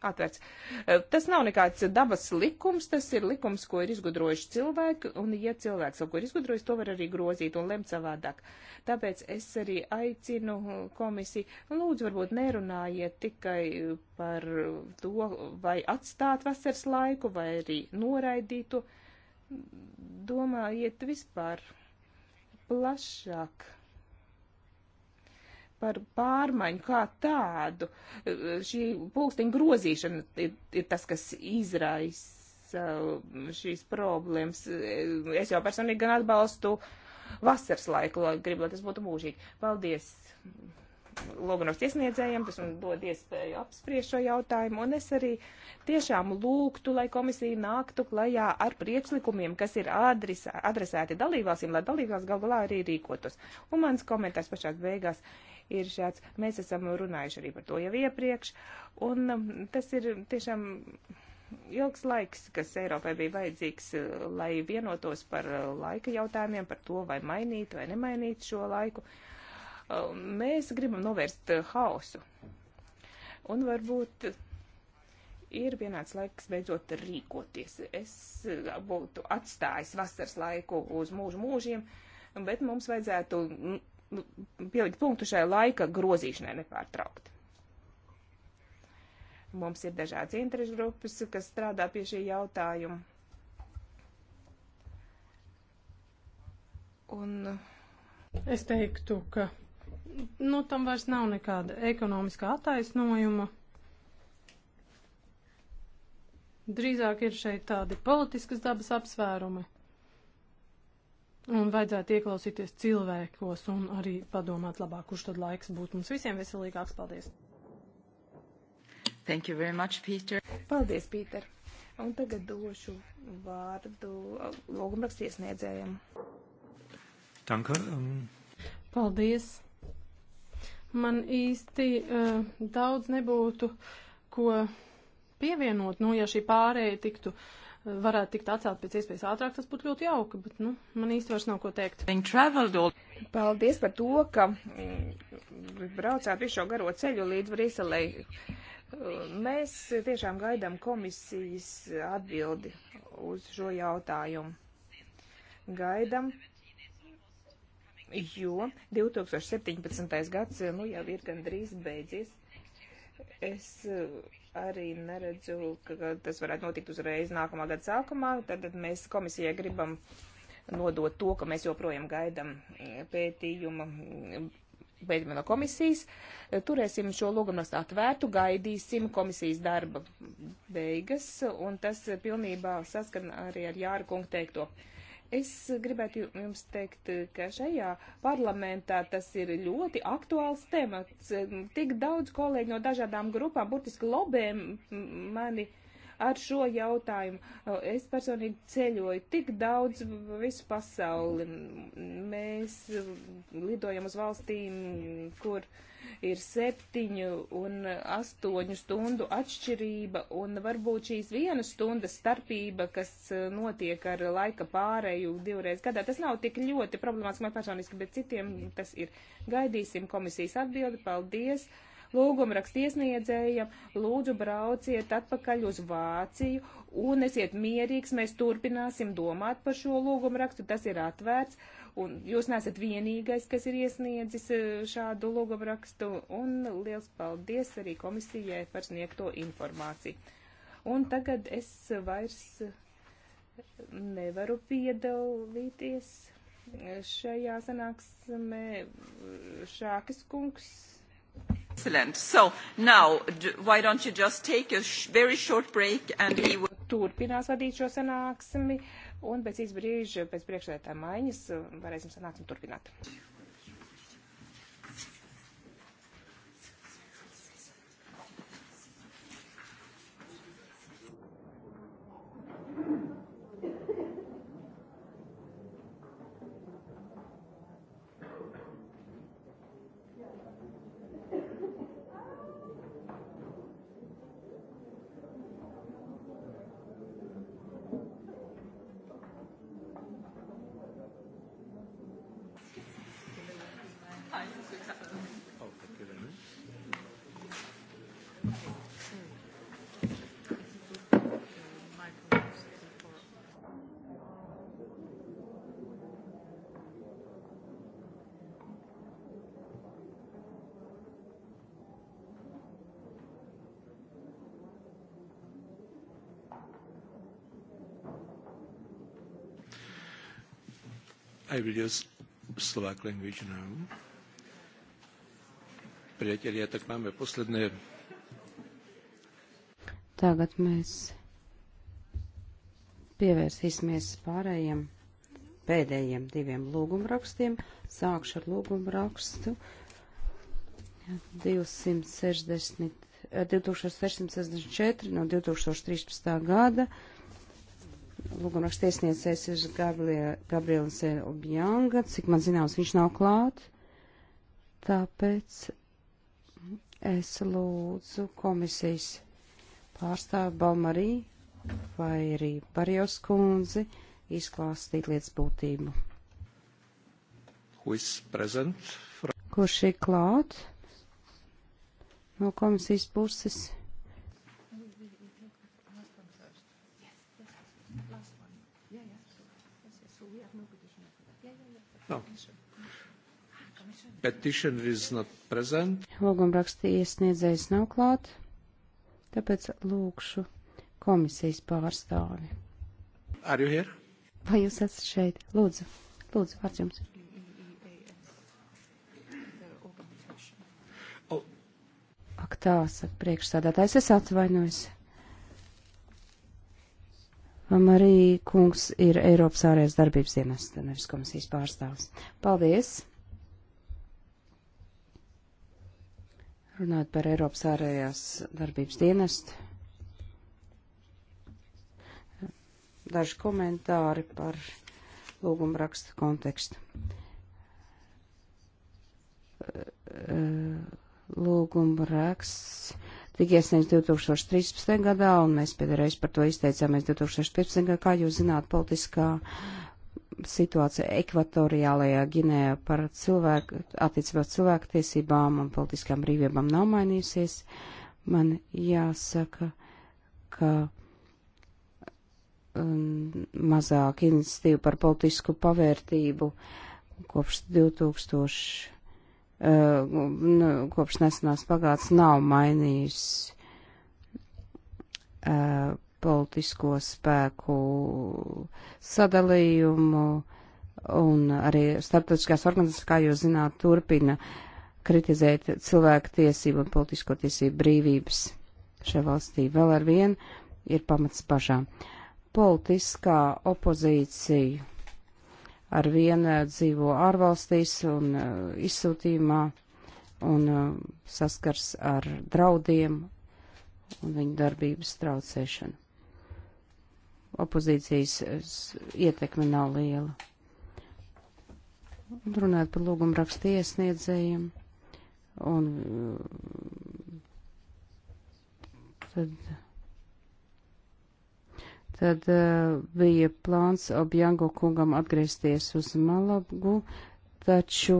atvērts. Eh, tas nav nekāds dabas likums, tas ir likums, ko ir izgudrojuši cilvēki, un ja cilvēks kaut ko ir izgudrojis, to var arī grozīt un lemt savādāk. Tāpēc es arī aicinu komisiju, lūdzu, varbūt nerunājiet tikai par to, vai atstāt vasaras laiku, vai arī noraidītu. Domājiet vispār plašāk par pārmaiņu kā tādu. Šī pulksteņa grozīšana ir, ir tas, kas izraisa šīs problēmas. Es jau personīgi gan atbalstu vasaras laiku, lai gribu, lai tas būtu mūžīgi. Paldies Loganovs iesniedzējiem, tas man dod iespēju apspriest šo jautājumu, un es arī tiešām lūgtu, lai komisija nāktu klajā ar priekšlikumiem, kas ir adresēti dalībvalstīm, lai dalībvalsts galvā arī rīkotos. Un mans komentārs pašās beigās ir šāds. Mēs esam runājuši arī par to jau iepriekš, un um, tas ir tiešām ilgs laiks, kas Eiropai bija vajadzīgs, uh, lai vienotos par uh, laika jautājumiem, par to, vai mainīt vai nemainīt šo laiku. Um, mēs gribam novērst uh, haosu. Un varbūt ir pienācis laiks beidzot rīkoties. Es būtu atstājis vasaras laiku uz mūžu mūžiem, bet mums vajadzētu Nu, pielikt punktu šai laika grozīšanai nepārtraukti. Mums ir dažādas interešu grupas, kas strādā pie šī jautājuma. Un es teiktu, ka nu, tam vairs nav nekāda ekonomiskā attaisnojuma. Drīzāk ir šeit tādi politiskas dabas apsvērumi. Un vajadzētu ieklausīties cilvēkos un arī padomāt labāk, kurš tad laiks būtu mums visiem veselīgāks. Paldies! Thank you very much, Peter. Paldies, Pīter. Un tagad došu vārdu uh, logumrakstu iesniedzējiem. Tanka. Um... Paldies. Man īsti uh, daudz nebūtu, ko pievienot, nu, ja šī pārēja tiktu uh, varētu tikt atcelt pēc iespējas ātrāk, tas būtu ļoti jauki, bet, nu, man īsti vairs nav ko teikt. Paldies par to, ka mm, braucāt visu šo garo ceļu līdz Briselei. Mēs tiešām gaidām komisijas atbildi uz šo jautājumu. Gaidam, jo 2017. gads nu, jau ir gandrīz beidzies. Es arī neredzu, ka tas varētu notikt uzreiz nākamā gada sākumā. Tad mēs komisijai gribam nodot to, ka mēs joprojām gaidam e, pētījumu, e, pētījumu no komisijas. E, turēsim šo lūgumus atvērtu, gaidīsim komisijas darba beigas, un tas pilnībā saskan arī ar Jāra kungu teikto. Uh, Es gribētu jums teikt, ka šajā parlamentā tas ir ļoti aktuāls temats. Tik daudz kolēģi no dažādām grupām burtiski lobē mani uh, ar šo jautājumu. Es personīgi ceļoju tik daudz visu pasauli. Mēs lidojam uz valstīm, kur ir septiņu un astoņu stundu atšķirība, un varbūt šīs vienas stundas starpība, kas e, notiek ar laika pārēju divreiz gadā, tas nav tik ļoti problemātiski man personiski, bet citiem tas ir. Gaidīsim komisijas atbildi. Paldies! lūgumrakstu iesniedzējiem, lūdzu brauciet atpakaļ uz Vāciju un esiet mierīgs, mēs turpināsim domāt par šo lūgumrakstu, tas ir atvērts, un jūs nesat vienīgais, kas ir iesniedzis e, šādu lūgumrakstu, un liels paldies arī komisijai par sniegto informāciju. Un tagad es vairs nevaru piedalīties šajā sanāksmē. Šākis kungs Excellent. So now, why don't you just take a sh very short break and we will... Turpinās vadīt šo sanāksmi un pēc īsa brīža, pēc priekšsēdētā maiņas, varēsim sanāksmi turpināt. I will use Slovak language now. Priatelia, tak máme posledné. Tagad mēs pievērsīsimies pārējiem pēdējiem diviem lūgumrakstiem. Sākšu ar lūgumrakstu 260, 2664 eh, no 2013. gada lūgumraksta tiesniecējs ir Gabriels Objanga, cik man zināms, viņš nav klāt. Tāpēc es lūdzu komisijas pārstāvu Balmarī vai arī Barjos kundzi izklāstīt lietas būtību. Kurš ir klāt no komisijas puses? No. Petitioner is not present. Lūgumraksta iesniedzējs nav klāt, tāpēc lūkšu komisijas pārstāvi. Are you here? Vai jūs esat šeit? Lūdzu, lūdzu, vārds jums. Oh. Ak tā, saka priekšsādātājs, es atvainojos. Marija kungs ir Eiropas ārējās darbības dienas nevis komisijas pārstāvs. Paldies! Runāt par Eiropas ārējās darbības dienestu. Daži komentāri par lūgumu rakstu kontekstu. Lūgumu raksts tika iesniegts 2013. gadā, un mēs pēdējais par to izteicāmies 2015. gadā, kā jūs zināt, politiskā situācija ekvatoriālajā Ginējā par cilvēku, attiecībā cilvēku tiesībām un politiskām brīvībām nav mainījusies. Man jāsaka, ka um, mazāk iniciatīva par politisku pavērtību kopš 2000. Eh, nu, kopš nesenās pagātnes nav mainījis eh, politisko spēku sadalījumu un arī starptautiskās organizācijas, kā jūs zināt, turpina kritizēt cilvēku tiesību un politisko tiesību brīvības šajā valstī. Vēl ar vienu ir pamats pašām. Politiskā opozīcija ar vienu eh, dzīvo ārvalstīs un eh, izsūtījumā un eh, saskars ar draudiem un viņu darbības traucēšanu. Opozīcijas ietekme nav liela. Runājot par lūgumu rakstu iesniedzējiem un tad Tad uh, bija plāns Objango kungam atgriezties uz Malagu, taču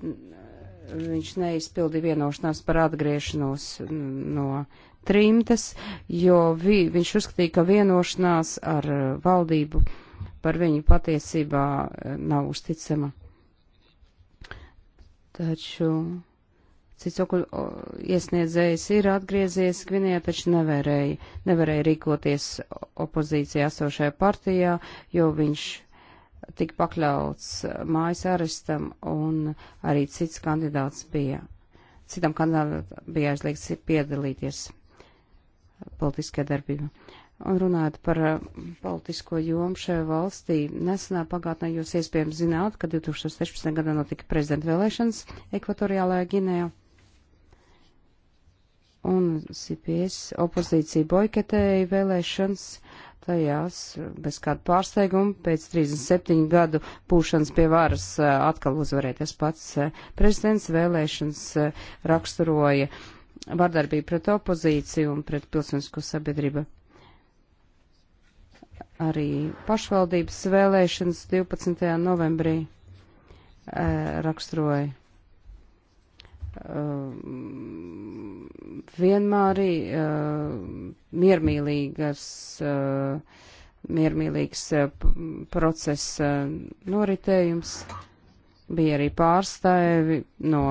viņš neizpildīja vienošanās par atgriešanos no trimtes, jo vi, viņš uzskatīja, ka vienošanās ar uh, valdību par viņu patiesībā uh, nav uzticama. Taču Cicokļu iesniedzējs ir atgriezies Gvinijā, taču nevarēja, nevarēja rīkoties opozīcijā esošajā partijā, jo viņš tika pakļauts mājas arestam un arī cits kandidāts bija, citam kandidātam bija aizliegts piedalīties politiskajā darbībā. Un runājot par eh, politisko jomu šajā valstī, nesenā pagātnē jūs iespējams zināt, ka 2016. gadā notika prezidenta vēlēšanas Ekvatoriālajā Ginējā un CPS opozīcija boiketēja vēlēšanas tajās bez kāda pārsteiguma pēc 37 gadu būšanas pie varas eh, atkal uzvarēties pats eh, prezidents vēlēšanas eh, raksturoja vardarbību pret opozīciju un pret pilsonisko sabiedrību. Arī pašvaldības vēlēšanas 12. novembrī raksturoja Ehm, vienmēr ehm, miermīlīgas, ehm, miermīlīgs procesa noritējums. Bija arī pārstāvi no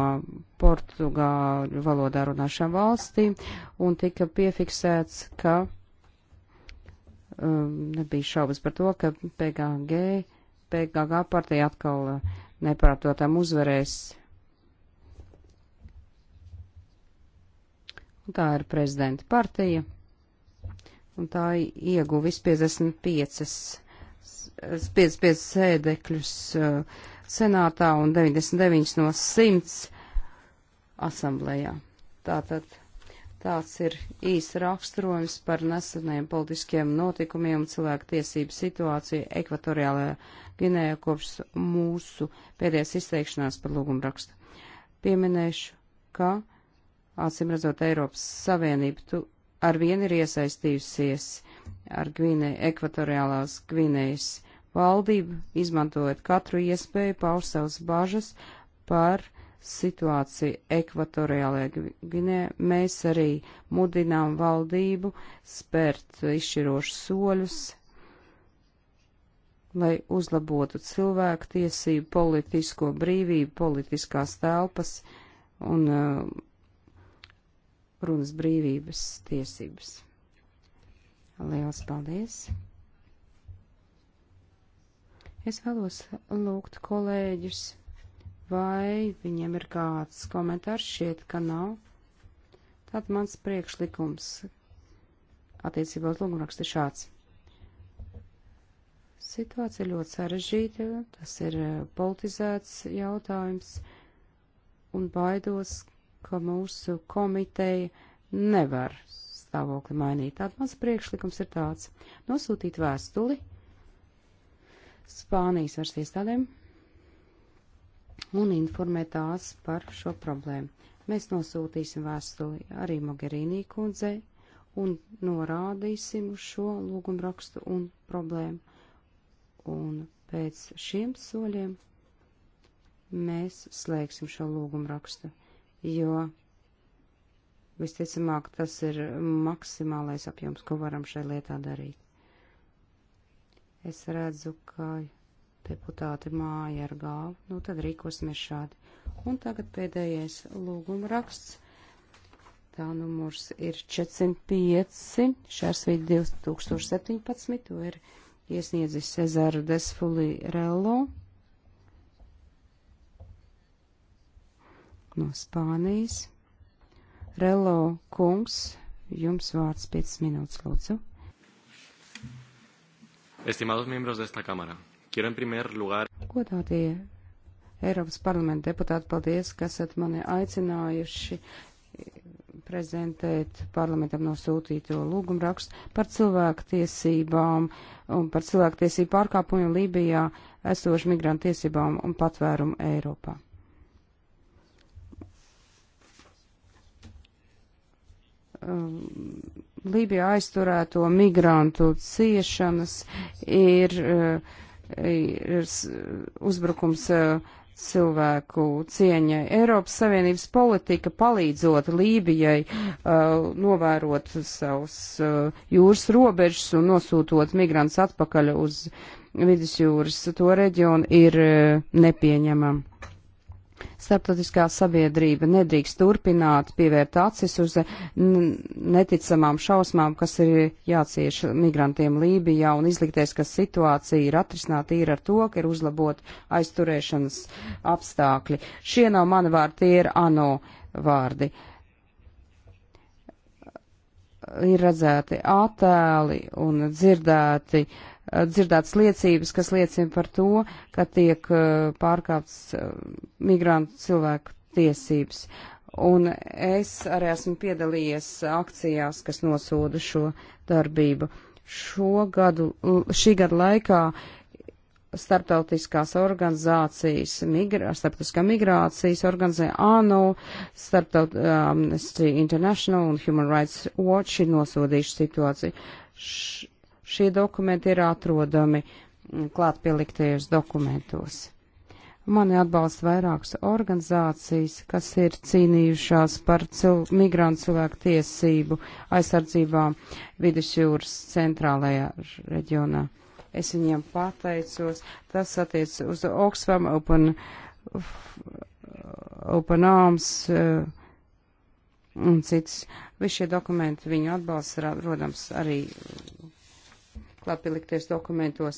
portugāļu valodā runāšām valstīm, un tika piefiksēts, ka um, nebija šaubas par to, ka PGG, PGG partija atkal neprātotam uzvarēs Tā ir prezidenta partija, un tā ieguvis 55, 55 sēdekļus uh, senātā un 99 no 100 asamblējā. Tātad tāds ir īsts raksturojums par neseniem politiskiem notikumiem un cilvēku tiesību situāciju ekvatoriālajā Ginējā kopš mūsu pēdējās izteikšanās par lūgumu rakstu. Pieminēšu, ka Acim redzot, Eiropas Savienība tu ar vienu ir iesaistījusies ar Gvinē, ekvatoriālās Gvinējas valdību, izmantojot katru iespēju paust savas bažas par situāciju ekvatoriālajā Gvinē. Mēs arī mudinām valdību spērt izšķirošus soļus, lai uzlabotu cilvēku tiesību, politisko brīvību, politiskās telpas un uh, runas brīvības tiesības. Liels paldies! Es vēlos lūgt kolēģus, vai viņiem ir kāds komentārs šeit, ka nav. Tad mans priekšlikums attiecībā uz lūgumrakstu šāds. Situācija ļoti sarežģīta, tas ir eh, politizēts jautājums, un baidos, ka mūsu komiteja nevar stāvokli mainīt. Tāds mans priekšlikums ir tāds - nosūtīt vēstuli Spānijas varas iestādēm un informēt tās par šo problēmu. Mēs nosūtīsim vēstuli arī Mogherīnī kundzei un norādīsim uz šo lūgumu rakstu un problēmu. Un pēc šiem soļiem mēs slēgsim šo lūgumu rakstu jo visticamāk tas ir maksimālais apjoms, ko varam šai lietā darīt. Es redzu, ka deputāti māja ar galvu, nu tad rīkosimies šādi. Un tagad pēdējais lūguma raksts. Tā numurs ir 405, šārsvīt 2017, to ir iesniedzis Cezara Desfuli Rello. no Spānijas. Relo kungs, jums vārds 5 minūtes, lūdzu. Estimados miembros de esta cámara, quiero en primer lugar. Godātie Eiropas parlamenta deputāti, paldies, ka esat mani aicinājuši prezentēt parlamentam nosūtīto lūgumu rakstu par cilvēku tiesībām un par cilvēku tiesību pārkāpumiem Lībijā esošu migrantu tiesībām un patvērumu Eiropā. um, Lībijā aizturēto migrantu ciešanas ir, uh, ir uzbrukums uh, cilvēku cieņai. Eiropas Savienības politika palīdzot Lībijai uh, novērot savus uh, jūras robežas un nosūtot migrants atpakaļ uz vidusjūras to reģionu ir uh, nepieņemama. Starptautiskā sabiedrība nedrīkst turpināt pievērt acis uz neticamām šausmām, kas ir jācieš migrantiem Lībijā un izlikties, ka situācija ir atrisināta ir ar to, ka ir uzlabot aizturēšanas apstākļi. Šie nav mani vārdi, tie ir ANO vārdi. Ir redzēti attēli un dzirdēti uh, Eh, dzirdētas liecības, kas liecina par to, ka tiek eh, pārkāptas eh, migrantu cilvēku tiesības. Un es arī esmu piedalījies akcijās, kas nosoda šo darbību. Šo gadu, šī gada laikā starptautiskās organizācijas, migra, starptautiskā migrācijas organizē ANO, starptaut um, Amnesty International un Human Rights Watch ir nosodījuši situāciju. Š Šie dokumenti ir atrodami mm, klātpieliktajos dokumentos. Mani atbalsta vairākas organizācijas, kas ir cīnījušās par cil migrantu cilvēku tiesību aizsardzībām vidusjūras centrālajā reģionā. Es viņiem pateicos, tas attiec uz Oxfam, Open, Open Arms eh, un citas. Visi šie dokumenti viņu atbalsts, rodams, arī klātpielikties dokumentos.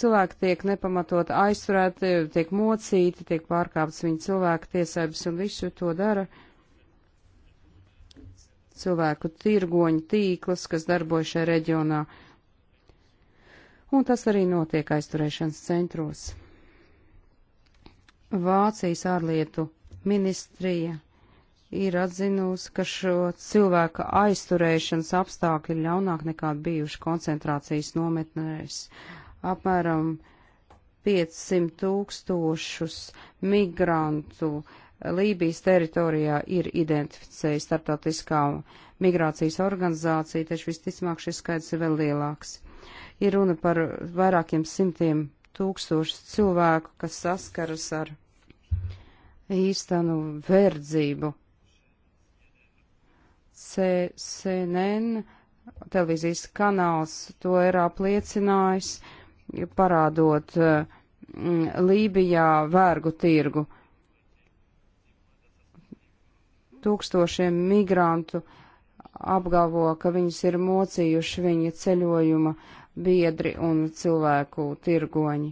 Cilvēki tiek nepamatot aizturēti, tiek mocīti, tiek pārkāptas viņa cilvēku tiesības un visu to dara cilvēku tirgoņu tīkls, kas darbojas šajā reģionā. Un tas arī notiek aizturēšanas centros. Vācijas ārlietu ministrija ir atzinusi, ka šo cilvēku aizturēšanas apstākļi ir ļaunāk nekā bijuši koncentrācijas nometnēs. Apmēram 500 tūkstošus migrantu Lībijas teritorijā ir identificējis starptautiskā migrācijas organizācija, taču visticamāk šis skaits ir vēl lielāks. Ir runa par vairākiem simtiem tūkstošu cilvēku, kas saskaras ar īstenu verdzību CNN televīzijas kanāls to ir apliecinājis, parādot uh, Lībijā vērgu tirgu. Tūkstošiem migrantu apgalvo, ka viņus ir mocījuši viņa ceļojuma biedri un cilvēku tirgoņi.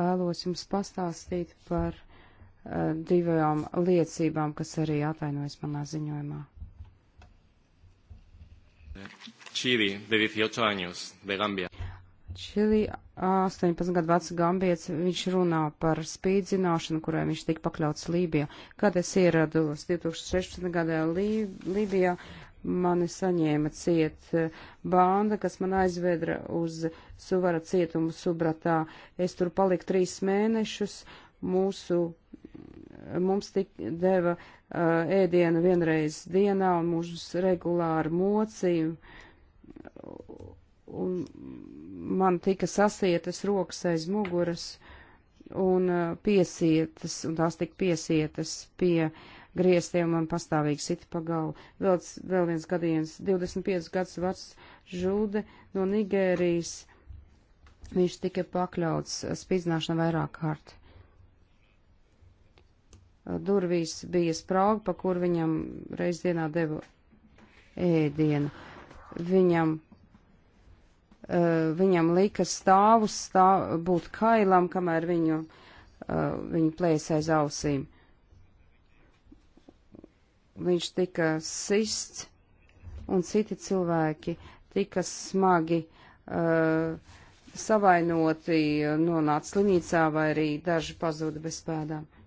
Vēlos jums pastāstīt par Eh, divām liecībām, kas arī atainojas manā ziņojumā. Čīlī, 18 años, de Gambia. Čīlī, 18 gadu vecs gambiets, viņš runā par spīdzināšanu, kurai viņš tika pakļauts Lībijā. Kad es ierados 2016. gadā Lībijā, mani saņēma ciet eh, banda, kas man aizvedra uz Suvara cietumu Subratā. Es tur paliku trīs mēnešus, mūsu mums tik deva uh, ēdienu vienreiz dienā un mūžus regulāri mocīja. Un man tika sasietas rokas aiz muguras un uh, piesietas, un tās tika piesietas pie griestiem un pastāvīgi sita pa galvu. Vēl, vēl viens gadījums, 25 gadus vecs žude no Nigērijas, viņš tika pakļauts spīdzināšanai vairāk kārt durvīs bija sprauga, pa kur viņam reiz dienā deva ēdienu. Viņam, eh, viņam lika stāvus stāv, būt kailam, kamēr viņu, eh, viņu plēsē aiz ausīm. Viņš tika sists, un citi cilvēki tika smagi uh, savainoti, nonāca slimnīcā vai arī daži pazuda bez pēdām. Uh,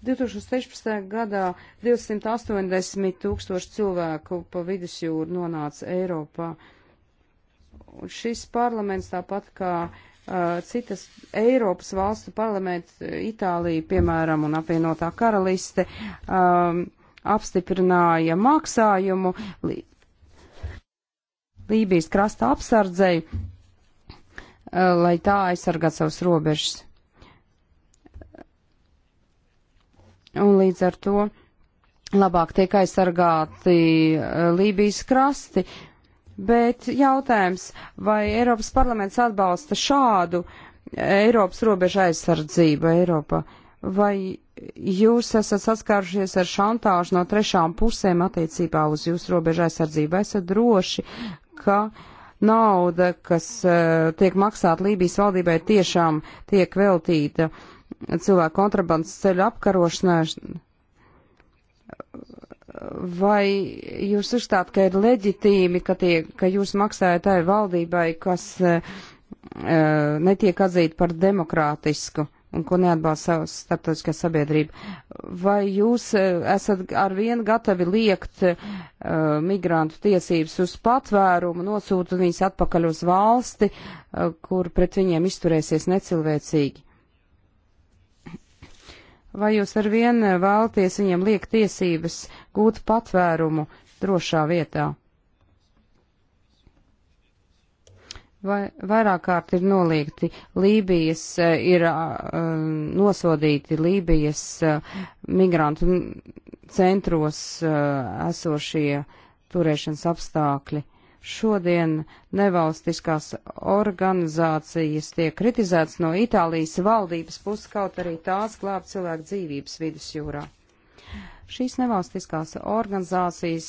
2016. gadā 280 tūkstoši cilvēku pa vidusjūru nonāca Eiropā. Un šis parlaments, tāpat kā uh, citas Eiropas valstu parlaments, Itālija, piemēram, un apvienotā karaliste, um, apstiprināja maksājumu Lī Lībijas krasta apsardzei, uh, lai tā aizsargātu savus robežas. un līdz ar to labāk tiek aizsargāti eh, Lībijas krasti. Bet jautājums, vai Eiropas parlaments atbalsta šādu eh, Eiropas robežu aizsardzību Eiropā? Vai jūs esat saskārušies ar šantāžu no trešām pusēm attiecībā uz jūsu robežu aizsardzību? Esat droši, ka nauda, kas uh, tiek maksāta Lībijas valdībai, tiešām tiek veltīta uh, cilvēku kontrabandas ceļu apkarošanai. Vai jūs uzstāt, ka ir leģitīmi, ka, tie, ka jūs maksājat tai valdībai, kas uh, netiek atzīta par demokrātisku un ko neatbalsta starptautiskā sabiedrība? Vai jūs uh, esat ar vienu gatavi liekt uh, migrantu tiesības uz patvērumu, nosūtot viņus atpakaļ uz valsti, uh, kur pret viņiem izturēsies necilvēcīgi? Vai jūs ar vienu vēlties viņiem liek tiesības gūt patvērumu drošā vietā? Vai vairāk kārt ir noliegti Lībijas, eh, ir uh, nosodīti Lībijas uh, migrantu centros uh, esošie turēšanas apstākļi? Uh, Šodien nevalstiskās organizācijas tiek kritizētas no Itālijas valdības puses, kaut arī tās glāb cilvēku dzīvības vidusjūrā. Šīs nevalstiskās organizācijas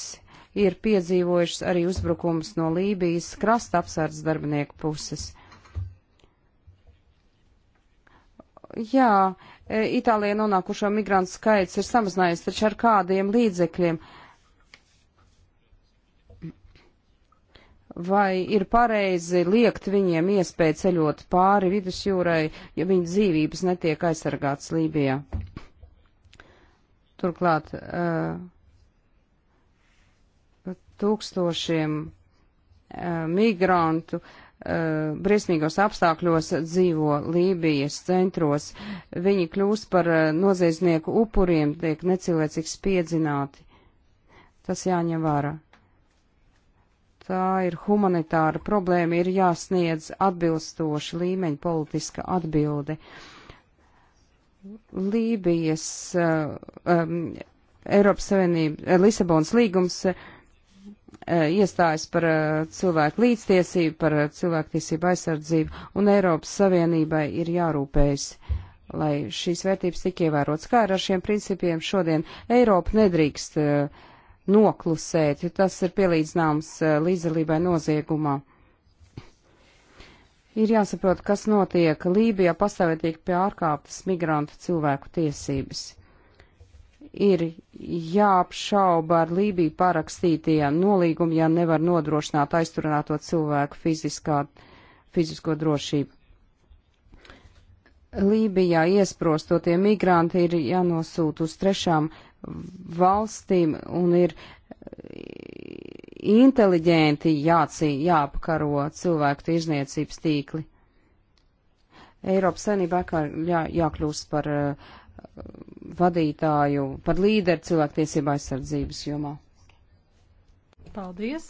ir piedzīvojušas arī uzbrukums no Lībijas krasta apsardz darbinieku puses. Jā, e, Itālijā nonākušo migrantu skaits ir samazinājies, taču ar kādiem līdzekļiem? Uh, vai ir pareizi liekt viņiem iespēju ceļot pāri vidusjūrai, ja viņu dzīvības netiek aizsargāts Lībijā. Turklāt eh, tūkstošiem eh, migrantu eh, briesmīgos apstākļos dzīvo Lībijas centros. Viņi kļūst par noziedznieku upuriem, tiek necilvēcīgi spiedzināti. Tas jāņem vērā tā ir humanitāra problēma, ir jāsniedz atbilstoši līmeņa politiska atbilde. Lībijas, uh, um, Eiropas Savienība, eh, Lisabonas līgums uh, iestājas par uh, cilvēku līdztiesību, par uh, cilvēktiesību aizsardzību, un Eiropas Savienībai ir jārūpējas, lai šīs vērtības tik ievērotas. Kā ir ar šiem principiem šodien? Eiropa nedrīkst uh, noklusēt, jo tas ir pielīdzināms e, līdzdalībai noziegumā. Ir jāsaprot, kas notiek. Lībijā pastāvēt tiek pārkāptas migrantu cilvēku tiesības. Ir jāapšauba ar Lībiju parakstītie nolīgumi, ja nevar nodrošināt aizturināto cilvēku fiziskā, fizisko drošību. Lībijā iesprostotie migranti ir jānosūta uz trešām valstīm un ir inteliģenti jācī, jāapkaro cilvēku tirzniecības tīkli. Eiropas saimnībā jā, jākļūst par uh, vadītāju, par līderu cilvēktiesību aizsardzības jomā. Paldies!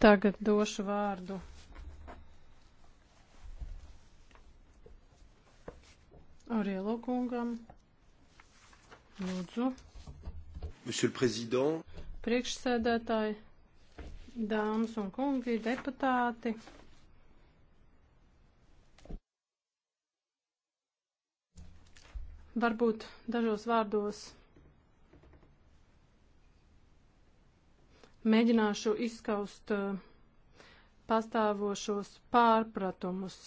Tagad došu vārdu Arielo kungam. Lūdzu. Monsieur le Président. Priekšsēdētāji, dāmas un kungi, deputāti. Varbūt dažos vārdos mēģināšu izskaust uh, pastāvošos pārpratumus.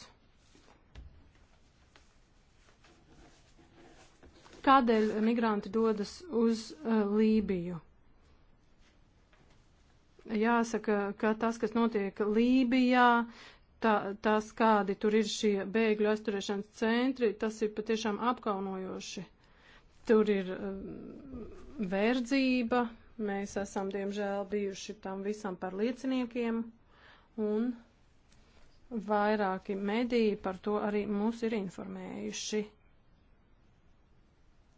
kādēļ migranti dodas uz uh, Lībiju. Jāsaka, ka tas, kas notiek Lībijā, tā, tas, kādi tur ir šie bēgļu aizturēšanas centri, tas ir patiešām apkaunojoši. Tur ir uh, verdzība, mēs esam, diemžēl, bijuši tam visam par lieciniekiem, un vairāki mediji par to arī mūs ir informējuši.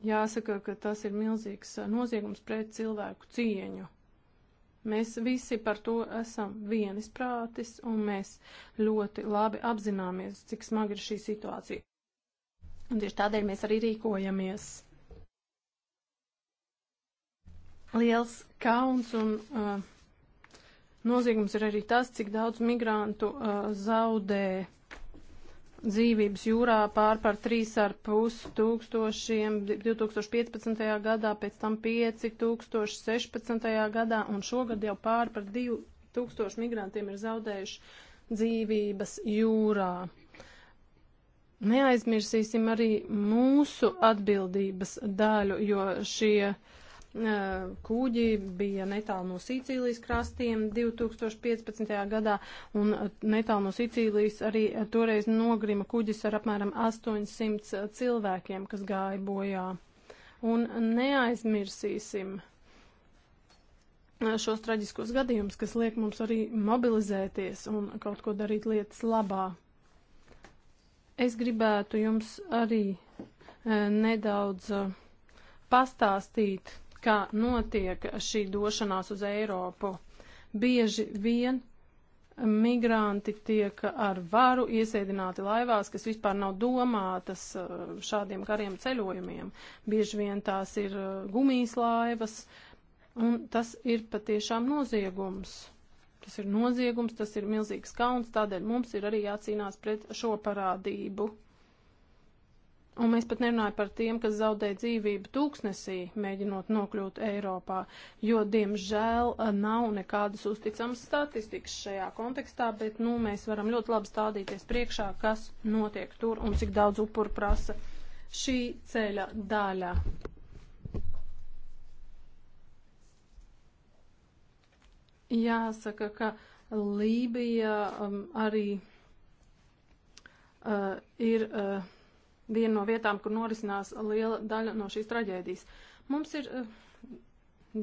Jāsaka, ka tas ir milzīgs uh, noziegums pret cilvēku cieņu. Mēs visi par to esam vienisprātis, un mēs ļoti labi apzināmies, cik smaga ir šī situācija. Un tieši tādēļ mēs arī rīkojamies. Liels kauns un uh, noziegums ir arī tas, cik daudz migrantu uh, zaudē dzīvības jūrā pār par 3,5 tūkstošiem 2015. gadā, pēc tam 5 2016. gadā, un šogad jau pār par 2 tūkstoši migrantiem ir zaudējuši dzīvības jūrā. Neaizmirsīsim arī mūsu atbildības daļu, jo šie uh, Kūģi bija netālu no Sīcīlijas krastiem 2015. gadā, un netālu no Sīcīlijas arī toreiz nogrima kuģis ar apmēram 800 cilvēkiem, kas gāja bojā. Un neaizmirsīsim šos traģiskos gadījumus, kas liek mums arī mobilizēties un kaut ko darīt lietas labā. Es gribētu jums arī nedaudz pastāstīt kā notiek šī došanās uz Eiropu. Bieži vien migranti tiek ar varu iesēdināti laivās, kas vispār nav domātas uh, šādiem gariem ceļojumiem. Bieži vien tās ir uh, gumijas laivas, un tas ir patiešām noziegums. Tas ir noziegums, tas ir milzīgs kauns, tādēļ mums ir arī jācīnās pret šo parādību. Un mēs pat nerunājam par tiem, kas zaudēja dzīvību tūkstnesī, mēģinot nokļūt Eiropā, jo, diemžēl, nav nekādas uzticamas statistikas šajā kontekstā, bet, nu, mēs varam ļoti labi stādīties priekšā, kas notiek tur un cik daudz upuru prasa šī ceļa daļa. Jāsaka, ka Lībija um, arī uh, ir. Uh, viena no vietām, kur norisinās liela daļa no šīs traģēdijas. Mums ir uh,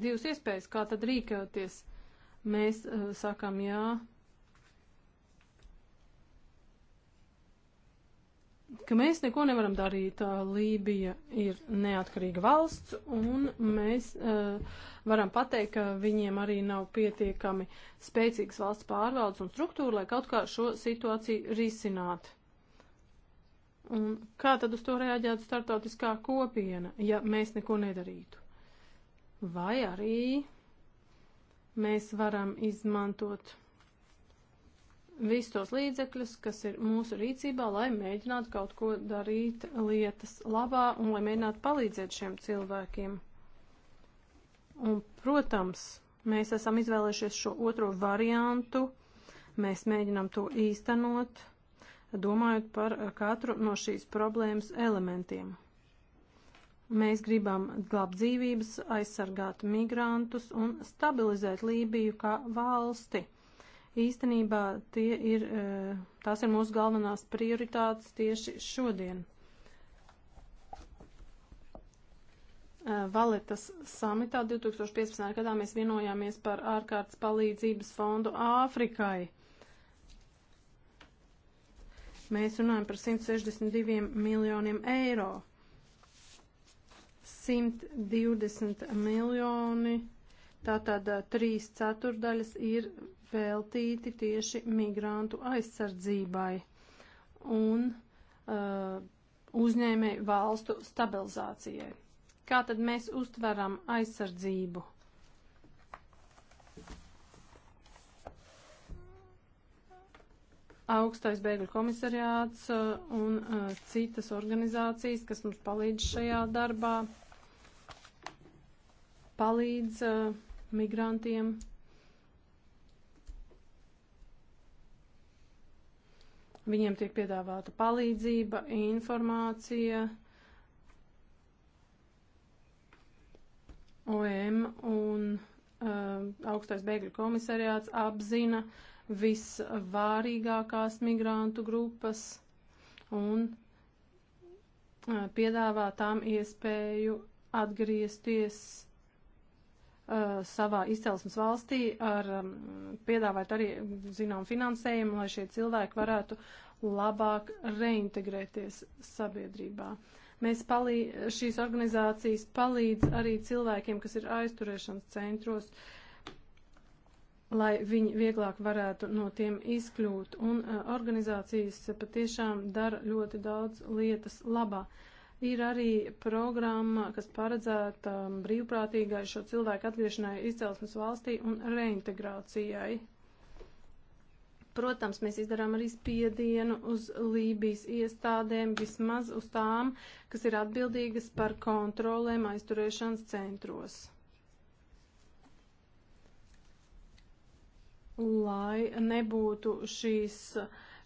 divas iespējas, kā tad rīkoties. Mēs uh, eh, sakām jā. Ka mēs neko nevaram darīt. Eh, Lībija ir neatkarīga valsts, un mēs uh, varam pateikt, ka viņiem arī nav pietiekami spēcīgas valsts pārvaldes un struktūra, lai kaut kā šo situāciju risinātu. Un kā tad uz to reaģētu startautiskā kopiena, ja mēs neko nedarītu? Vai arī mēs varam izmantot visus tos līdzekļus, kas ir mūsu rīcībā, lai mēģinātu kaut ko darīt lietas labā un lai mēģinātu palīdzēt šiem cilvēkiem. Un, protams, mēs esam izvēlējušies šo otro variantu, mēs mēģinām to īstenot domājot par katru no šīs problēmas elementiem. Mēs gribam glābt dzīvības, aizsargāt migrantus un stabilizēt Lībiju kā valsti. Īstenībā tie ir, e, tās ir mūsu galvenās prioritātes tieši šodien. E, Valetas samitā 2015. gadā mēs vienojāmies par ārkārtas palīdzības fondu Āfrikai. Mēs runājam par 162 miljoniem eiro. 120 miljoni, tātad trīs ceturdaļas ir veltīti tieši migrantu aizsardzībai un uh, uzņēmēju valstu stabilizācijai. Kā tad mēs uztveram aizsardzību? augstais bēgļu komisariāts uh, un uh, citas organizācijas, kas mums palīdz šajā darbā, palīdz uh, migrantiem. Viņiem tiek piedāvāta palīdzība, informācija, OM un uh, augstais bēgļu komisariāts apzina uh, visvārīgākās migrantu grupas un piedāvā tām iespēju atgriezties uh, savā izcelsmes valstī, ar, um, piedāvāt arī zinām finansējumu, lai šie cilvēki varētu labāk reintegrēties sabiedrībā. Mēs palī, šīs organizācijas palīdz arī cilvēkiem, kas ir aizturēšanas centros, uh, lai viņi vieglāk varētu no tiem izkļūt. Un eh, organizācijas patiešām dara ļoti daudz lietas labā. Ir arī programma, kas paredzēta um, brīvprātīgai šo cilvēku atgriešanai izcelsmes valstī un reintegrācijai. Protams, mēs izdarām arī spiedienu uz Lībijas iestādēm, vismaz uz tām, kas ir atbildīgas par kontrolēm aizturēšanas centros. lai nebūtu šīs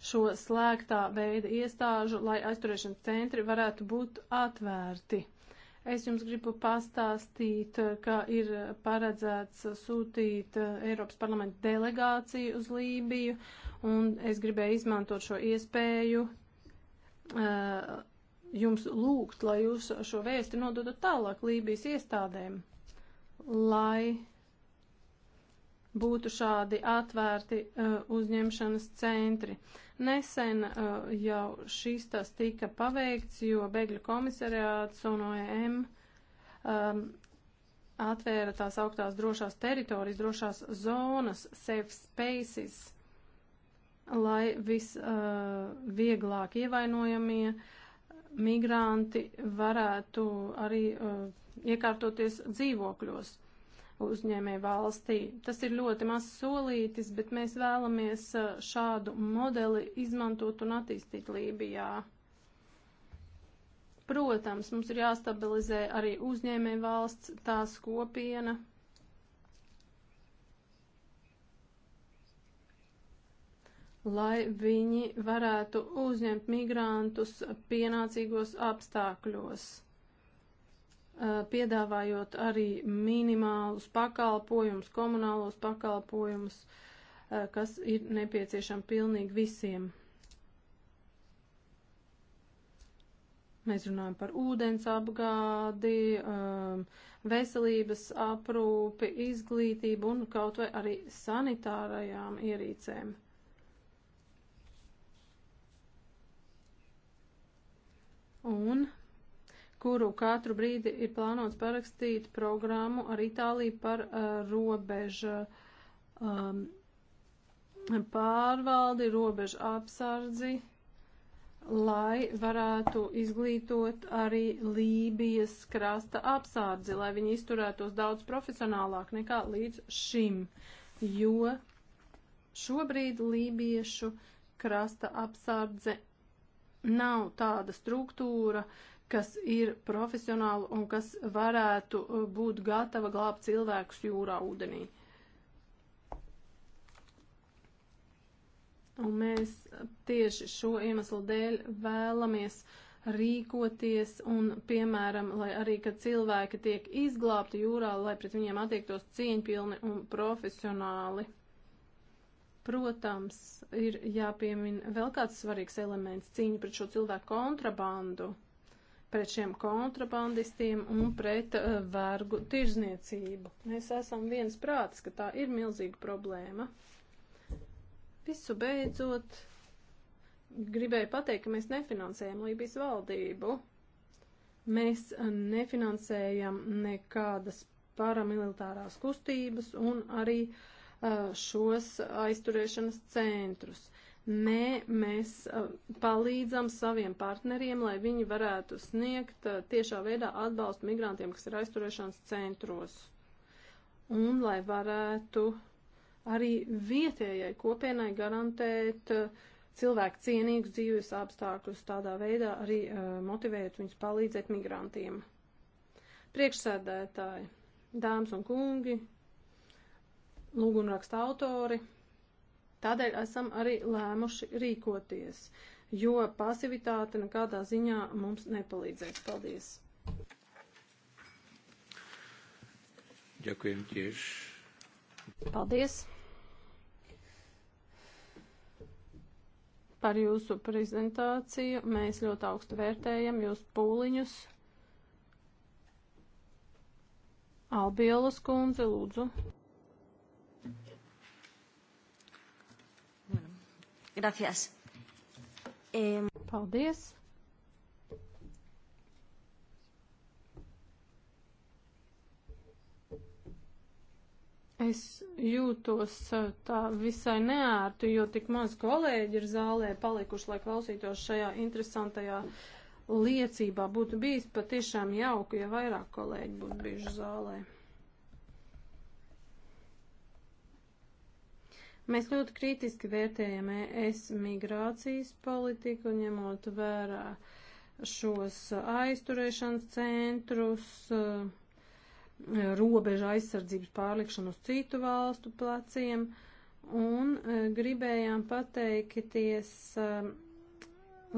šo slēgtā veida iestāžu, lai aizturēšanas centri varētu būt atvērti. Es jums gribu pastāstīt, ka ir paredzēts sūtīt Eiropas parlamenta delegāciju uz Lībiju, un es gribēju izmantot šo iespēju uh, jums lūgt, lai jūs šo vēstu nododat tālāk Lībijas iestādēm, lai būtu šādi atvērti uh, uzņemšanas centri. Nesen uh, jau šis tas tika paveikts, jo bēgļu komisariāts un OEM um, atvēra tās augtās drošās teritorijas, drošās zonas, safe spaces, lai visvieglāk uh, ievainojamie migranti varētu arī uh, iekārtoties dzīvokļos uzņēmē valstī. Tas ir ļoti maz solītis, bet mēs vēlamies uh, šādu modeli izmantot un attīstīt Lībijā. Protams, mums ir jāstabilizē arī uzņēmē valsts, tās kopiena, lai viņi varētu uzņemt migrantus pienācīgos apstākļos. Uh, piedāvājot arī minimālus pakalpojumus, komunālos pakalpojumus, uh, kas ir nepieciešami pilnīgi visiem. Mēs runājam par ūdens apgādi, um, veselības aprūpi, izglītību un kaut vai arī sanitārajām ierīcēm. Un kuru katru brīdi ir plānots parakstīt programmu ar Itāliju par uh, robežu um, pārvaldi, robežu apsardzi, lai varētu izglītot arī Lībijas krasta apsardzi, lai viņi izturētos daudz profesionālāk nekā līdz šim, jo šobrīd lībiešu krasta apsardze nav tāda struktūra, uh, kas ir profesionāli un kas varētu uh, būt gatava glābt cilvēkus jūrā, ūdenī. Un mēs tieši šo iemeslu dēļ vēlamies rīkoties un, piemēram, lai arī, kad cilvēki tiek izglābti jūrā, lai pret viņiem attiektos cieņpilni un profesionāli. Protams, ir jāpiemina vēl kāds svarīgs elements cīņa pret šo cilvēku kontrabandu pret šiem kontrabandistiem un pret uh, vergu tirzniecību. Mēs esam viens prātis, ka tā ir milzīga problēma. Visu beidzot, gribēju pateikt, ka mēs nefinansējam Lībijas valdību. Mēs eh, nefinansējam nekādas paramilitārās kustības un arī uh, šos aizturēšanas centrus. Uh, Nē, mēs uh, palīdzam saviem partneriem, lai viņi varētu sniegt uh, tiešā veidā atbalstu migrantiem, kas ir aizturēšanas centros. Un lai varētu arī vietējai kopienai garantēt uh, cilvēku cienīgus dzīves apstākļus, tādā veidā arī motivējot viņus palīdzēt migrantiem. Priekšsēdētāji, dāmas un kungi, lūgumraksta autori. Tādēļ esam arī lēmuši rīkoties, jo pasivitāte nekādā ziņā mums nepalīdzēs. Paldies! Ďakujem tiež. Paldies par jūsu prezentāciju. Mēs ļoti augstu vērtējam jūsu pūliņus. Albielas kundze, lūdzu. Gracias. Um... Paldies. Es jūtos eh, tā visai neērti, jo tik maz kolēģi ir zālē palikuši, lai klausītos šajā interesantajā liecībā. Būtu bijis patiešām jauki, ja vairāk kolēģi būtu bijuši zālē. Mēs ļoti kritiski vērtējam ES migrācijas politiku, ņemot vērā šos aizturēšanas centrus, robeža aizsardzības pārlikšanu uz citu valstu pleciem, un e, gribējām pateikties e,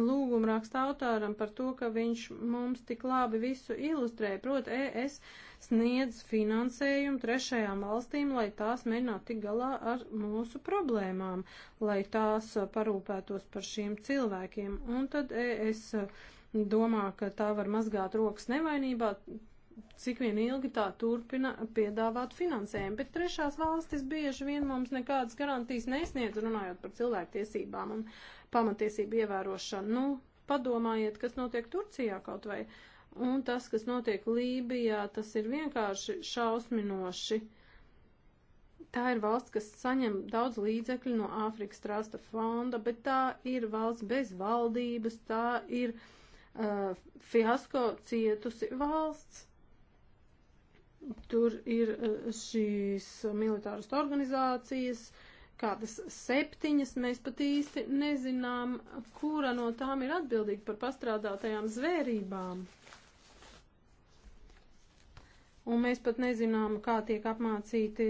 lūgumraksta autoram par to, ka viņš mums tik labi visu ilustrē. Proti, ES sniedz finansējumu trešajām valstīm, lai tās mēģinātu tik galā ar mūsu problēmām, lai tās uh, parūpētos par šiem cilvēkiem. Un tad e, es uh, domā, ka tā var mazgāt rokas nevainībā, cik vien ilgi tā turpina piedāvāt finansējumu, bet trešās valstis bieži vien mums nekādas garantijas nesniedz, runājot par cilvēktiesībām un pamatiesību ievērošanu. Nu, padomājiet, kas notiek Turcijā kaut vai. Uh, un tas, kas notiek Lībijā, tas ir vienkārši šausminoši. Tā ir valsts, kas saņem daudz līdzekļu no Āfrikas trasta fonda, bet tā ir valsts bez valdības, tā ir uh, fiasko cietusi valsts. Tur ir uh, šīs militāras organizācijas, kādas septiņas mēs pat īsti nezinām, kura no tām ir atbildīga par pastrādātajām zvērībām un mēs pat nezinām, kā tiek apmācīti,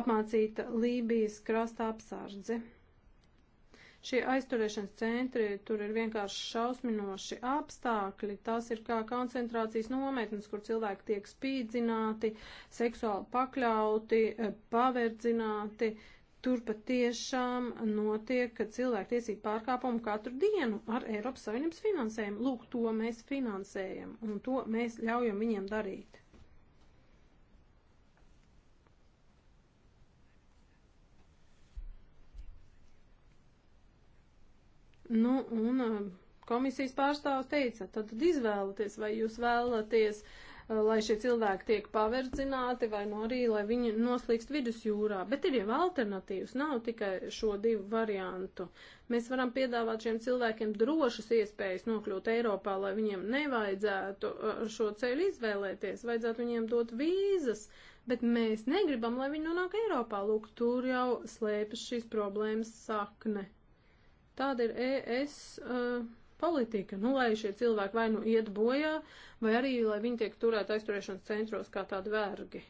apmācīta Lībijas krasta apsardze. Šie aizturēšanas centri, tur ir vienkārši šausminoši apstākļi. Tās ir kā koncentrācijas nometnes, kur cilvēki tiek spīdzināti, seksuāli pakļauti, paverdzināti. Tur pat tiešām notiek cilvēktiesību pārkāpumu katru dienu ar Eiropas Savienības finansējumu. Lūk, to mēs finansējam un to mēs ļaujam viņiem darīt. Nu, un uh, komisijas pārstāvs teica, tad izvēlaties, vai jūs vēlaties, uh, lai šie cilvēki tiek paverdzināti, vai no nu arī, lai viņi noslīkst vidusjūrā. Bet ir jau alternatīvas, nav tikai šo divu variantu. Mēs varam piedāvāt šiem cilvēkiem drošas iespējas nokļūt Eiropā, lai viņiem nevajadzētu uh, šo ceļu izvēlēties, vajadzētu viņiem dot vīzas, bet mēs negribam, lai viņi nonāk Eiropā. Lūk, tur jau slēpjas šīs problēmas sakne. Tāda ir ES uh, politika, nu, lai šie cilvēki vai nu iet bojā, vai arī, lai viņi tiek turēti aizturēšanas centros kā tādi vergi.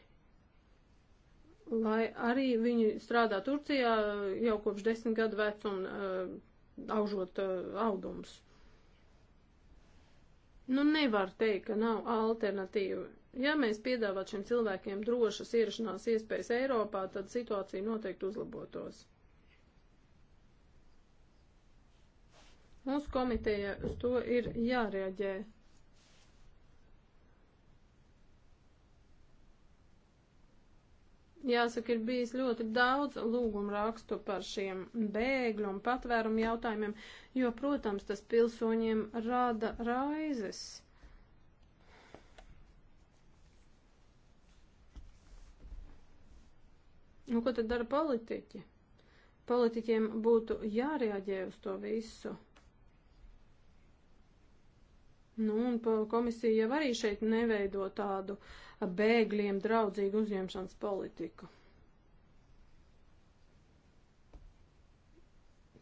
Lai arī viņi strādā Turcijā jau kopš desmit gadu vecuma, uh, aužot uh, audumus. Nu, nevar teikt, ka nav alternatīva. Ja mēs piedāvātu šiem cilvēkiem drošas ierašanās iespējas Eiropā, tad situācija noteikti uzlabotos. Mūsu komiteja uz to ir jārēģē. Jāsaka, ir bijis ļoti daudz lūgumu rakstu par šiem bēgļu un patvērumu jautājumiem, jo, protams, tas pilsoņiem rada raizes. Nu, ko tad dara politiķi? Politiķiem būtu jārēģē uz to visu. Nu, un komisija jau arī šeit neveido tādu bēgļiem draudzīgu uzņemšanas politiku.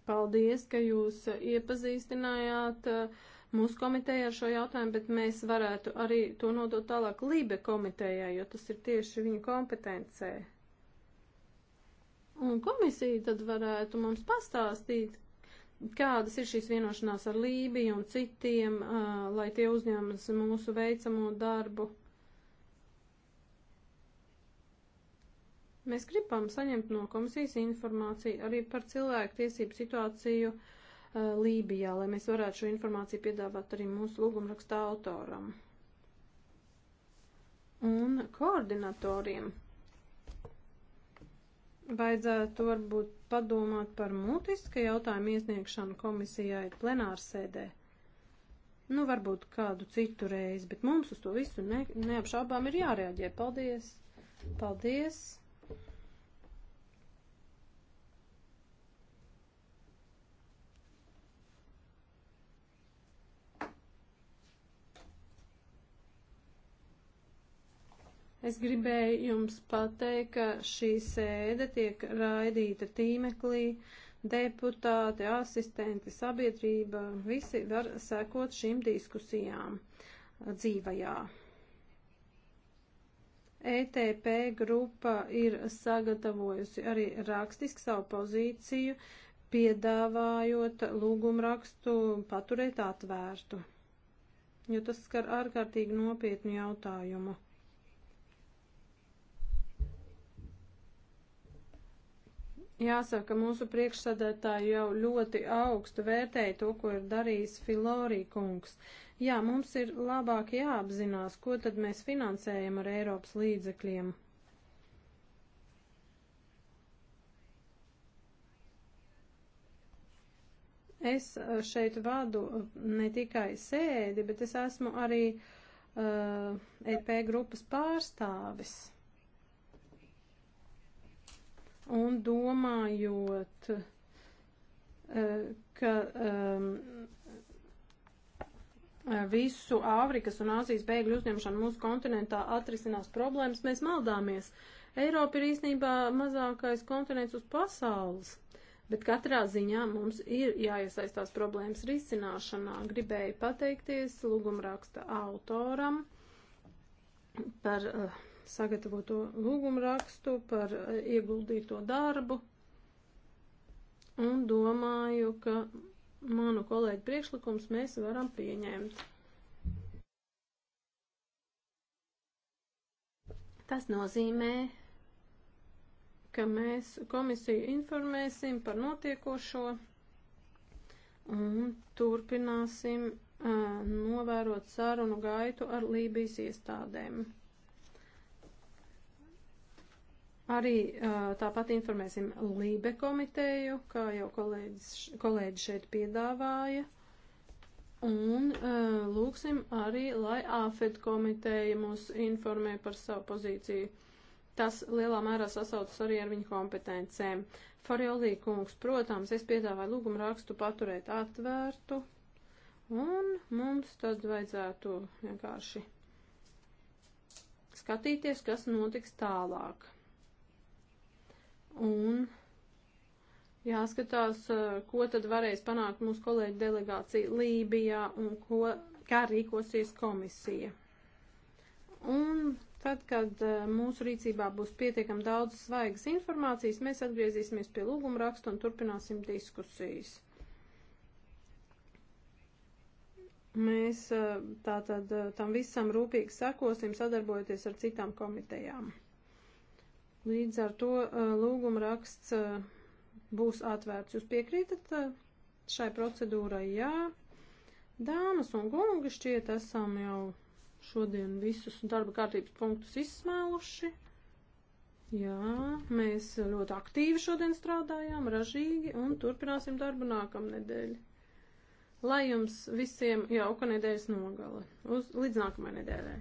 Paldies, ka jūs iepazīstinājāt uh, mūsu komiteju ar šo jautājumu, bet mēs varētu arī to nodot tālāk Lībe komitejai, jo tas ir tieši viņu kompetencē. Un komisija tad varētu mums pastāstīt, kādas ir šīs vienošanās ar Lībiju un citiem, uh, lai tie uzņemas mūsu veicamo darbu. Mēs gribam saņemt no komisijas informāciju arī par cilvēku tiesību situāciju uh, Lībijā, lai mēs varētu šo informāciju piedāvāt arī mūsu lūgumraksta autoram un koordinatoriem. Vajadzētu varbūt padomāt par mutiska jautājumu iesniegšanu komisijai plenārsēdē. Nu, varbūt kādu citu reizi, bet mums uz to visu ne, neapšābām ir jārēģē. Paldies! Paldies! Es gribēju jums pateikt, ka šī sēde tiek raidīta tīmeklī, deputāti, asistenti, sabiedrība, visi var sekot šīm diskusijām dzīvajā. ETP grupa ir sagatavojusi arī rakstiski savu pozīciju, piedāvājot lūgumrakstu paturēt atvērtu, jo tas skar ārkārtīgi nopietnu jautājumu. Jāsaka, ka mūsu priekšsādētāji jau ļoti augstu vērtēja to, ko ir darījis Filorī kungs. Jā, mums ir labāk jāapzinās, ko tad mēs finansējam ar Eiropas līdzekļiem. Es eh, šeit vadu eh, ne tikai sēdi, bet es esmu arī uh, eh, EP grupas pārstāvis. Un domājot, eh, ka um, visu Āfrikas un Āzijas bēgļu uzņemšanu mūsu kontinentā atrisinās problēmas, mēs maldāmies. Eiropa ir īstenībā mazākais kontinents uz pasaules. Bet katrā ziņā mums ir jāiesaistās problēmas risināšanā. Gribēju pateikties lūgumraksta autoram par uh, sagatavoto lūgumu rakstu par eh, ieguldīto darbu un domāju, ka manu kolēģu priekšlikums mēs varam pieņemt. Tas nozīmē, ka mēs komisiju informēsim par notiekošo un turpināsim uh, novērot sarunu gaitu ar Lībijas iestādēm. Arī tāpat informēsim Lībe komiteju, kā jau kolēģis, kolēģi šeit piedāvāja. Un uh, lūksim arī, lai AFED komiteja mūs informē par savu pozīciju. Tas lielā mērā sasaucas arī ar viņu kompetencēm. Fariolī kungs, protams, es piedāvāju lūgumu rakstu paturēt atvērtu, un mums tad vajadzētu vienkārši skatīties, kas notiks tālāk. Un jāskatās, eh, ko tad varēs panākt mūsu kolēģi delegācija Lībijā un ko, kā rīkosies komisija. Un tad, kad eh, mūsu rīcībā būs pietiekam daudz svaigas informācijas, mēs atgriezīsimies pie lūguma rakstu un turpināsim diskusijas. Mēs eh, tātad tam visam rūpīgi sekosim, sadarbojoties ar citām komitejām. Līdz ar to uh, lūguma raksts uh, būs atvērts. Jūs piekrītat uh, šai procedūrai? Jā. Dāmas un kungi šķiet esam jau šodien visus darba kārtības punktus izsmēluši. Jā, mēs ļoti aktīvi šodien strādājām, ražīgi un turpināsim darbu nākamnedēļ. Lai jums visiem jauka nedēļas nogale. Uz, līdz nākamajai nedēļai.